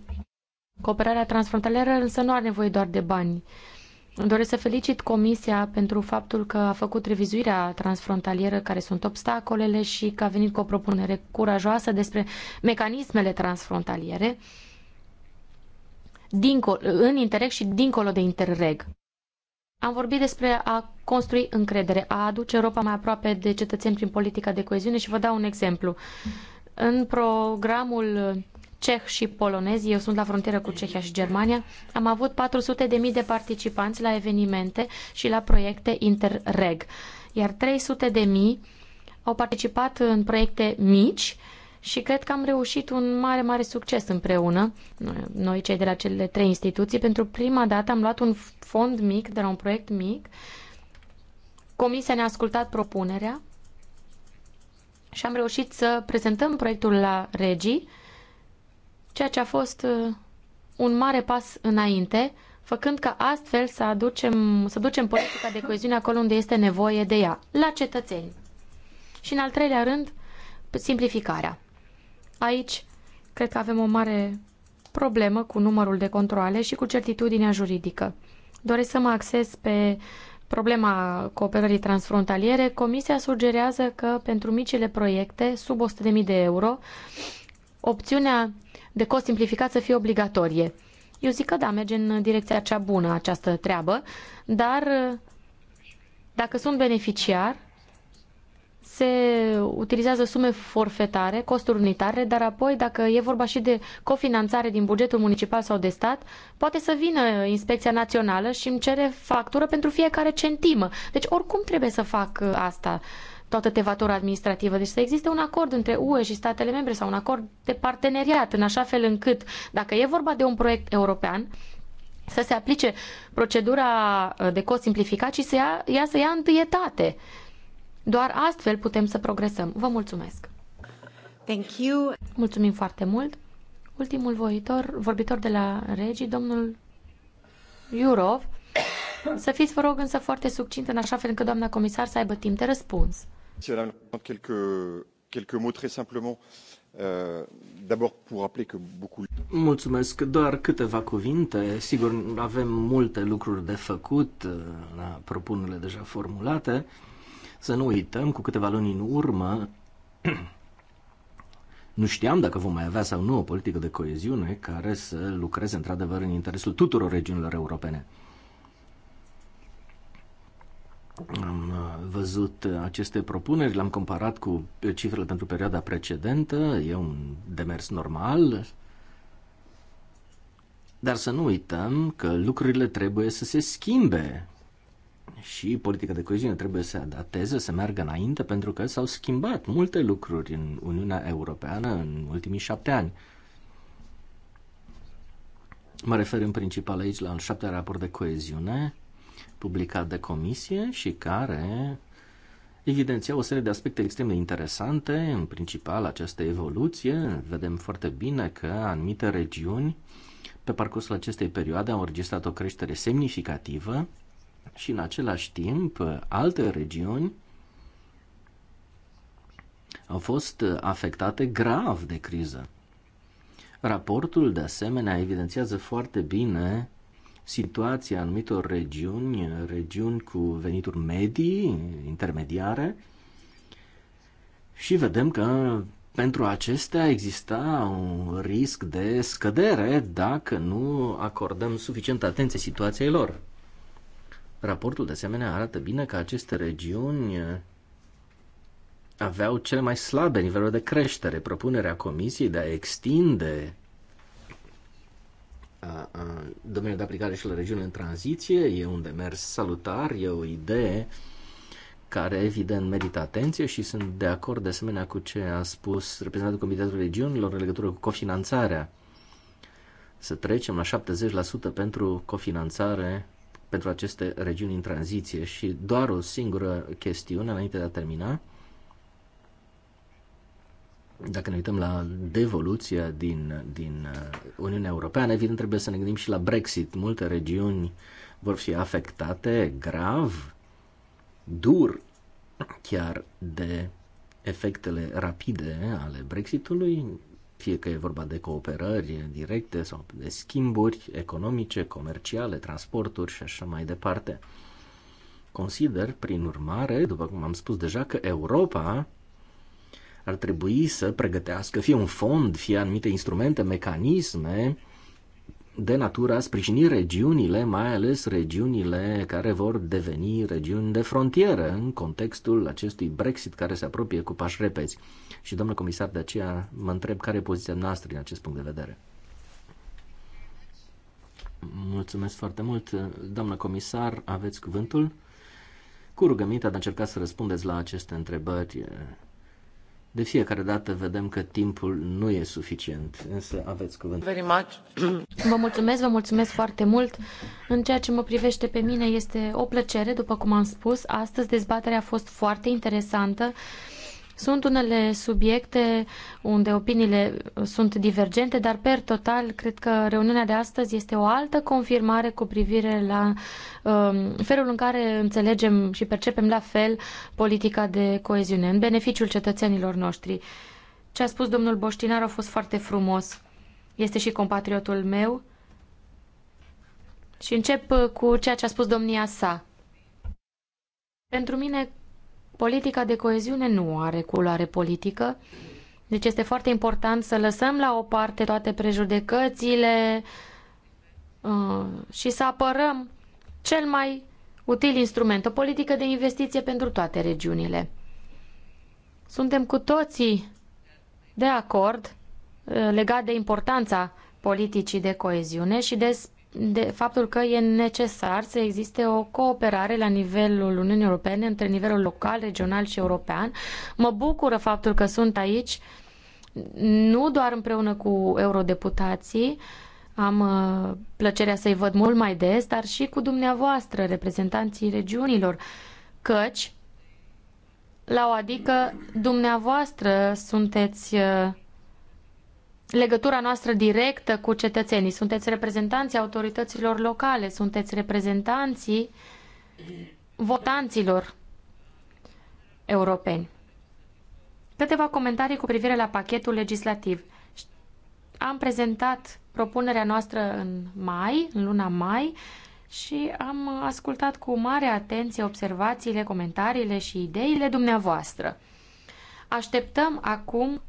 Cooperarea transfrontalieră însă nu are nevoie doar de bani. Doresc să felicit Comisia pentru faptul că a făcut revizuirea transfrontalieră care sunt obstacolele și că a venit cu o propunere curajoasă despre mecanismele transfrontaliere dincolo, în Interreg și dincolo de Interreg. Am vorbit despre a construi încredere, a aduce Europa mai aproape de cetățeni prin politica de coeziune și vă dau un exemplu. În programul ceh și polonezi, eu sunt la frontieră cu Cehia și Germania, am avut 400.000 de, de participanți la evenimente și la proiecte Interreg, iar 300.000 de au participat în proiecte mici și cred că am reușit un mare, mare succes împreună, noi cei de la cele trei instituții. Pentru prima dată am luat un fond mic, de la un proiect mic, comisia ne-a ascultat propunerea și am reușit să prezentăm proiectul la regii, ceea ce a fost uh, un mare pas înainte, făcând ca astfel să, aducem, să ducem politica de coeziune acolo unde este nevoie de ea, la cetățeni. Și în al treilea rând, simplificarea. Aici cred că avem o mare problemă cu numărul de controle și cu certitudinea juridică. Doresc să mă axez pe problema cooperării transfrontaliere. Comisia sugerează că pentru micile proiecte sub 100.000 de euro, opțiunea de cost simplificat să fie obligatorie. Eu zic că da, merge în direcția cea bună această treabă, dar uh, dacă sunt beneficiar, se utilizează sume forfetare, costuri unitare, dar apoi, dacă e vorba și de cofinanțare din bugetul municipal sau de stat, poate să vină Inspecția Națională și îmi cere factură pentru fiecare centimă. Deci, oricum trebuie să fac uh, asta toată tevatura administrativă. Deci să existe un acord între UE și statele membre sau un acord de parteneriat, în așa fel încât, dacă e vorba de un proiect european, să se aplice procedura uh, de cost simplificat și să ia, ia să ia întâietate. Doar astfel putem să progresăm. Vă mulțumesc! Thank you. Mulțumim foarte mult! Ultimul voitor, vorbitor de la Regi, domnul Iurov. Să fiți, vă rog, însă foarte succint în așa fel încât doamna comisar să aibă timp de răspuns. Madame la quelques, quelques mots très simplement. Euh, d'abord, pour rappeler que beaucoup... Mulțumesc, doar câteva cuvinte. Sigur, avem multe lucruri de făcut uh, la propunerile deja formulate. Să nu uităm, cu câteva luni în urmă, nu știam dacă vom mai avea sau nu o politică de coeziune care să lucreze într-adevăr în interesul tuturor regiunilor europene. Am uh, văzut uh, aceste propuneri, le-am comparat cu uh, cifrele pentru perioada precedentă, e un demers normal, dar să nu uităm că lucrurile trebuie să se schimbe și politica de coeziune trebuie să adapteze, să meargă înainte, pentru că s-au schimbat multe lucruri în Uniunea Europeană în ultimii șapte ani. Mă refer în principal aici la al șaptea raport de coeziune, publicat de comisie și care evidenția o serie de aspecte extrem de interesante, în principal această evoluție. Vedem foarte bine că anumite regiuni pe parcursul acestei perioade au înregistrat o creștere semnificativă și în același timp alte regiuni au fost afectate grav de criză. Raportul, de asemenea, evidențiază foarte bine situația anumitor regiuni, regiuni cu venituri medii, intermediare, și vedem că pentru acestea exista un risc de scădere dacă nu acordăm suficientă atenție situației lor. Raportul de asemenea arată bine că aceste regiuni aveau cele mai slabe niveluri de creștere. Propunerea Comisiei de a extinde domeniul de aplicare și la regiune în tranziție. E un demers salutar, e o idee care evident merită atenție și sunt de acord de asemenea cu ce a spus reprezentantul Comitetului Regiunilor în legătură cu cofinanțarea. Să trecem la 70% pentru cofinanțare pentru aceste regiuni în tranziție și doar o singură chestiune înainte de a termina. Dacă ne uităm la devoluția din, din uh, Uniunea Europeană, evident trebuie să ne gândim și la Brexit. Multe regiuni vor fi afectate grav, dur, chiar de efectele rapide ale Brexitului, fie că e vorba de cooperări directe sau de schimburi economice, comerciale, transporturi și așa mai departe. Consider, prin urmare, după cum am spus deja, că Europa ar trebui să pregătească fie un fond, fie anumite instrumente, mecanisme de natură a sprijini regiunile, mai ales regiunile care vor deveni regiuni de frontieră în contextul acestui Brexit care se apropie cu pași repezi. Și, domnule comisar, de aceea mă întreb care e poziția noastră din acest punct de vedere. Mulțumesc foarte mult. Doamnă comisar, aveți cuvântul. Cu rugămintea de a încerca să răspundeți la aceste întrebări de fiecare dată vedem că timpul nu e suficient, însă aveți cuvânt. Very much. Vă mulțumesc, vă mulțumesc foarte mult. În ceea ce mă privește pe mine este o plăcere, după cum am spus. Astăzi dezbaterea a fost foarte interesantă. Sunt unele subiecte unde opiniile sunt divergente, dar per total cred că reuniunea de astăzi este o altă confirmare cu privire la um, felul în care înțelegem și percepem la fel politica de coeziune, în beneficiul cetățenilor noștri. Ce a spus domnul Boștinar a fost foarte frumos. Este și compatriotul meu. Și încep cu ceea ce a spus domnia sa. Pentru mine, Politica de coeziune nu are culoare politică, deci este foarte important să lăsăm la o parte toate prejudecățile uh, și să apărăm cel mai util instrument, o politică de investiție pentru toate regiunile. Suntem cu toții de acord uh, legat de importanța politicii de coeziune și de de faptul că e necesar să existe o cooperare la nivelul Uniunii Europene, între nivelul local, regional și european. Mă bucură faptul că sunt aici nu doar împreună cu eurodeputații, am uh, plăcerea să-i văd mult mai des, dar și cu dumneavoastră, reprezentanții regiunilor, căci la o adică dumneavoastră sunteți uh, legătura noastră directă cu cetățenii. Sunteți reprezentanții autorităților locale, sunteți reprezentanții votanților europeni. Câteva comentarii cu privire la pachetul legislativ. Am prezentat propunerea noastră în mai, în luna mai, și am ascultat cu mare atenție observațiile, comentariile și ideile dumneavoastră. Așteptăm acum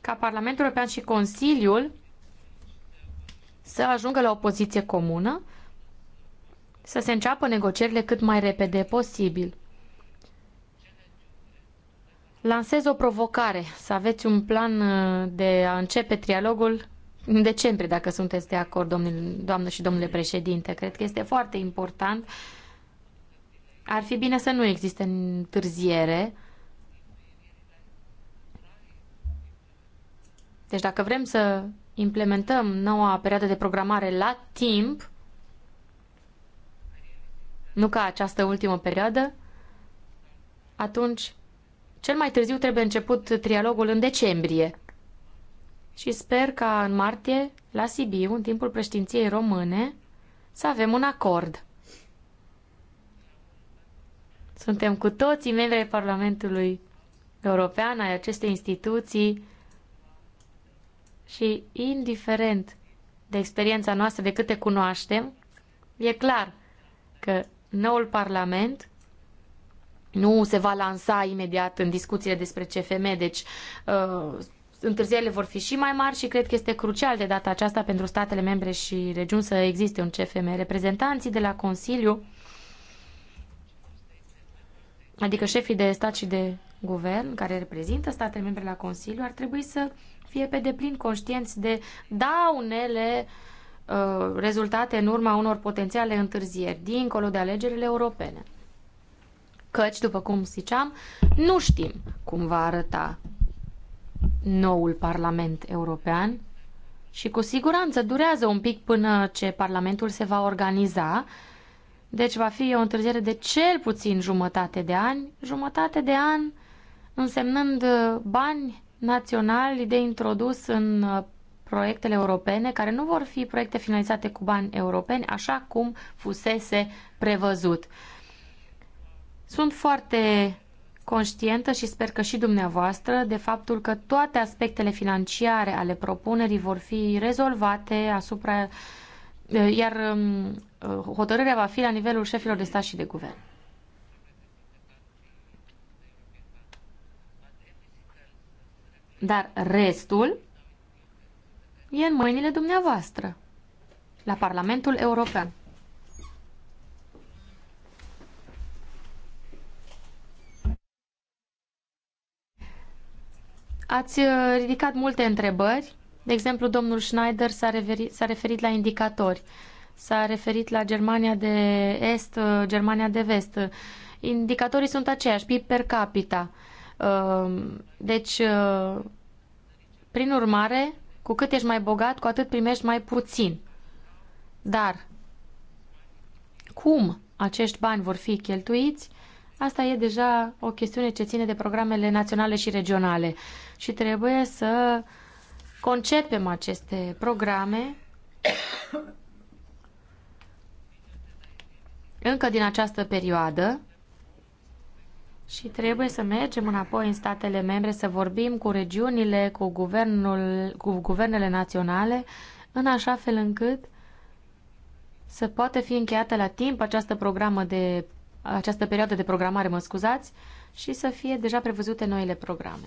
ca Parlamentul European și Consiliul să ajungă la o poziție comună, să se înceapă negocierile cât mai repede posibil. Lansez o provocare, să aveți un plan uh, de a începe trialogul în decembrie, dacă sunteți de acord, domnul, doamnă și domnule președinte. Cred că este foarte important. Ar fi bine să nu existe întârziere. Deci dacă vrem să implementăm noua perioadă de programare la timp, nu ca această ultimă perioadă, atunci cel mai târziu trebuie început trialogul în decembrie. Și sper ca în martie, la Sibiu, în timpul președinției române, să avem un acord. Suntem cu toții membri Parlamentului European, ai acestei instituții, și indiferent de experiența noastră, de câte cunoaștem, e clar că noul Parlament nu se va lansa imediat în discuțiile despre CFM, deci uh, întârzierile vor fi și mai mari și cred că este crucial de data aceasta pentru statele membre și regiuni să existe un CFM. Reprezentanții de la Consiliu, adică șefii de stat și de guvern care reprezintă statele membre la Consiliu, ar trebui să fie pe deplin conștienți de daunele uh, rezultate în urma unor potențiale întârzieri, dincolo de alegerile europene. Căci, după cum ziceam, nu știm cum va arăta noul Parlament European și cu siguranță durează un pic până ce Parlamentul se va organiza, deci va fi o întârziere de cel puțin jumătate de ani, jumătate de an însemnând uh, bani naționali de introdus în uh, proiectele europene, care nu vor fi proiecte finalizate cu bani europeni, așa cum fusese prevăzut. Sunt foarte conștientă și sper că și dumneavoastră de faptul că toate aspectele financiare ale propunerii vor fi rezolvate asupra uh, iar um, uh, hotărârea va fi la nivelul șefilor de stat și de guvern. Dar restul e în mâinile dumneavoastră, la Parlamentul European. Ați uh, ridicat multe întrebări. De exemplu, domnul Schneider s-a referit, referit la indicatori, s-a referit la Germania de Est, uh, Germania de Vest. Indicatorii sunt aceiași, PIB per capita. Uh, Ehm, deci, eh, prin urmare, cu cât ești mai bogat, cu atât primești mai puțin. Dar cum acești bani vor fi cheltuiți, asta e deja o chestiune ce ține de programele naționale și regionale. Și trebuie să concepem aceste programe încă din această perioadă și trebuie să mergem înapoi în statele membre, să vorbim cu regiunile, cu, guvernul, cu guvernele naționale, în așa fel încât să poată fi încheiată la timp această, programă de, această perioadă de programare, mă scuzați, și să fie deja prevăzute noile programe.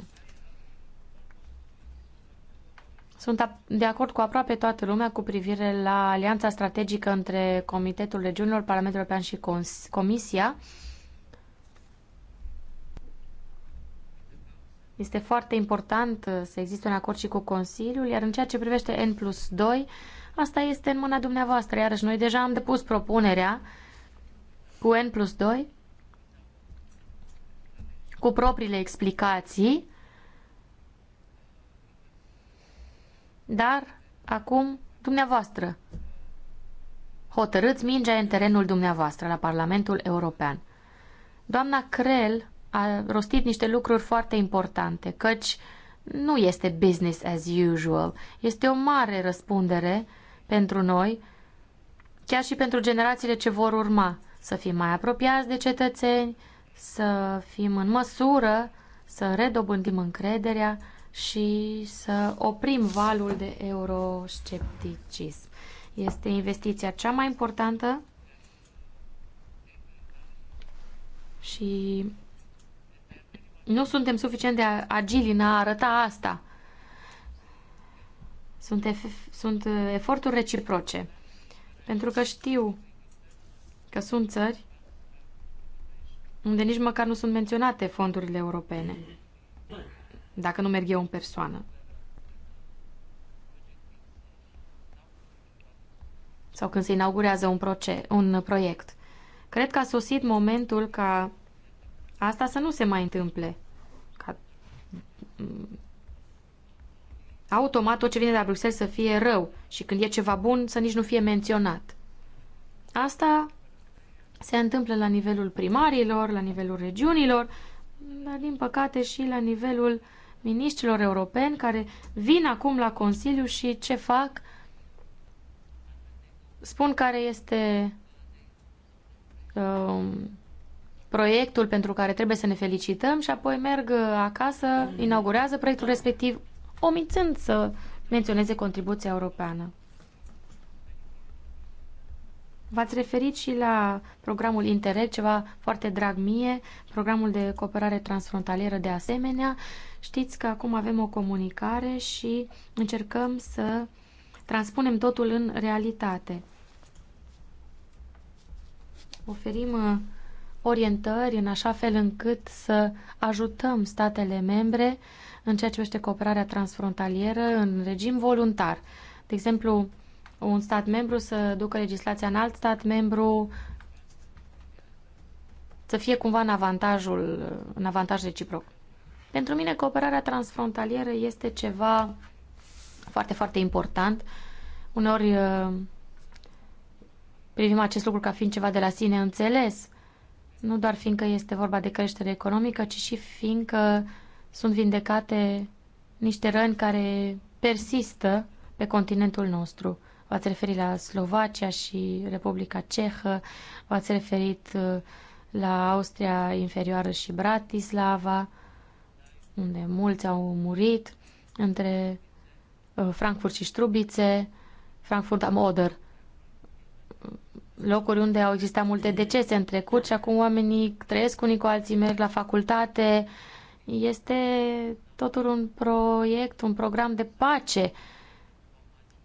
Sunt de acord cu aproape toată lumea cu privire la alianța strategică între Comitetul Regiunilor, Parlamentul European și Comisia, Este foarte important uh, să existe un acord și cu Consiliul, iar în ceea ce privește N plus 2, asta este în mâna dumneavoastră. Iarăși, noi deja am depus propunerea cu N plus 2, cu propriile explicații, dar acum dumneavoastră hotărâți mingea în terenul dumneavoastră la Parlamentul European. Doamna Crel a rostit niște lucruri foarte importante, căci nu este business as usual. Este o mare răspundere pentru noi, chiar și pentru generațiile ce vor urma, să fim mai apropiați de cetățeni, să fim în măsură să redobândim încrederea și să oprim valul de euroscepticism. Este investiția cea mai importantă și nu suntem suficient de agili în a arăta asta. Sunt, ef- sunt uh, eforturi reciproce. Pentru că știu că sunt țări unde nici măcar nu sunt menționate fondurile europene, dacă nu merg eu în persoană. Sau când se inaugurează un, proce- un proiect. Cred că a sosit momentul ca asta să nu se mai întâmple. Ca mm. automat tot ce vine de la Bruxelles să fie rău și când e ceva bun să nici nu fie menționat. Asta se întâmplă la nivelul primarilor, la nivelul regiunilor, dar din păcate și la nivelul ministrilor europeni care vin acum la Consiliu și ce fac? Spun care este um, proiectul pentru care trebuie să ne felicităm și apoi merg acasă, inaugurează proiectul respectiv, omițând să menționeze contribuția europeană. V-ați referit și la programul Interreg, ceva foarte drag mie, programul de cooperare transfrontalieră de asemenea. Știți că acum avem o comunicare și încercăm să transpunem totul în realitate. Oferim uh, orientări în așa fel încât să ajutăm statele membre în ceea ce este cooperarea transfrontalieră în regim voluntar. De exemplu, un stat membru să ducă legislația în alt stat membru să fie cumva în avantajul, în avantaj reciproc. Pentru mine, cooperarea transfrontalieră este ceva foarte, foarte important. Uneori uh, privim acest lucru ca fiind ceva de la sine înțeles, nu doar fiindcă este vorba de creștere economică, ci și fiindcă sunt vindecate niște răni care persistă pe continentul nostru. V-ați referit la Slovacia și Republica Cehă, v-ați referit uh, la Austria Inferioară și Bratislava, unde mulți au murit, între uh, Frankfurt și Strubițe, Frankfurt am Oder locuri unde au existat multe decese în trecut și acum oamenii trăiesc unii cu alții, merg la facultate. Este totul un proiect, un program de pace.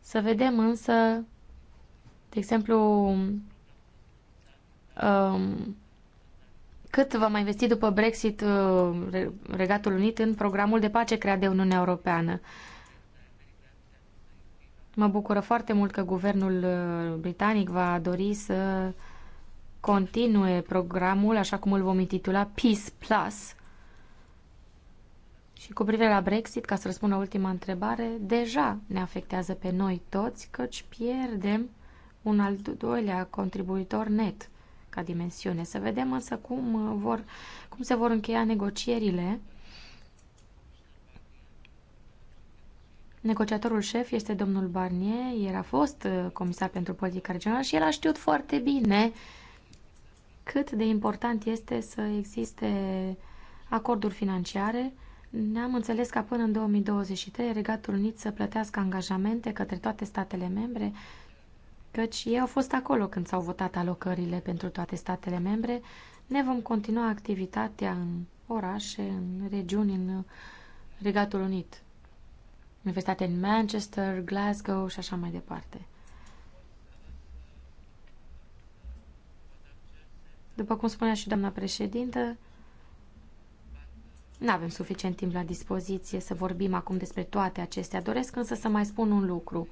Să vedem însă, de exemplu, um, cât va mai investi după Brexit uh, Regatul Unit în programul de pace creat de Uniunea Europeană. Uh, Mă bucură foarte mult că guvernul uh, britanic va dori să continue programul, așa cum îl vom intitula Peace Plus. Și cu privire la Brexit, ca să răspund la ultima întrebare, deja ne afectează pe noi toți, căci pierdem un al doilea contribuitor net ca dimensiune. Să vedem însă cum, uh, vor, cum se vor încheia negocierile Negociatorul șef este domnul Barnier, el a fost uh, comisar pentru politica regională și el a știut foarte bine cât de important este să existe acorduri financiare. Ne-am înțeles că până în 2023 Regatul Unit să plătească angajamente către toate statele membre, căci ei au fost acolo când s-au votat alocările pentru toate statele membre. Ne vom continua activitatea în orașe, în regiuni, în Regatul Unit Universitate în Manchester, Glasgow și așa mai departe. După cum spunea și doamna președintă, nu avem suficient timp la dispoziție să vorbim acum despre toate acestea. Doresc însă să mai spun un lucru.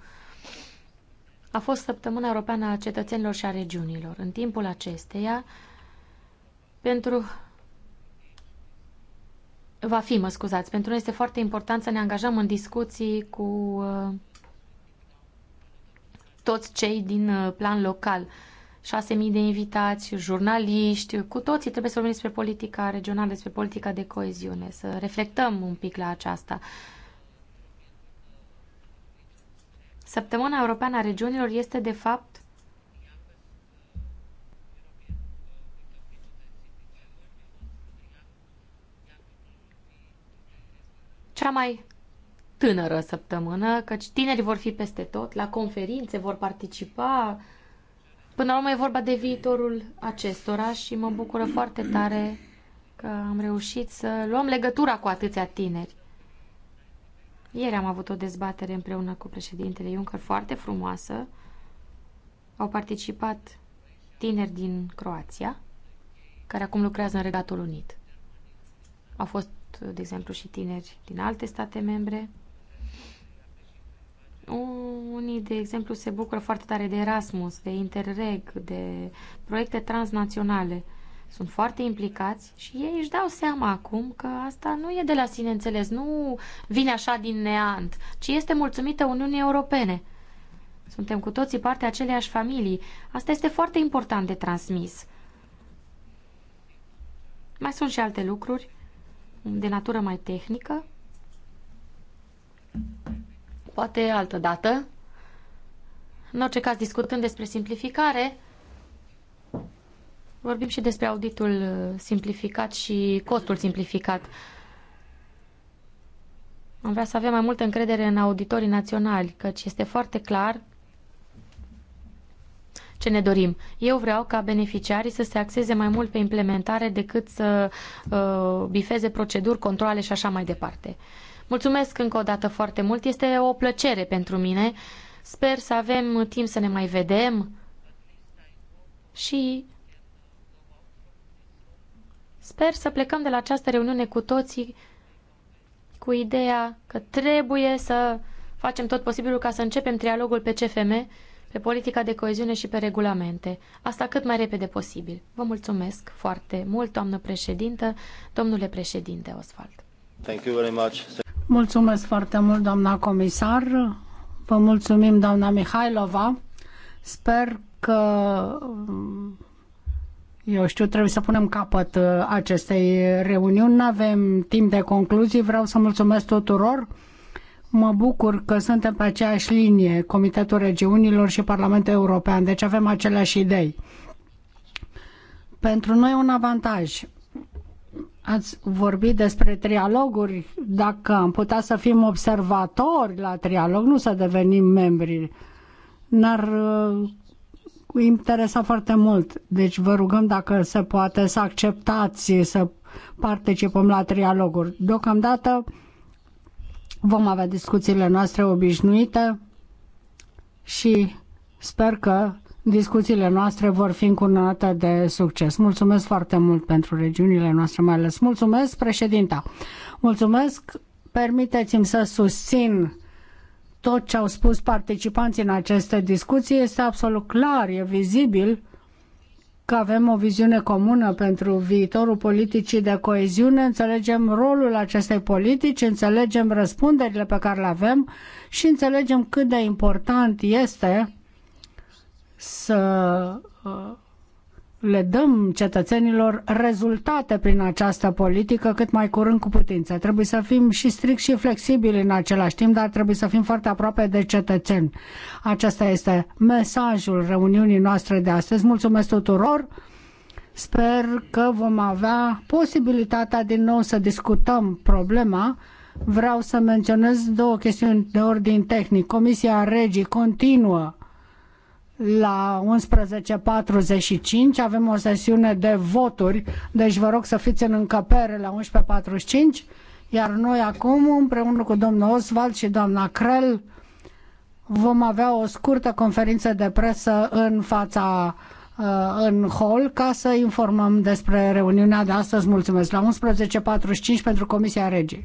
A fost Săptămâna Europeană a Cetățenilor și a Regiunilor. În timpul acesteia, pentru Va fi, mă scuzați. Pentru noi este foarte important să ne angajăm în discuții cu uh, toți cei din uh, plan local. 6.000 de invitați, jurnaliști, cu toții trebuie să vorbim despre politica regională, despre politica de coeziune, să reflectăm un pic la aceasta. Săptămâna Europeană a Regiunilor este, de fapt, cea mai tânără săptămână, căci tinerii vor fi peste tot, la conferințe vor participa. Până la urmă e vorba de viitorul acestora și mă bucură foarte tare că am reușit să luăm legătura cu atâția tineri. Ieri am avut o dezbatere împreună cu președintele Juncker foarte frumoasă. Au participat tineri din Croația, care acum lucrează în Regatul Unit. Au fost de exemplu, și tineri din alte state membre. Unii, de exemplu, se bucură foarte tare de Erasmus, de Interreg, de proiecte transnaționale. Sunt foarte implicați și ei își dau seama acum că asta nu e de la sine înțeles, nu vine așa din neant, ci este mulțumită Uniunii Europene. Suntem cu toții parte a aceleiași familii. Asta este foarte important de transmis. Mai sunt și alte lucruri de natură mai tehnică. Poate altă dată. În orice caz, discutând despre simplificare, vorbim și despre auditul uh, simplificat și costul simplificat. Am vrea să avem mai multă încredere în auditorii naționali, căci este foarte clar ce ne dorim. Eu vreau ca beneficiarii să se axeze mai mult pe implementare decât să uh, bifeze proceduri, controle și așa mai departe. Mulțumesc încă o dată foarte mult. Este o plăcere pentru mine. Sper să avem timp să ne mai vedem și sper să plecăm de la această reuniune cu toții cu ideea că trebuie să facem tot posibilul ca să începem trialogul pe CFM pe politica de coeziune și pe regulamente. Asta cât mai repede posibil. Vă mulțumesc foarte mult, doamnă președintă, domnule președinte Oswald. Thank you very much. Mulțumesc foarte mult, doamna comisar. Vă mulțumim, doamna Mihailova. Sper că eu știu, trebuie să punem capăt uh, acestei reuniuni. Nu avem timp de concluzii. Vreau să mulțumesc tuturor Mă bucur că suntem pe aceeași linie, Comitetul Regiunilor și Parlamentul European, deci avem aceleași idei. Pentru noi un avantaj. Ați vorbit despre trialoguri. Dacă am putea să fim observatori la trialog, nu să devenim membri, n-ar uh, interesa foarte mult. Deci vă rugăm dacă se poate să acceptați să participăm la trialoguri. Deocamdată Vom avea discuțiile noastre obișnuite și sper că discuțiile noastre vor fi încununate de succes. Mulțumesc foarte mult pentru regiunile noastre, mai ales. Mulțumesc, președinta. Mulțumesc. Permiteți-mi să susțin tot ce au spus participanții în aceste discuții. Este absolut clar, e vizibil că avem o viziune comună pentru viitorul politicii de coeziune, înțelegem rolul acestei politici, înțelegem răspunderile pe care le avem și înțelegem cât de important este să uh, le dăm cetățenilor rezultate prin această politică cât mai curând cu putință. Trebuie să fim și strict și flexibili în același timp, dar trebuie să fim foarte aproape de cetățeni. Acesta este mesajul reuniunii noastre de astăzi. Mulțumesc tuturor! Sper că vom avea posibilitatea din nou să discutăm problema. Vreau să menționez două chestiuni de ordin tehnic. Comisia Regii continuă la 11.45 avem o sesiune de voturi, deci vă rog să fiți în încăpere la 11.45, iar noi acum, împreună cu domnul Oswald și doamna Crel, vom avea o scurtă conferință de presă în fața uh, în hol ca să informăm despre reuniunea de astăzi. Mulțumesc. La 11.45 pentru Comisia Regii.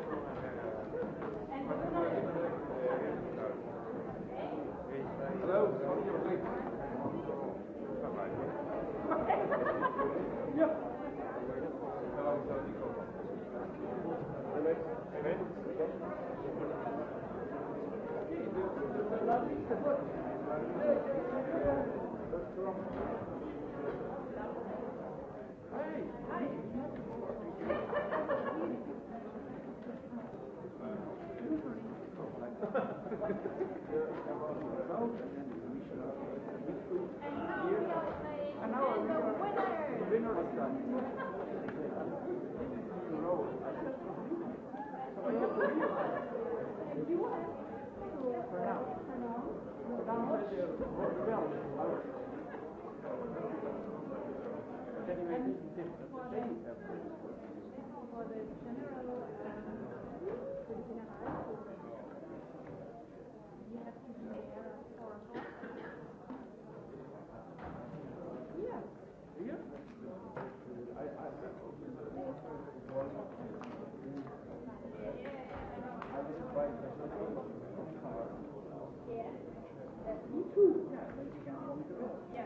Da. Da. Yeah.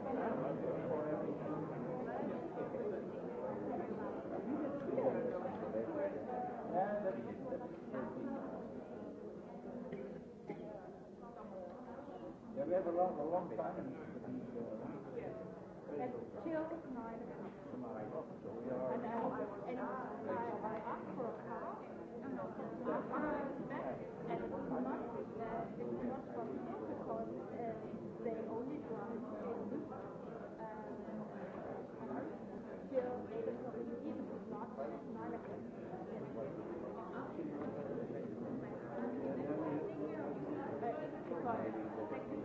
a long, a long time. And, and, uh, and till nine o'clock. So we are. And, uh, and I, I asked for a car. And I was back. And it was not, uh, it was not possible because uh, they only drive in Luke. Um, till eight o'clock in the evening, not nine o'clock.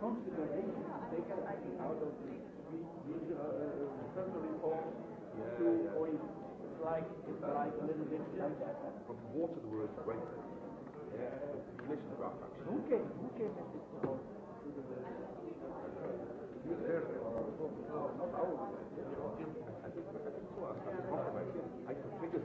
considering taken out of the uh, personal reform yeah, to yeah. or it's like it's like a little bit like that. From water the word great. Yeah. Commission draft action. Who came who came with this proposal to the you there not ours. I think I think so I think I can figure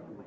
Thank you.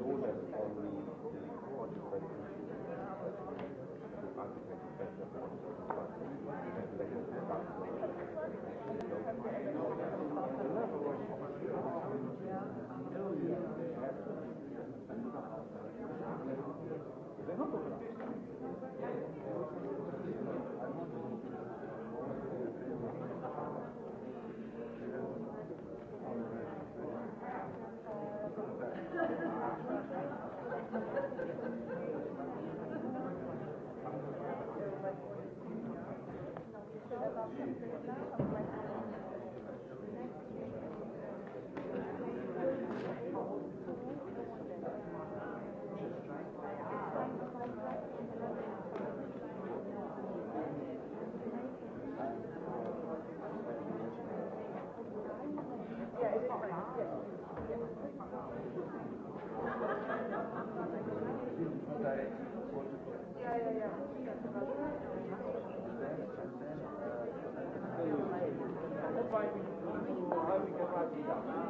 included on the Thank you.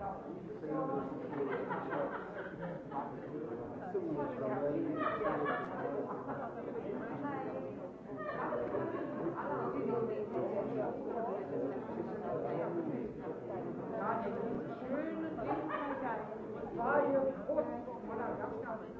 Schönen Dienstag, freie Post von der Gastgeber.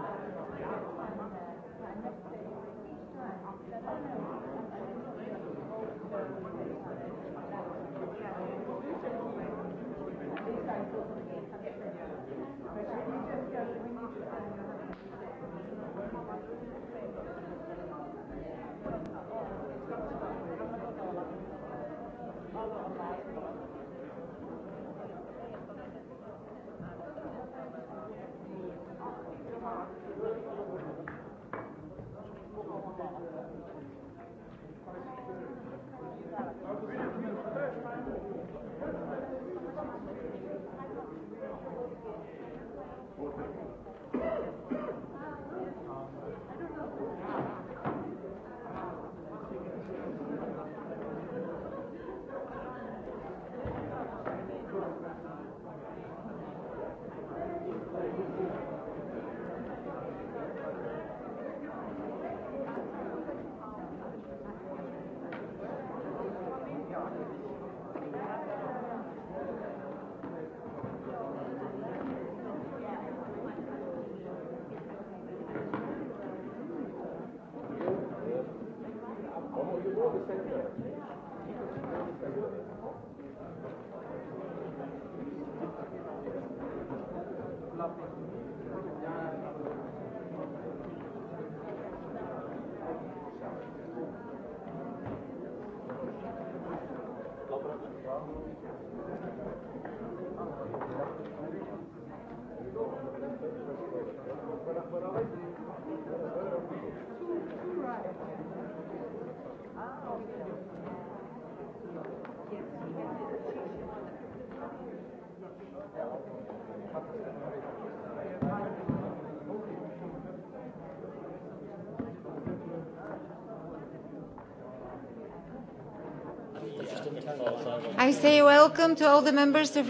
I say welcome to all the members of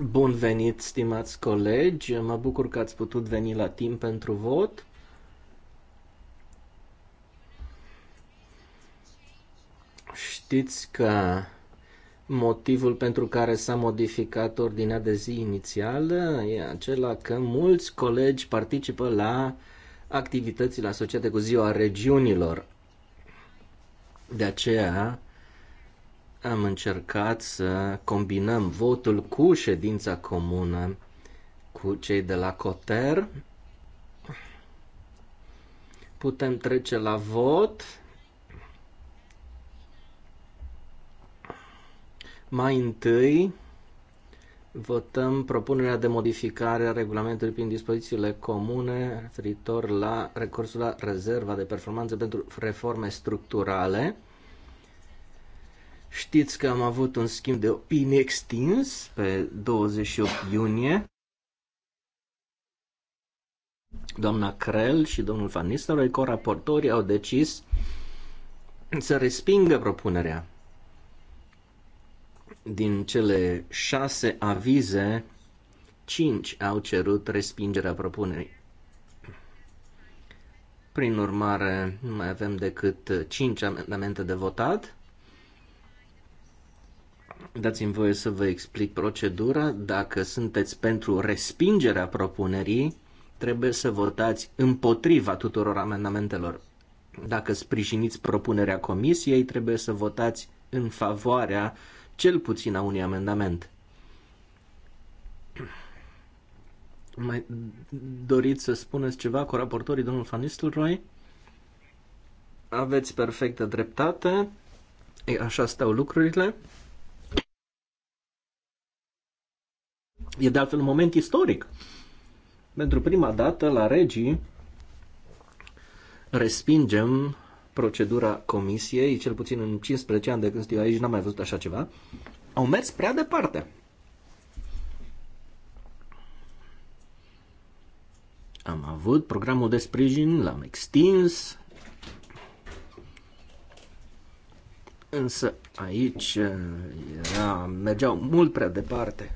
Bun venit, stimați colegi. Mă bucur că ați putut veni la timp pentru vot. Știți că Motivul pentru care s-a modificat ordinea de zi inițială e acela că mulți colegi participă la activitățile asociate cu ziua regiunilor. De aceea am încercat să combinăm votul cu ședința comună cu cei de la Coter. Putem trece la vot. Mai întâi votăm propunerea de modificare a regulamentului prin dispozițiile comune referitor la recursul la rezerva de performanță pentru reforme structurale. Știți că am avut un schimb de opinii extins pe 28 iunie. Doamna Crel și domnul Van Nistelrooy, co-raportorii, au decis să respingă propunerea din cele șase avize, cinci au cerut respingerea propunerii. Prin urmare, nu mai avem decât cinci amendamente de votat. Dați-mi voie să vă explic procedura. Dacă sunteți pentru respingerea propunerii, trebuie să votați împotriva tuturor amendamentelor. Dacă sprijiniți propunerea comisiei, trebuie să votați în favoarea uh, cel puțin a unui amendament. Mai doriți să spuneți ceva cu raportorii, domnul Van Nistelrooy? Aveți perfectă dreptate. E, așa stau lucrurile. E de altfel un moment istoric. Pentru prima dată la regii respingem procedura comisiei, cel puțin în 15 ani de când sunt eu aici, n-am mai văzut așa ceva, au mers prea departe. Am avut programul de sprijin, l-am extins, însă aici eh, era, mergeau mult prea departe.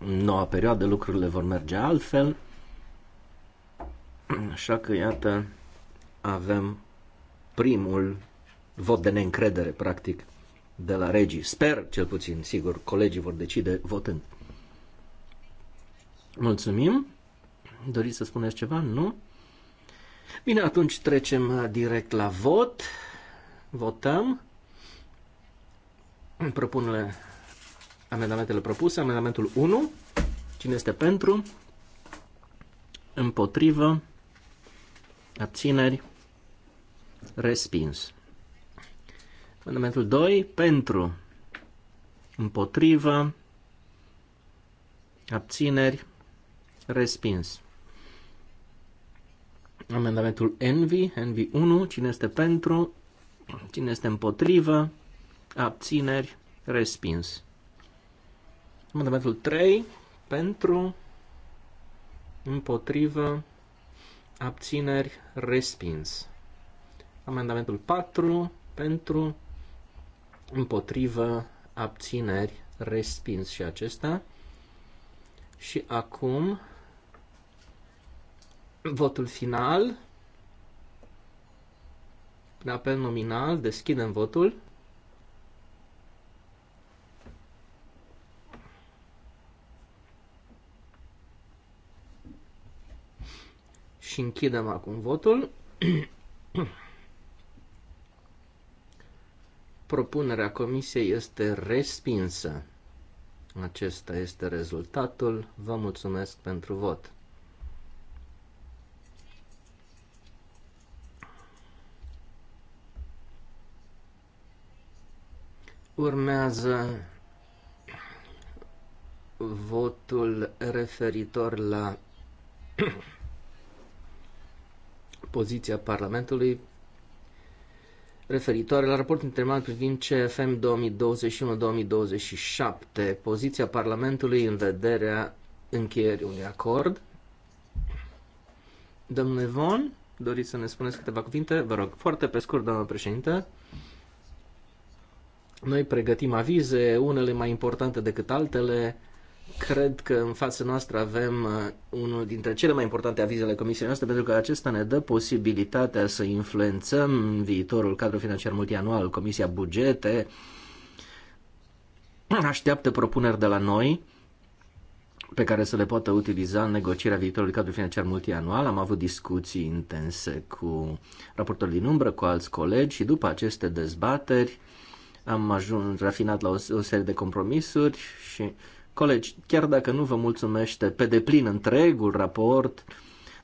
În noua perioadă lucrurile vor merge altfel. Așa că, iată, avem primul vot de neîncredere, practic, de la regii. Sper, cel puțin, sigur, colegii vor decide votând. Mulțumim. Doriți să spuneți ceva? Nu? Bine, atunci trecem direct la vot. Votăm. Propunerile amendamentele propuse. Amendamentul 1. Cine este pentru? Împotrivă. Abțineri. Respins. Amendamentul 2. Pentru. Împotrivă. Abțineri. Respins. Amendamentul Envy, Envy 1, cine este pentru, cine este împotrivă, abțineri, respins. Amendamentul 3 pentru, împotrivă, abțineri, respins. Amendamentul 4 pentru, împotrivă, abțineri, respins și acesta. Și acum votul final. Pe apel nominal deschidem votul. și închidem acum votul. Propunerea comisiei este respinsă. Acesta este rezultatul. Vă mulțumesc pentru vot. Urmează votul referitor la poziția Parlamentului referitoare la raportul intermal privind CFM 2021-2027, poziția Parlamentului în vederea încheierii unui acord. Domnule Von, doriți să ne spuneți câteva cuvinte? Vă rog, foarte pe scurt, doamnă președinte. Noi pregătim avize, unele mai importante decât altele, Cred că în fața noastră avem uh, unul dintre cele mai importante avize ale Comisiei noastre, pentru că acesta ne dă posibilitatea să influențăm viitorul cadru financiar multianual. Comisia Bugete așteaptă propuneri de la noi pe care să le poată utiliza în negocierea viitorului cadru financiar multianual. Am avut discuții intense cu raportorul din umbră, cu alți colegi și după aceste dezbateri am ajuns rafinat la o, o serie de compromisuri și Colegi, chiar dacă nu vă mulțumește pe deplin întregul raport,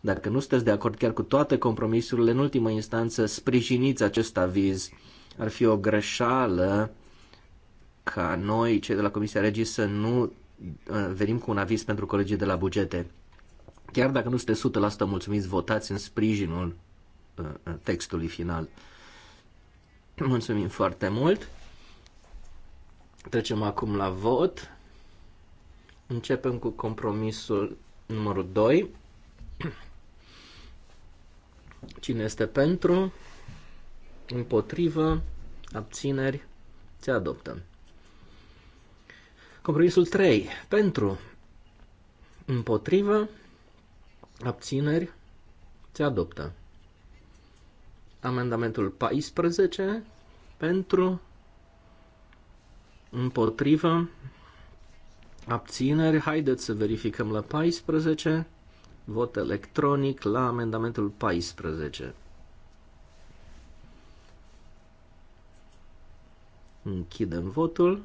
dacă nu sunteți de acord chiar cu toate compromisurile, în ultimă instanță sprijiniți acest aviz. Ar fi o greșeală ca noi, cei de la Comisia Regii, să nu uh, venim cu un aviz pentru colegii de la bugete. Chiar dacă nu sunteți 100% mulțumiți, votați în sprijinul uh, uh, textului final. Mulțumim foarte mult. Trecem acum la vot. Începem cu compromisul numărul 2. Cine este pentru? Împotrivă? Abțineri? Se adoptă. Compromisul 3. Pentru? Împotrivă? Abțineri? Se adoptă. Amendamentul 14. Pentru? Împotrivă? Abțineri. Haideți să verificăm la 14. Vot electronic la amendamentul 14. Închidem votul.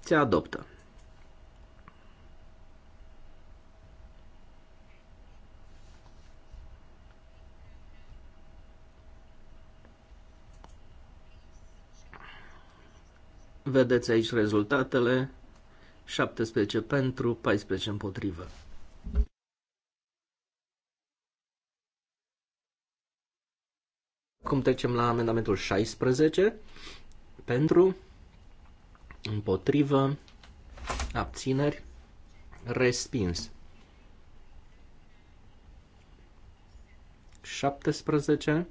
Se adoptă. Vedeți aici rezultatele, 17 pentru, 14 împotrivă. Acum trecem la amendamentul 16. Pentru, împotrivă, abțineri, respins. 17.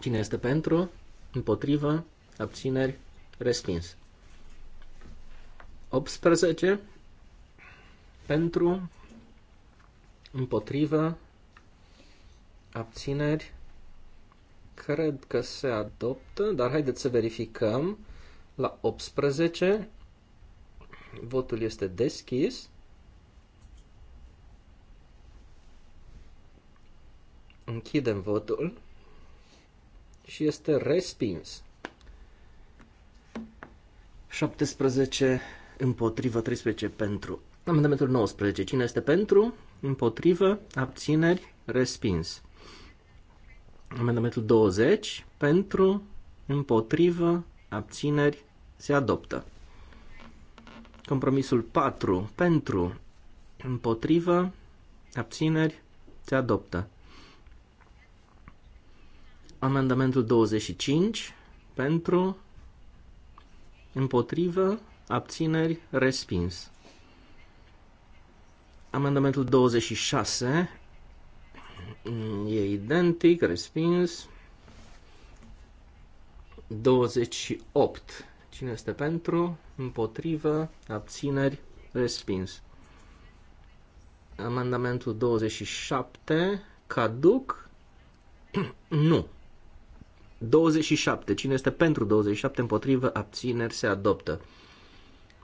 Cine este pentru, împotrivă, abțineri, Respins. 18 pentru, împotrivă, abțineri, cred că se adoptă, dar haideți să verificăm. La 18, votul este deschis. Închidem votul și este respins. 17 împotrivă, 13 pentru. Amendamentul 19. Cine este pentru? Împotrivă, abțineri, respins. Amendamentul 20. Pentru, împotrivă, abțineri, se adoptă. Compromisul 4. Pentru, împotrivă, abțineri, se adoptă. Amendamentul 25. Pentru, Împotrivă, abțineri, respins. Amendamentul 26 e identic, respins. 28. Cine este pentru? Împotrivă, abțineri, respins. Amendamentul 27, caduc? nu. 27. Cine este pentru 27 împotrivă, abțineri, se adoptă.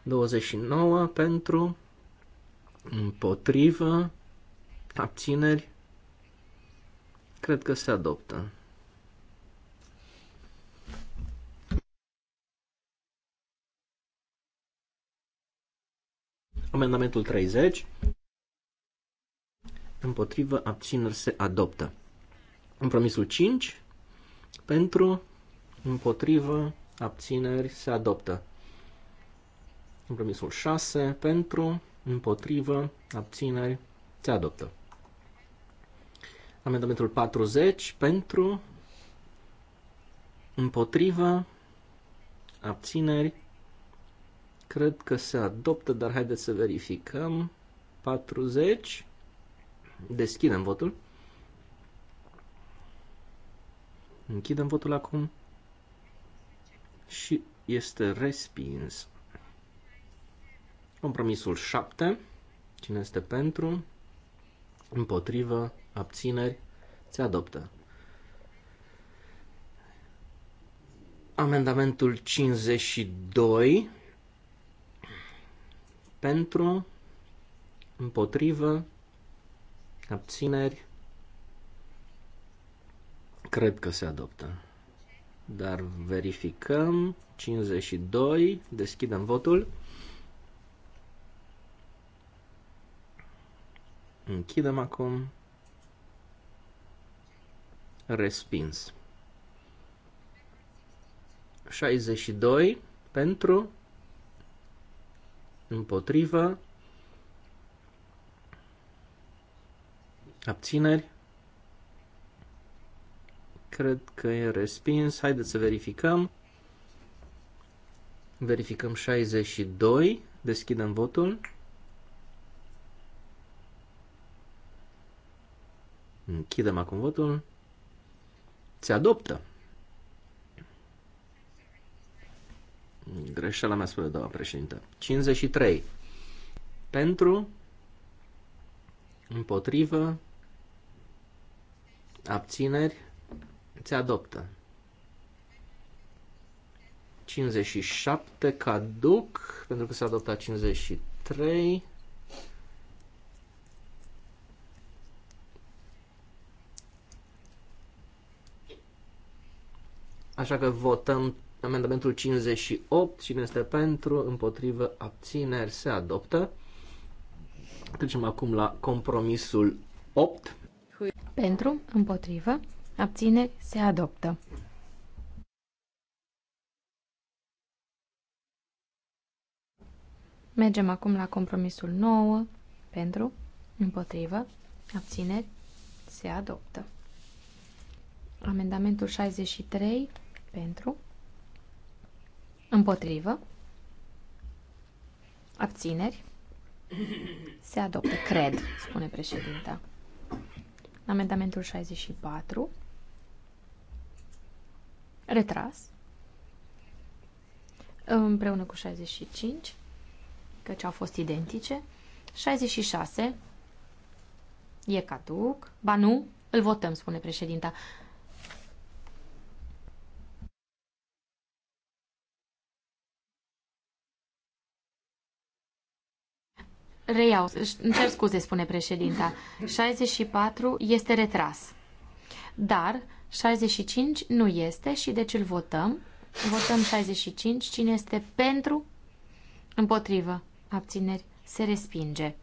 29 pentru, împotrivă, abțineri, cred că se adoptă. Amendamentul 30. Împotrivă, abțineri se adoptă. Compromisul 5. Pentru, împotrivă, abțineri, se adoptă. Compromisul 6. Pentru, împotrivă, abțineri, se adoptă. Amendamentul 40. Pentru, împotrivă, abțineri, cred că se adoptă, dar haideți să verificăm. 40. Deschidem votul. Închidem votul acum și este respins. Compromisul 7. Cine este pentru? Împotrivă? Abțineri? Se adoptă. Amendamentul 52. Pentru? Împotrivă? Abțineri? Cred că se adoptă. Dar verificăm. 52. Deschidem votul. Închidem acum. Respins. 62 pentru, împotrivă, abțineri, cred că e respins. Haideți să verificăm. Verificăm 62. Deschidem votul. Închidem acum votul. Se adoptă. Greșeala mea spune doamna președinte. 53. Pentru, împotrivă, abțineri, se adoptă. 57 caduc, pentru că s-a adoptat 53. Așa că votăm amendamentul 58. Cine este pentru? Împotrivă? Abțineri? Se adoptă. Trecem acum la compromisul 8. Pentru? Împotrivă? Abțineri se adoptă. Mergem acum la compromisul 9 pentru, împotrivă, abțineri se adoptă. Amendamentul 63 pentru, împotrivă, abțineri se adoptă, cred, spune președinta. Amendamentul 64 retras împreună cu 65, căci au fost identice. 66 e caduc. Ba nu, îl votăm, spune președinta. Reiau, îmi cer scuze, spune președinta. 64 este retras. Dar 65 nu este și deci îl votăm. Votăm 65. Cine este pentru? Împotrivă. Abțineri. Se respinge.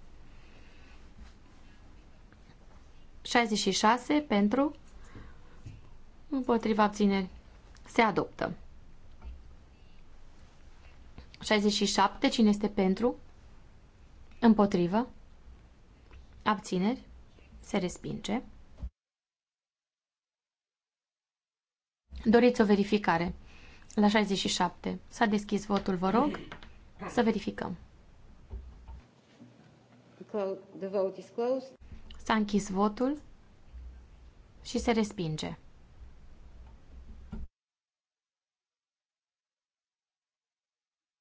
66 pentru. Împotriva abțineri. Se adoptă. 67. Cine este pentru? Împotrivă. Abțineri. Se respinge. Doriți o verificare. La 67. S-a deschis votul, vă rog. Să verificăm. S-a închis votul și se respinge.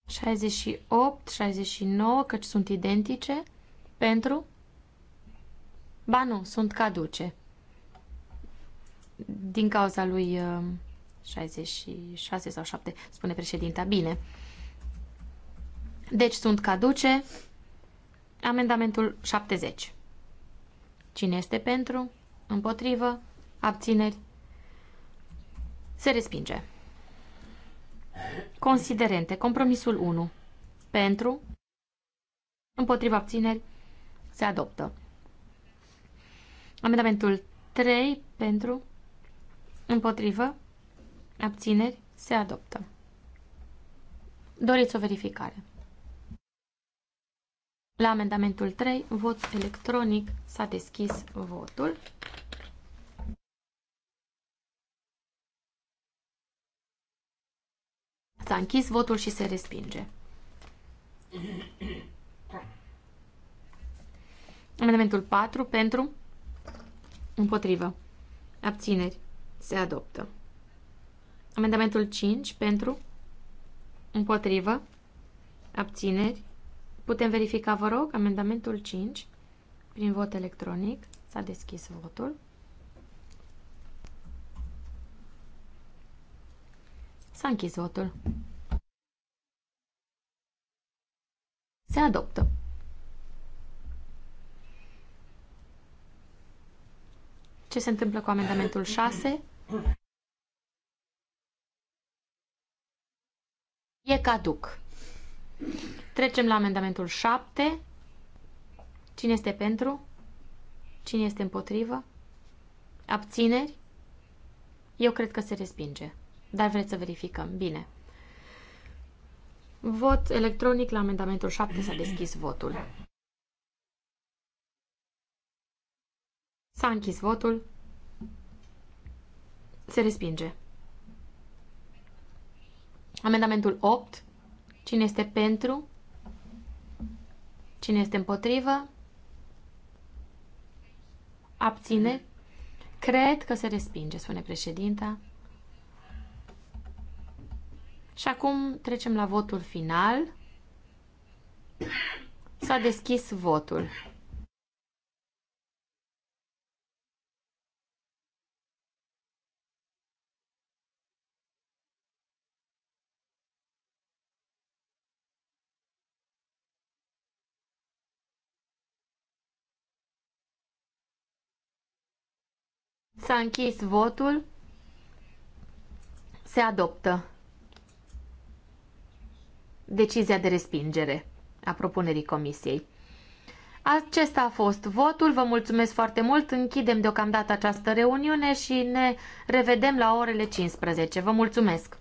Șaizeci opt, șaizeci nouă, căci sunt identice. Pentru? Ba nu, sunt caduce. Din cauza lui... Uh, 66 sau 7, spune președinta. Bine. Deci sunt caduce amendamentul 70. Cine este pentru? Împotrivă? Abțineri? Se respinge. Considerente. Compromisul 1. Pentru? Împotriva abțineri? Se adoptă. Amendamentul 3 pentru? Împotrivă? Abțineri? Se adoptă. Doriți o verificare. La amendamentul 3, vot electronic, s-a deschis votul. S-a închis votul și se respinge. Amendamentul 4 pentru, împotrivă, abțineri, se adoptă. Amendamentul 5 pentru, împotrivă, abțineri. Putem verifica, vă rog, amendamentul 5 prin vot electronic. S-a deschis votul. S-a închis votul. Se adoptă. Ce se întâmplă cu amendamentul 6? E caduc. Trecem la amendamentul 7. Cine este pentru? Cine este împotrivă? Abțineri? Eu cred că se respinge. Dar vreți să verificăm. Bine. Vot electronic la amendamentul 7 s-a deschis votul. S-a închis votul. Se respinge. Amendamentul 8. Cine este pentru? Cine este împotrivă? Abține? Cred că se respinge, spune președinta. Și acum trecem la votul final. S-a deschis votul. S-a închis votul. Se adoptă decizia de respingere a propunerii comisiei. Acesta a fost votul. Vă mulțumesc foarte mult. Închidem deocamdată această reuniune și ne revedem la orele 15. Vă mulțumesc!